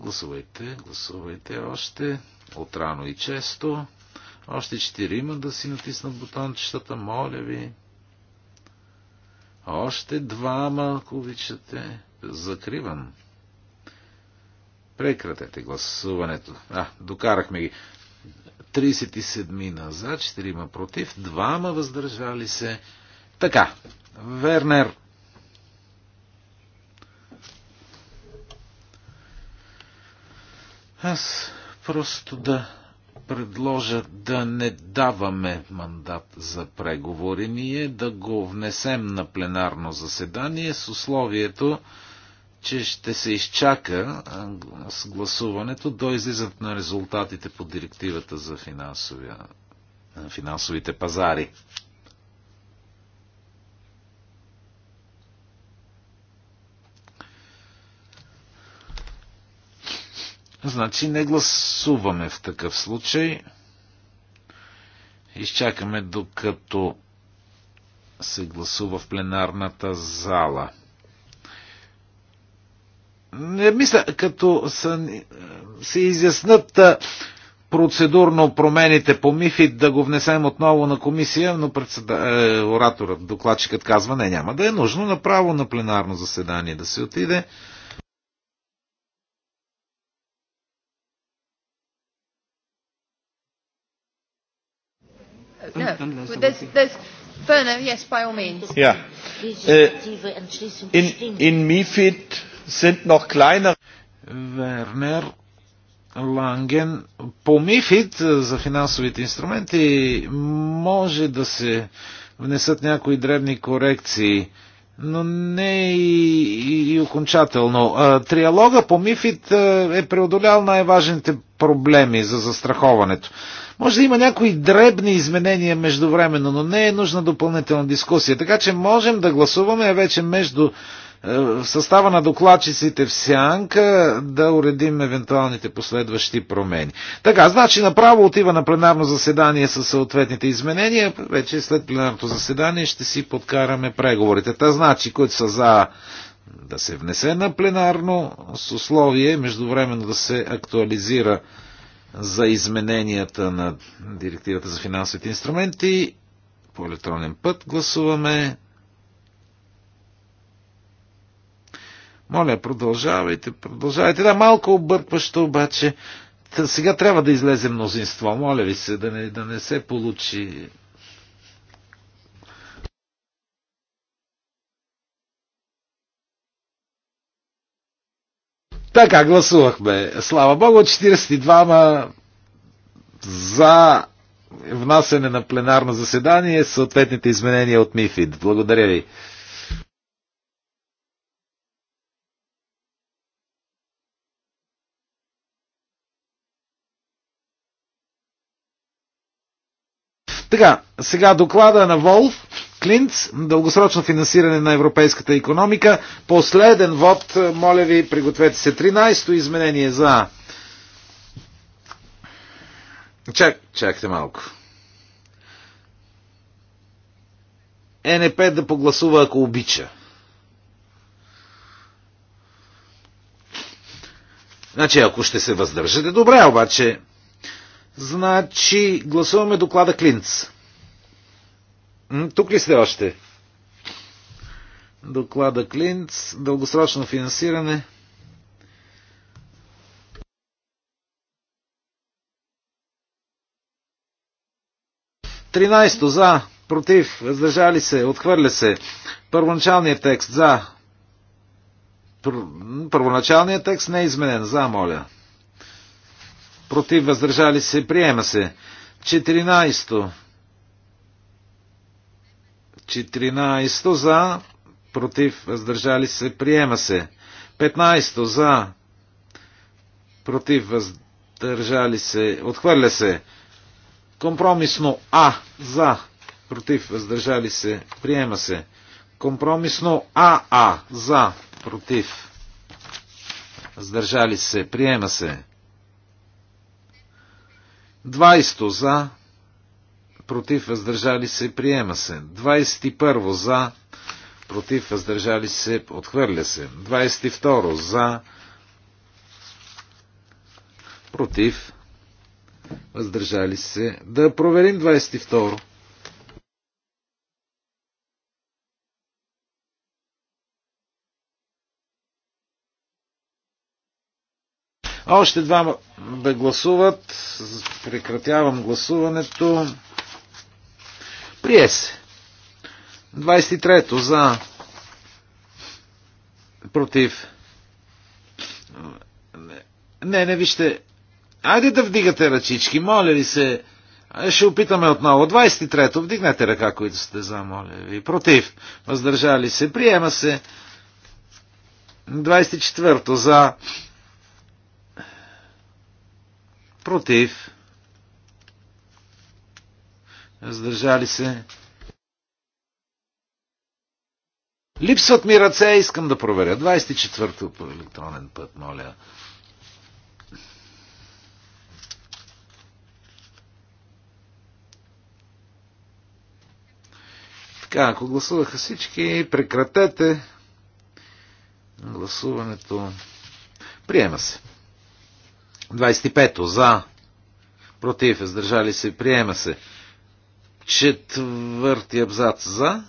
Гласувайте, гласувайте още. Отрано и често. Още има да си натиснат бутончетата, моля ви. Още двама, ако обичате. Закривам. Прекратете гласуването. А, докарахме ги. 37 за, 4 против, 2 въздържали се. Така, Вернер, Аз просто да предложа да не даваме мандат за преговори, ние да го внесем на пленарно заседание с условието, че ще се изчака с гласуването до излизат на резултатите по директивата за финансовите пазари. Значи не гласуваме в такъв случай. Изчакаме докато се гласува в пленарната зала. Не мисля, като са, се изяснат процедурно промените по МИФИД да го внесем отново на комисия, но председа... е, ораторът, докладчикът казва, не, няма да е нужно направо на пленарно заседание да се отиде. No, Ja. Äh, in, in MIFID sind noch kleinere. Werner Langen, По МИФИД за финансовите инструменти може да се внесат някои дребни корекции но не и, и, и окончателно. Триалога по мифит е преодолял най-важните проблеми за застраховането. Може да има някои дребни изменения междувременно, но не е нужна допълнителна дискусия. Така че можем да гласуваме вече между е, в състава на докладчиците в Сянка да уредим евентуалните последващи промени. Така, значи направо отива на пленарно заседание с съответните изменения, вече след пленарното заседание ще си подкараме преговорите. Та значи, които са за да се внесе на пленарно с условие междувременно да се актуализира за измененията на директивата за финансовите инструменти. По електронен път гласуваме. Моля, продължавайте, продължавайте. Да, малко объркващо обаче. Та, сега трябва да излезе мнозинство. Моля ви се, да не, да не се получи Така, гласувахме. Слава Богу, 42-ма за внасене на пленарно заседание съответните изменения от МИФИД. Благодаря ви. Така, сега доклада на Волф, Клинц, дългосрочно финансиране на европейската економика. Последен вод, моля ви, пригответе се. 13-то изменение за... Чак, чакайте малко. НП да погласува, ако обича. Значи, ако ще се въздържате, добре, обаче Значи, гласуваме доклада Клинц. Тук ли сте още? Доклада Клинц, дългосрочно финансиране. Тринайсто за, против, въздържали се, отхвърля се. Първоначалният текст за. Първоначалният текст не е изменен. За, моля против, въздържали се, приема се. 14. 14 за, против, въздържали се, приема се. 15 за, против, въздържали се, отхвърля се. Компромисно А за, против, въздържали се, приема се. Компромисно АА за, против, въздържали се, приема се. 20 за, против въздържали се, приема се. 21 за, против въздържали се, отхвърля се. 22 за, против въздържали се. Да проверим 22. Още двама да гласуват. Прекратявам гласуването. Прие се. 23-то за против. Не, не вижте. Айде да вдигате ръчички, моля ви се. Ще опитаме отново. 23-то, вдигнете ръка, които сте за, моля ви. Против. Въздържали се. Приема се. 24-то за против, Раздържали се. Липсват ми ръце, искам да проверя. 24-то по електронен път, моля. Така, ако гласуваха всички, прекратете гласуването. Приема се. 25 за, против, въздържали се, приема се. Четвърти абзац за,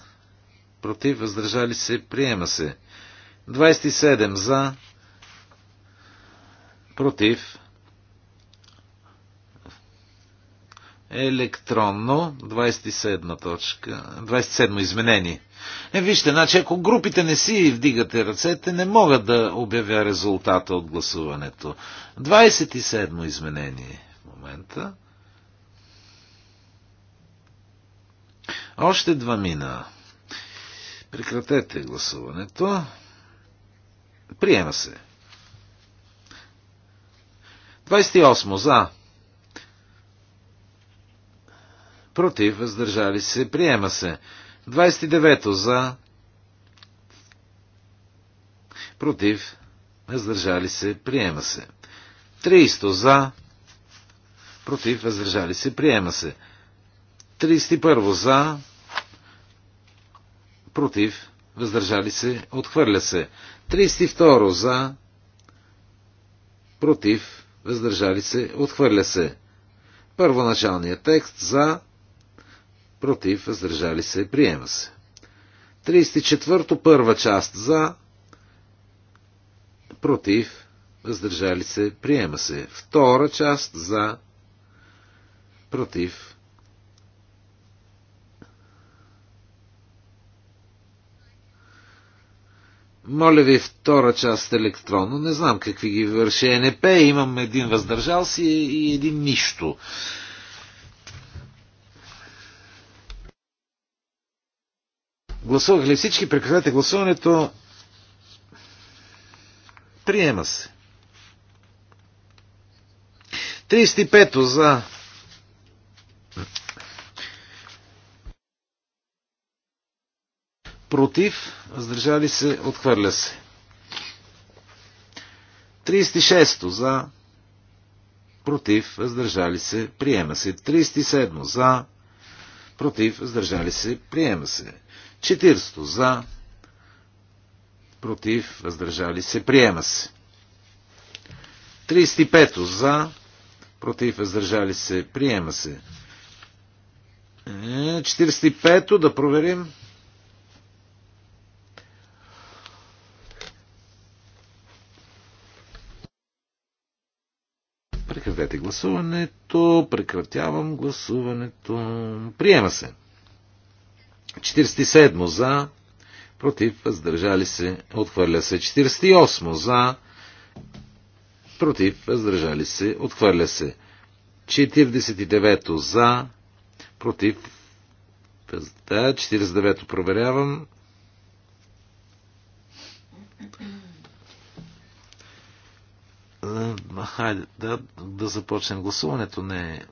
против, въздържали се, приема се. 27 за, против, електронно, 27 точка, 27 изменение. Е, вижте, значи ако групите не си вдигате ръцете, не мога да обявя резултата от гласуването. 27 изменение в момента. Още два мина. Прекратете гласуването. Приема се. 28 за. Против, въздържали се, приема се. 29 за. Против. Въздържали се. Приема се. 30 за. Против. Въздържали се. Приема се. 31 за. Против. Въздържали се. Отхвърля се. 32 за. Против. Въздържали се. Отхвърля се. Първоначалният текст за против, въздържали се, приема се. 34-то първа част за, против, въздържали се, приема се. Втора част за, против. Моля ви, втора част електронно. Не знам какви ги върши НП. Имам един въздържал си и един нищо. Гласувах ли всички? Прекратете гласуването. Приема се. 35-то за против, въздържали се, отхвърля се. 36-то за против, въздържали се, приема се. 37-то за против, въздържали се, приема се. 40 за, против, въздържали се, приема се. 35 за, против, въздържали се, приема се. 45 е, да проверим. Прекратете гласуването. Прекратявам гласуването. Приема се. 47 за, против, въздържали се, отхвърля се. 48 за, против, въздържали се, отхвърля се. 49 за, против, да, 49 проверявам. Хайде, да, да започнем гласуването. Не е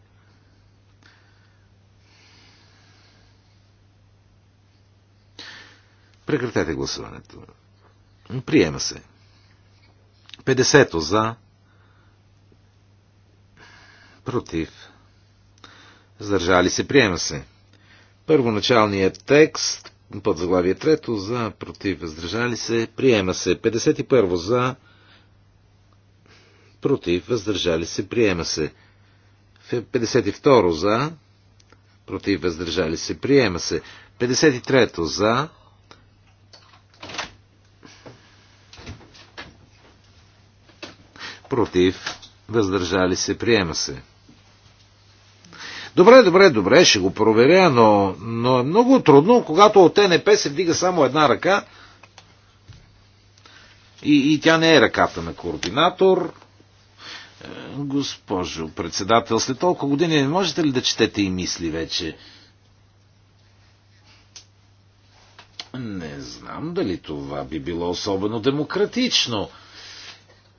Прекратете гласуването. Приема се. 50 за. Против. Сдържали се. Приема се. Първоначалният текст под заглавие трето за против въздържали се приема се 51 за против въздържали се приема се 52 за против въздържали се приема се 53 за против, въздържали се, приема се. Добре, добре, добре, ще го проверя, но, но е много трудно, когато от ТНП се вдига само една ръка и, и тя не е ръката на координатор. Е, госпожо председател, след толкова години не можете ли да четете и мисли вече? Не знам дали това би било особено демократично.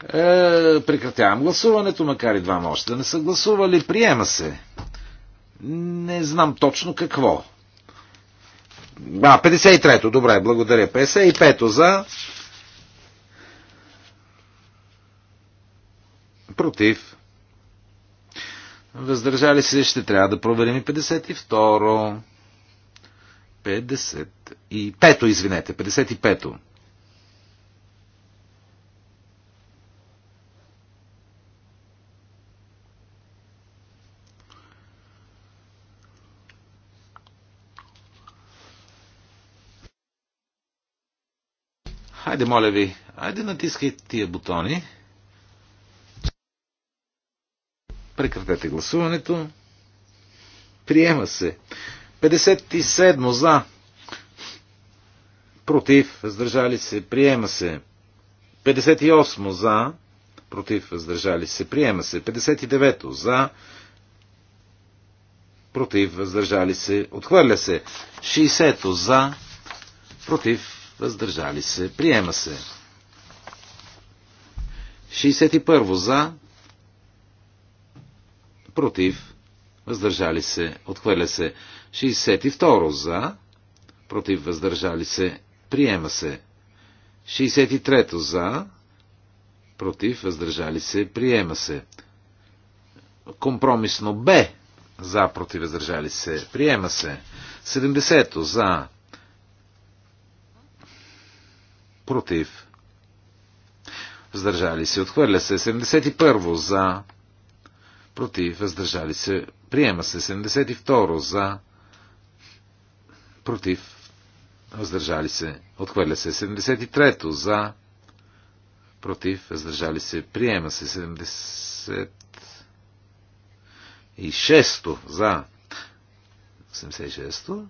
Е, прекратявам гласуването, макар и двама още не са гласували. Приема се. Не знам точно какво. А, 53-то, добре, благодаря. 55-то за. Против. Въздържали се, ще трябва да проверим и 52-ро. 55-то, извинете, 55-то. Айде, моля ви, айде натискай тия бутони. Прекратете гласуването. Приема се. 57 за. Против, въздържали се, приема се. 58 за. Против, въздържали се, приема се. 59 за. Против, въздържали се, отхвърля се. 60 за. Против, въздържали се, приема се. 61 за, против, въздържали се, отхвърля се. 62 за, против, въздържали се, приема се. 63 за, против, въздържали се, приема се. Компромисно Б, за, против, въздържали се, приема се. 70 за, против, въздържали се, отхвърля се. 71 за, против, въздържали се, приема се. 72 за, против, въздържали се, отхвърля се. 73 за, против, въздържали се, приема се. 70 и 6 за, 76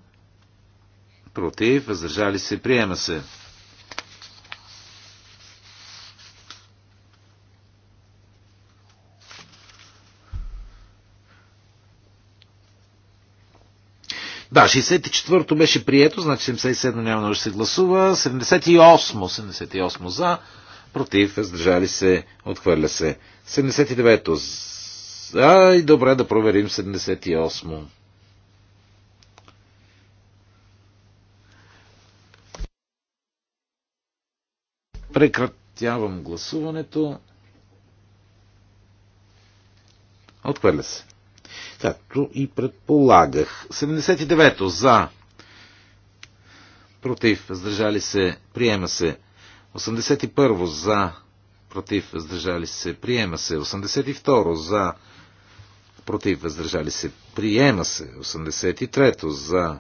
против, въздържали се, приема се. Да, 64-то беше прието, значи 77 няма да се гласува. 78, 78 за, против, въздържали се, отхвърля се. 79-то. Ай, добре да проверим 78 Прекратявам гласуването. Отхвърля се както и предполагах. 79-то за, против, въздържали се, приема се. 81-во за, против, въздържали се, приема се. 82-ро за, против, въздържали се, приема се. 83-то за,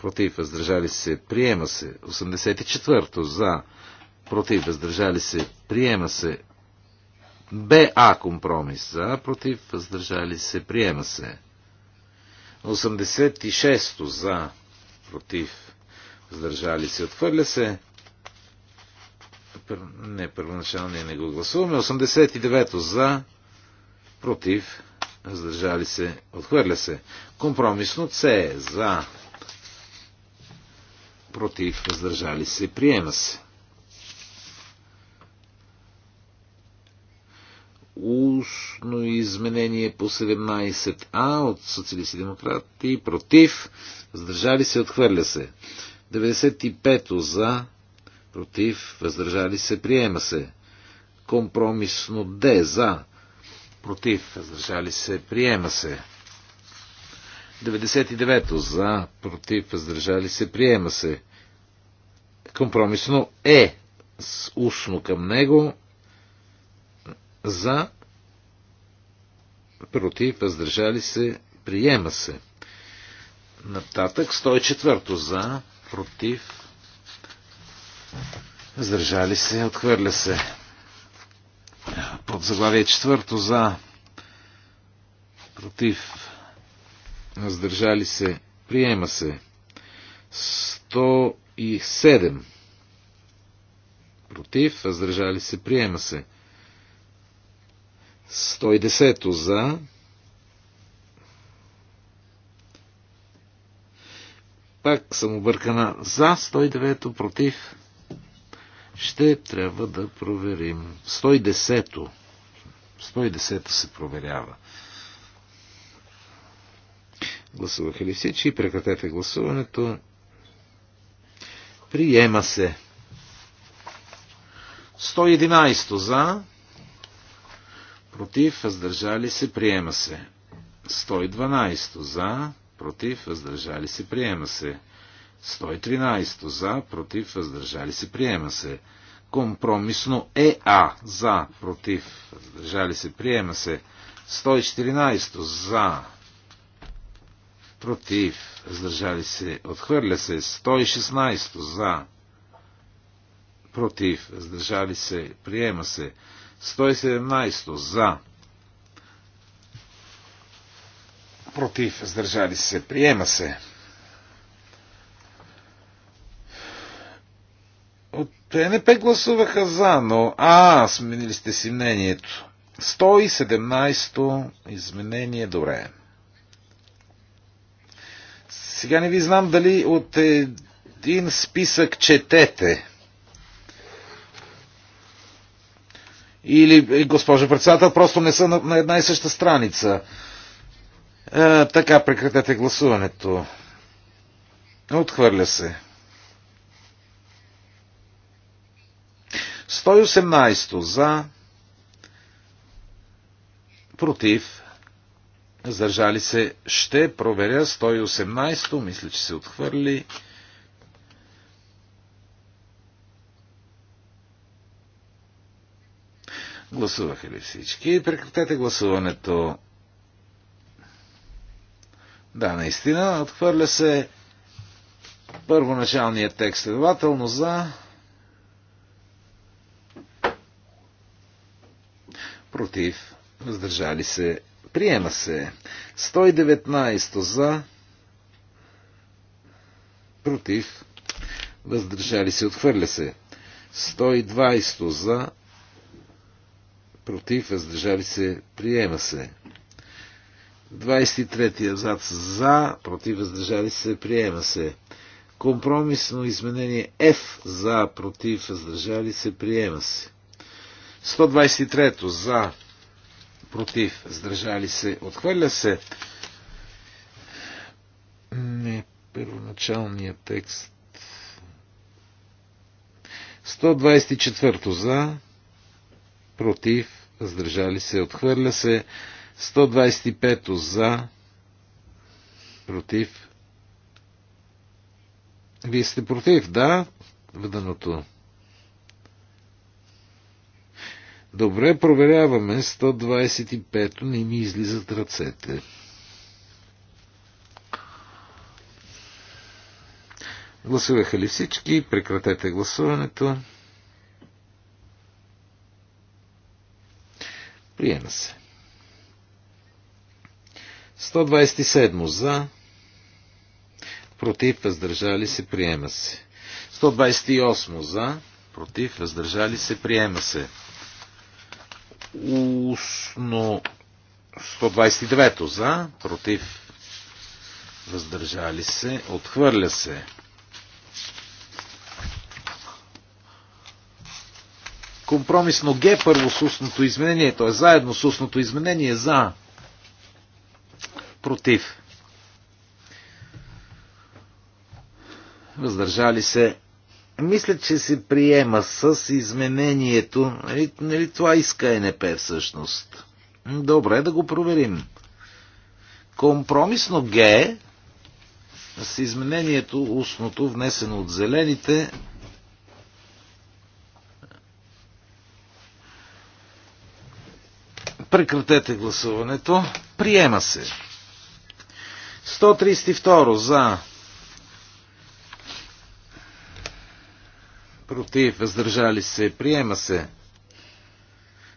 против, въздържали се, приема се. 84-то за, против, въздържали се, приема се. БА компромис за, против, въздържали се, приема се. 86-то за, против, въздържали се, отхвърля се. Не, първоначално не го гласуваме. 89-то за, против, въздържали се, отхвърля се. Компромисно С за, против, въздържали се, приема се. единодушно изменение по 17А от социалисти демократи, против, въздържали се, отхвърля се. 95 за, против, въздържали се, приема се. Компромисно Д за, против, въздържали се, приема се. 99 за, против, въздържали се, приема се. Компромисно Е, с устно към него, за, против, въздържали се, приема се. Нататък 104 за, против, въздържали се, отхвърля се. Под заглавие четвърто за, против, въздържали се, приема се. 107 против, въздържали се, приема се. 110 за. Пак съм объркана. За 109 против. Ще трябва да проверим. 110-то. 110-то се проверява. Гласуваха ли всички? Прекратете гласуването. Приема се. 111 за против, въздържали се, приема се. 112 за, против, въздържали се, приема се. 113 за, против, въздържали се, приема се. Компромисно ЕА за, против, въздържали се, приема се. 114 за, против, въздържали се, отхвърля се. 116 за, против, въздържали се, приема се. 117 за. Против, сдържали се. Приема се. От ТНП гласуваха за, но... А, сменили сте си мнението. 117 изменение, добре. Сега не ви знам дали от един списък четете. Или, е, госпожо председател, просто не са на, на една и съща страница. А, е, така, прекратете гласуването. Отхвърля се. 118 за, против, Задържали се. Ще проверя 118. Мисля, че се отхвърли. Гласуваха ли всички? Прекратете гласуването. Да, наистина, отхвърля се първоначалният текст, следователно за против, въздържали се, приема се. 119 за против, въздържали се, отхвърля се. 120 за против, въздържали се, приема се. 23 абзац за, против, въздържали се, приема се. Компромисно изменение F за, против, въздържали се, приема се. 123 за, против, въздържали се, отхвърля се. Не, първоначалният текст. 124 за, против, въздържали се, отхвърля се. 125 за, против. Вие сте против, да, въданото. Добре, проверяваме. 125 не ми излизат ръцете. Гласуваха ли всички? Прекратете гласуването. Приема се. 127 за. Против, въздържали се, приема се. 128 за. Против, въздържали се, приема се. Устно 129 за. Против, въздържали се, отхвърля се. Компромисно Г първо с устното изменение, т.е. заедно с устното изменение за против. Въздържали се. Мисля, че се приема с изменението. Нали, нали това иска НП всъщност. Добре, да го проверим. Компромисно Г с изменението устното, внесено от зелените, Прекратете гласуването. Приема се. 132 за. Против. Въздържали се. Приема се.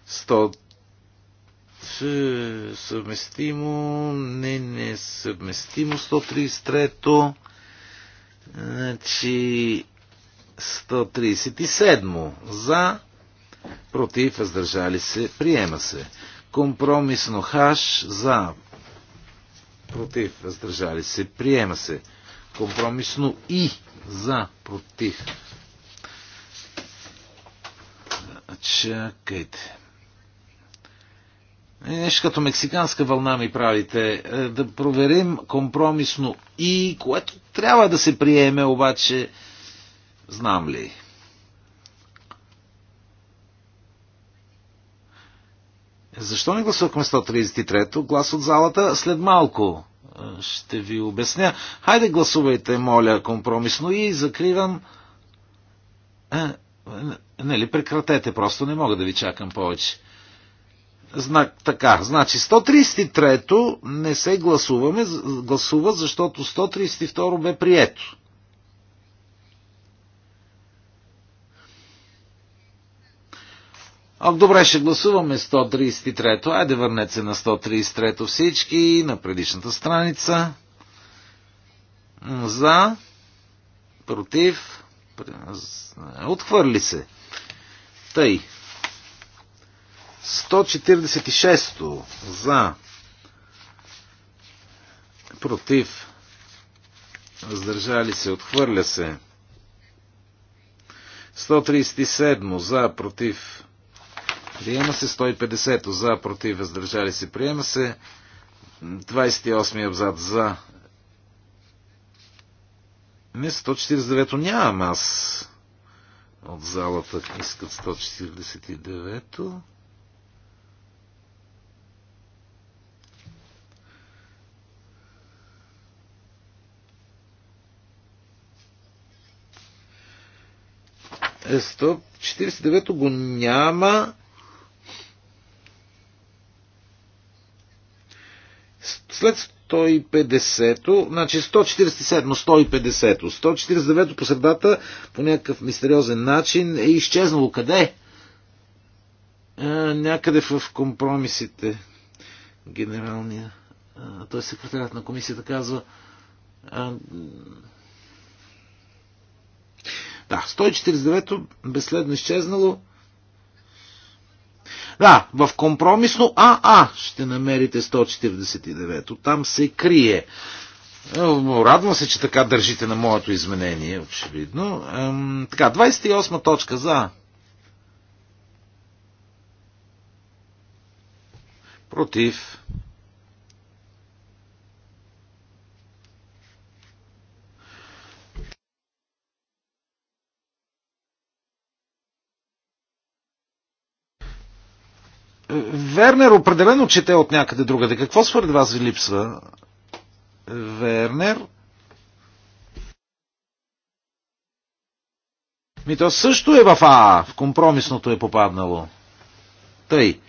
100 съвместимо, не, не съвместимо, 133-то, значи 137 за, против, въздържали се, приема се. Компромисно хаш за против, въздържали се, приема се. Компромисно и за против. Чакайте. Е, нещо като мексиканска вълна ми правите. Е, да проверим компромисно и, което трябва да се приеме, обаче знам ли. Защо не гласувахме 133-то? Глас от залата след малко. Е, ще ви обясня. Хайде гласувайте, моля, компромисно и закривам... Не, е, ли, нали, прекратете, просто не мога да ви чакам повече. Знак, така, значи 133-то не се гласуваме, гласува, защото 132 то бе прието. Ако добре, ще гласуваме 133-то. Айде върнете се на 133-то всички, на предишната страница. За, против, отхвърли се. Тъй. 146-то за, против, въздържали се, отхвърля се. 137 за, против, Приема се 150 за, против, въздържали се. Приема се 28 абзац за. Не, 149 нямам аз. От залата искат 149-то. Е, 149-то го няма. След 150-то, значи 147 150-то, 149-то по средата по някакъв мистериозен начин е изчезнало. Къде? А, е, някъде в компромисите. Генералния. Той секретарят на комисията казва. А, да, 149-то безследно изчезнало. Да, в компромисно АА ще намерите 149-то. Там се крие. Е, радвам се, че така държите на моето изменение, очевидно. Ем, така, 28 точка за. Против. Вернер определено чете от някъде другаде. Какво според вас ви липсва? Вернер? Ми то също е в А, в компромисното е попаднало. Тъй.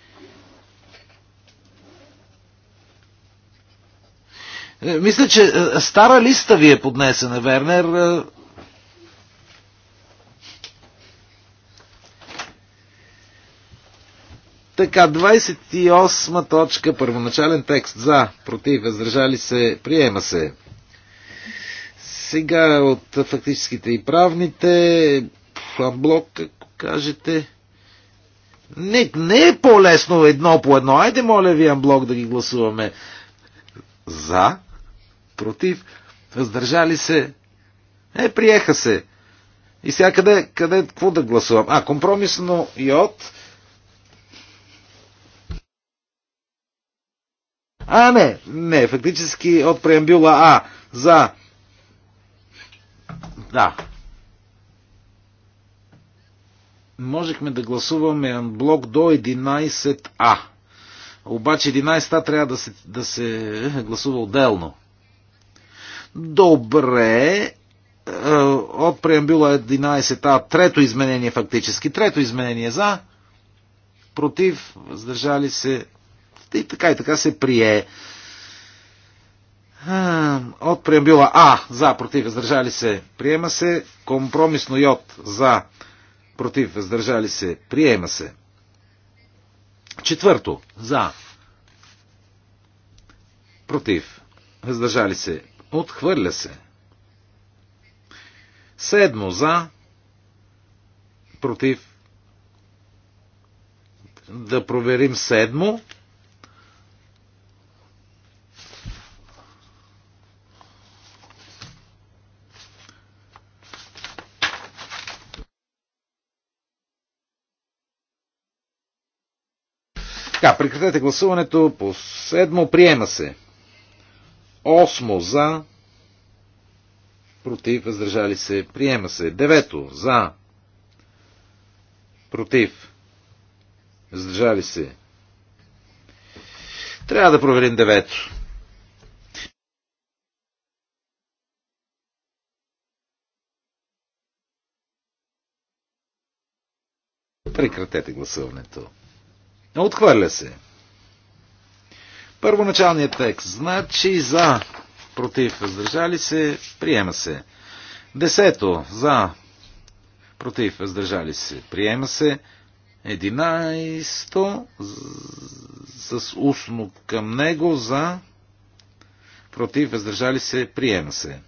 Е, мисля, че е, стара листа ви е поднесена, Вернер. Е, Така, 28 точка, първоначален текст за, против, въздържали се, приема се. Сега от фактическите и правните, блок, ако кажете. Не, не е по-лесно едно по едно. Айде, моля ви, блок да ги гласуваме. За, против, въздържали се. Е, приеха се. И сега къде, къде, какво да гласувам? А, компромисно и от А, не, не, фактически от преамбюла А за. Да. Можехме да гласуваме анблок до 11А. Обаче 11А трябва да се, да се гласува отделно. Добре. Е, от преамбюла 11А трето изменение фактически. Трето изменение за. Против. Въздържали се и така и така се прие. От преамбюла А за против въздържали се приема се. Компромисно Йод за против въздържали се приема се. Четвърто за против въздържали се отхвърля се. Седмо за против да проверим седмо. Така, прекратете гласуването по седмо. Приема се. Осмо за. Против. Въздържали се. Приема се. Девето за. Против. Въздържали се. Трябва да проверим девето. Прекратете гласуването. Отхвърля се. Първоначалният текст. Значи за, против, въздържали се, приема се. Десето. За, против, въздържали се, приема се. Единайсто. С устно към него. За, против, въздържали се, приема се.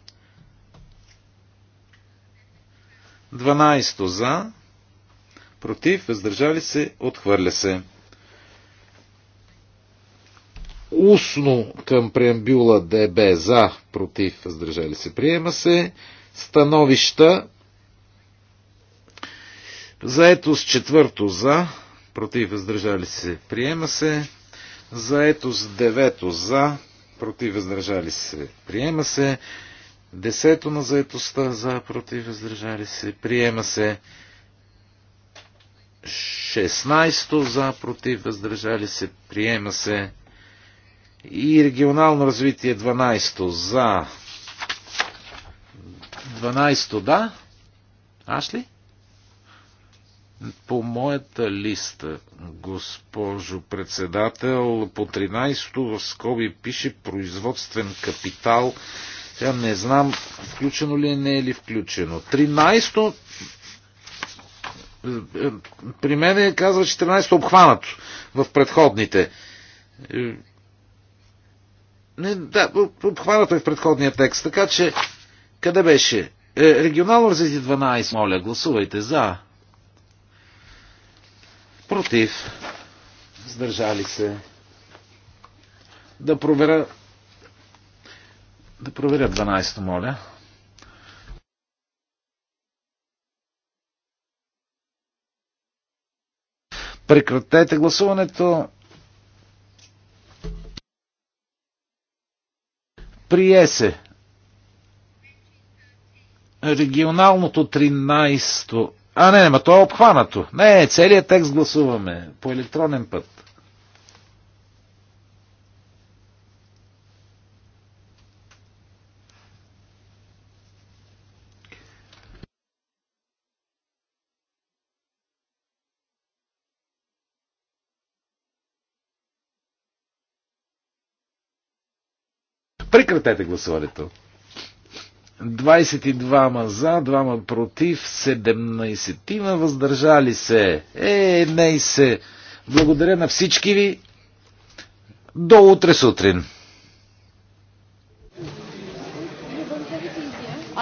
12 за, против, въздържали се, отхвърля се. Устно към преамбюла ДБ за, против, въздържали се, приема се. Становища. с четвърто за, против, въздържали се, приема се. с девето за, против, въздържали се, приема се. Десето на заетостта за, против, въздържали се, приема се. 16 за, против, въздържали се, приема се и регионално развитие 12 за 12 да. Аз ли? По моята листа, госпожо председател, по 13-то в скоби пише производствен капитал. Сега не знам, включено ли е, не е ли включено. 13-то е, е, при мен е, казва 14-то е обхванато в предходните. Не, да, обхванато е в предходния текст. Така че, къде беше? Е, регионално развитие 12, моля, гласувайте за. Против. Сдържали се. Да проверя. Да проверя 12, моля. Прекратете гласуването. Прие се регионалното 13-то. А, не, не, ма то е обхванато. Не, целият текст гласуваме по електронен път. Прекратете гласуването. 22 за, 2 против, 17 въздържали се. Е, не се. Благодаря на всички ви. До утре сутрин.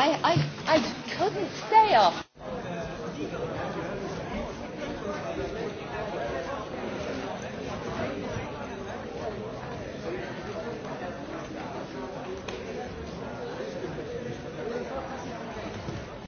I, I, I couldn't stay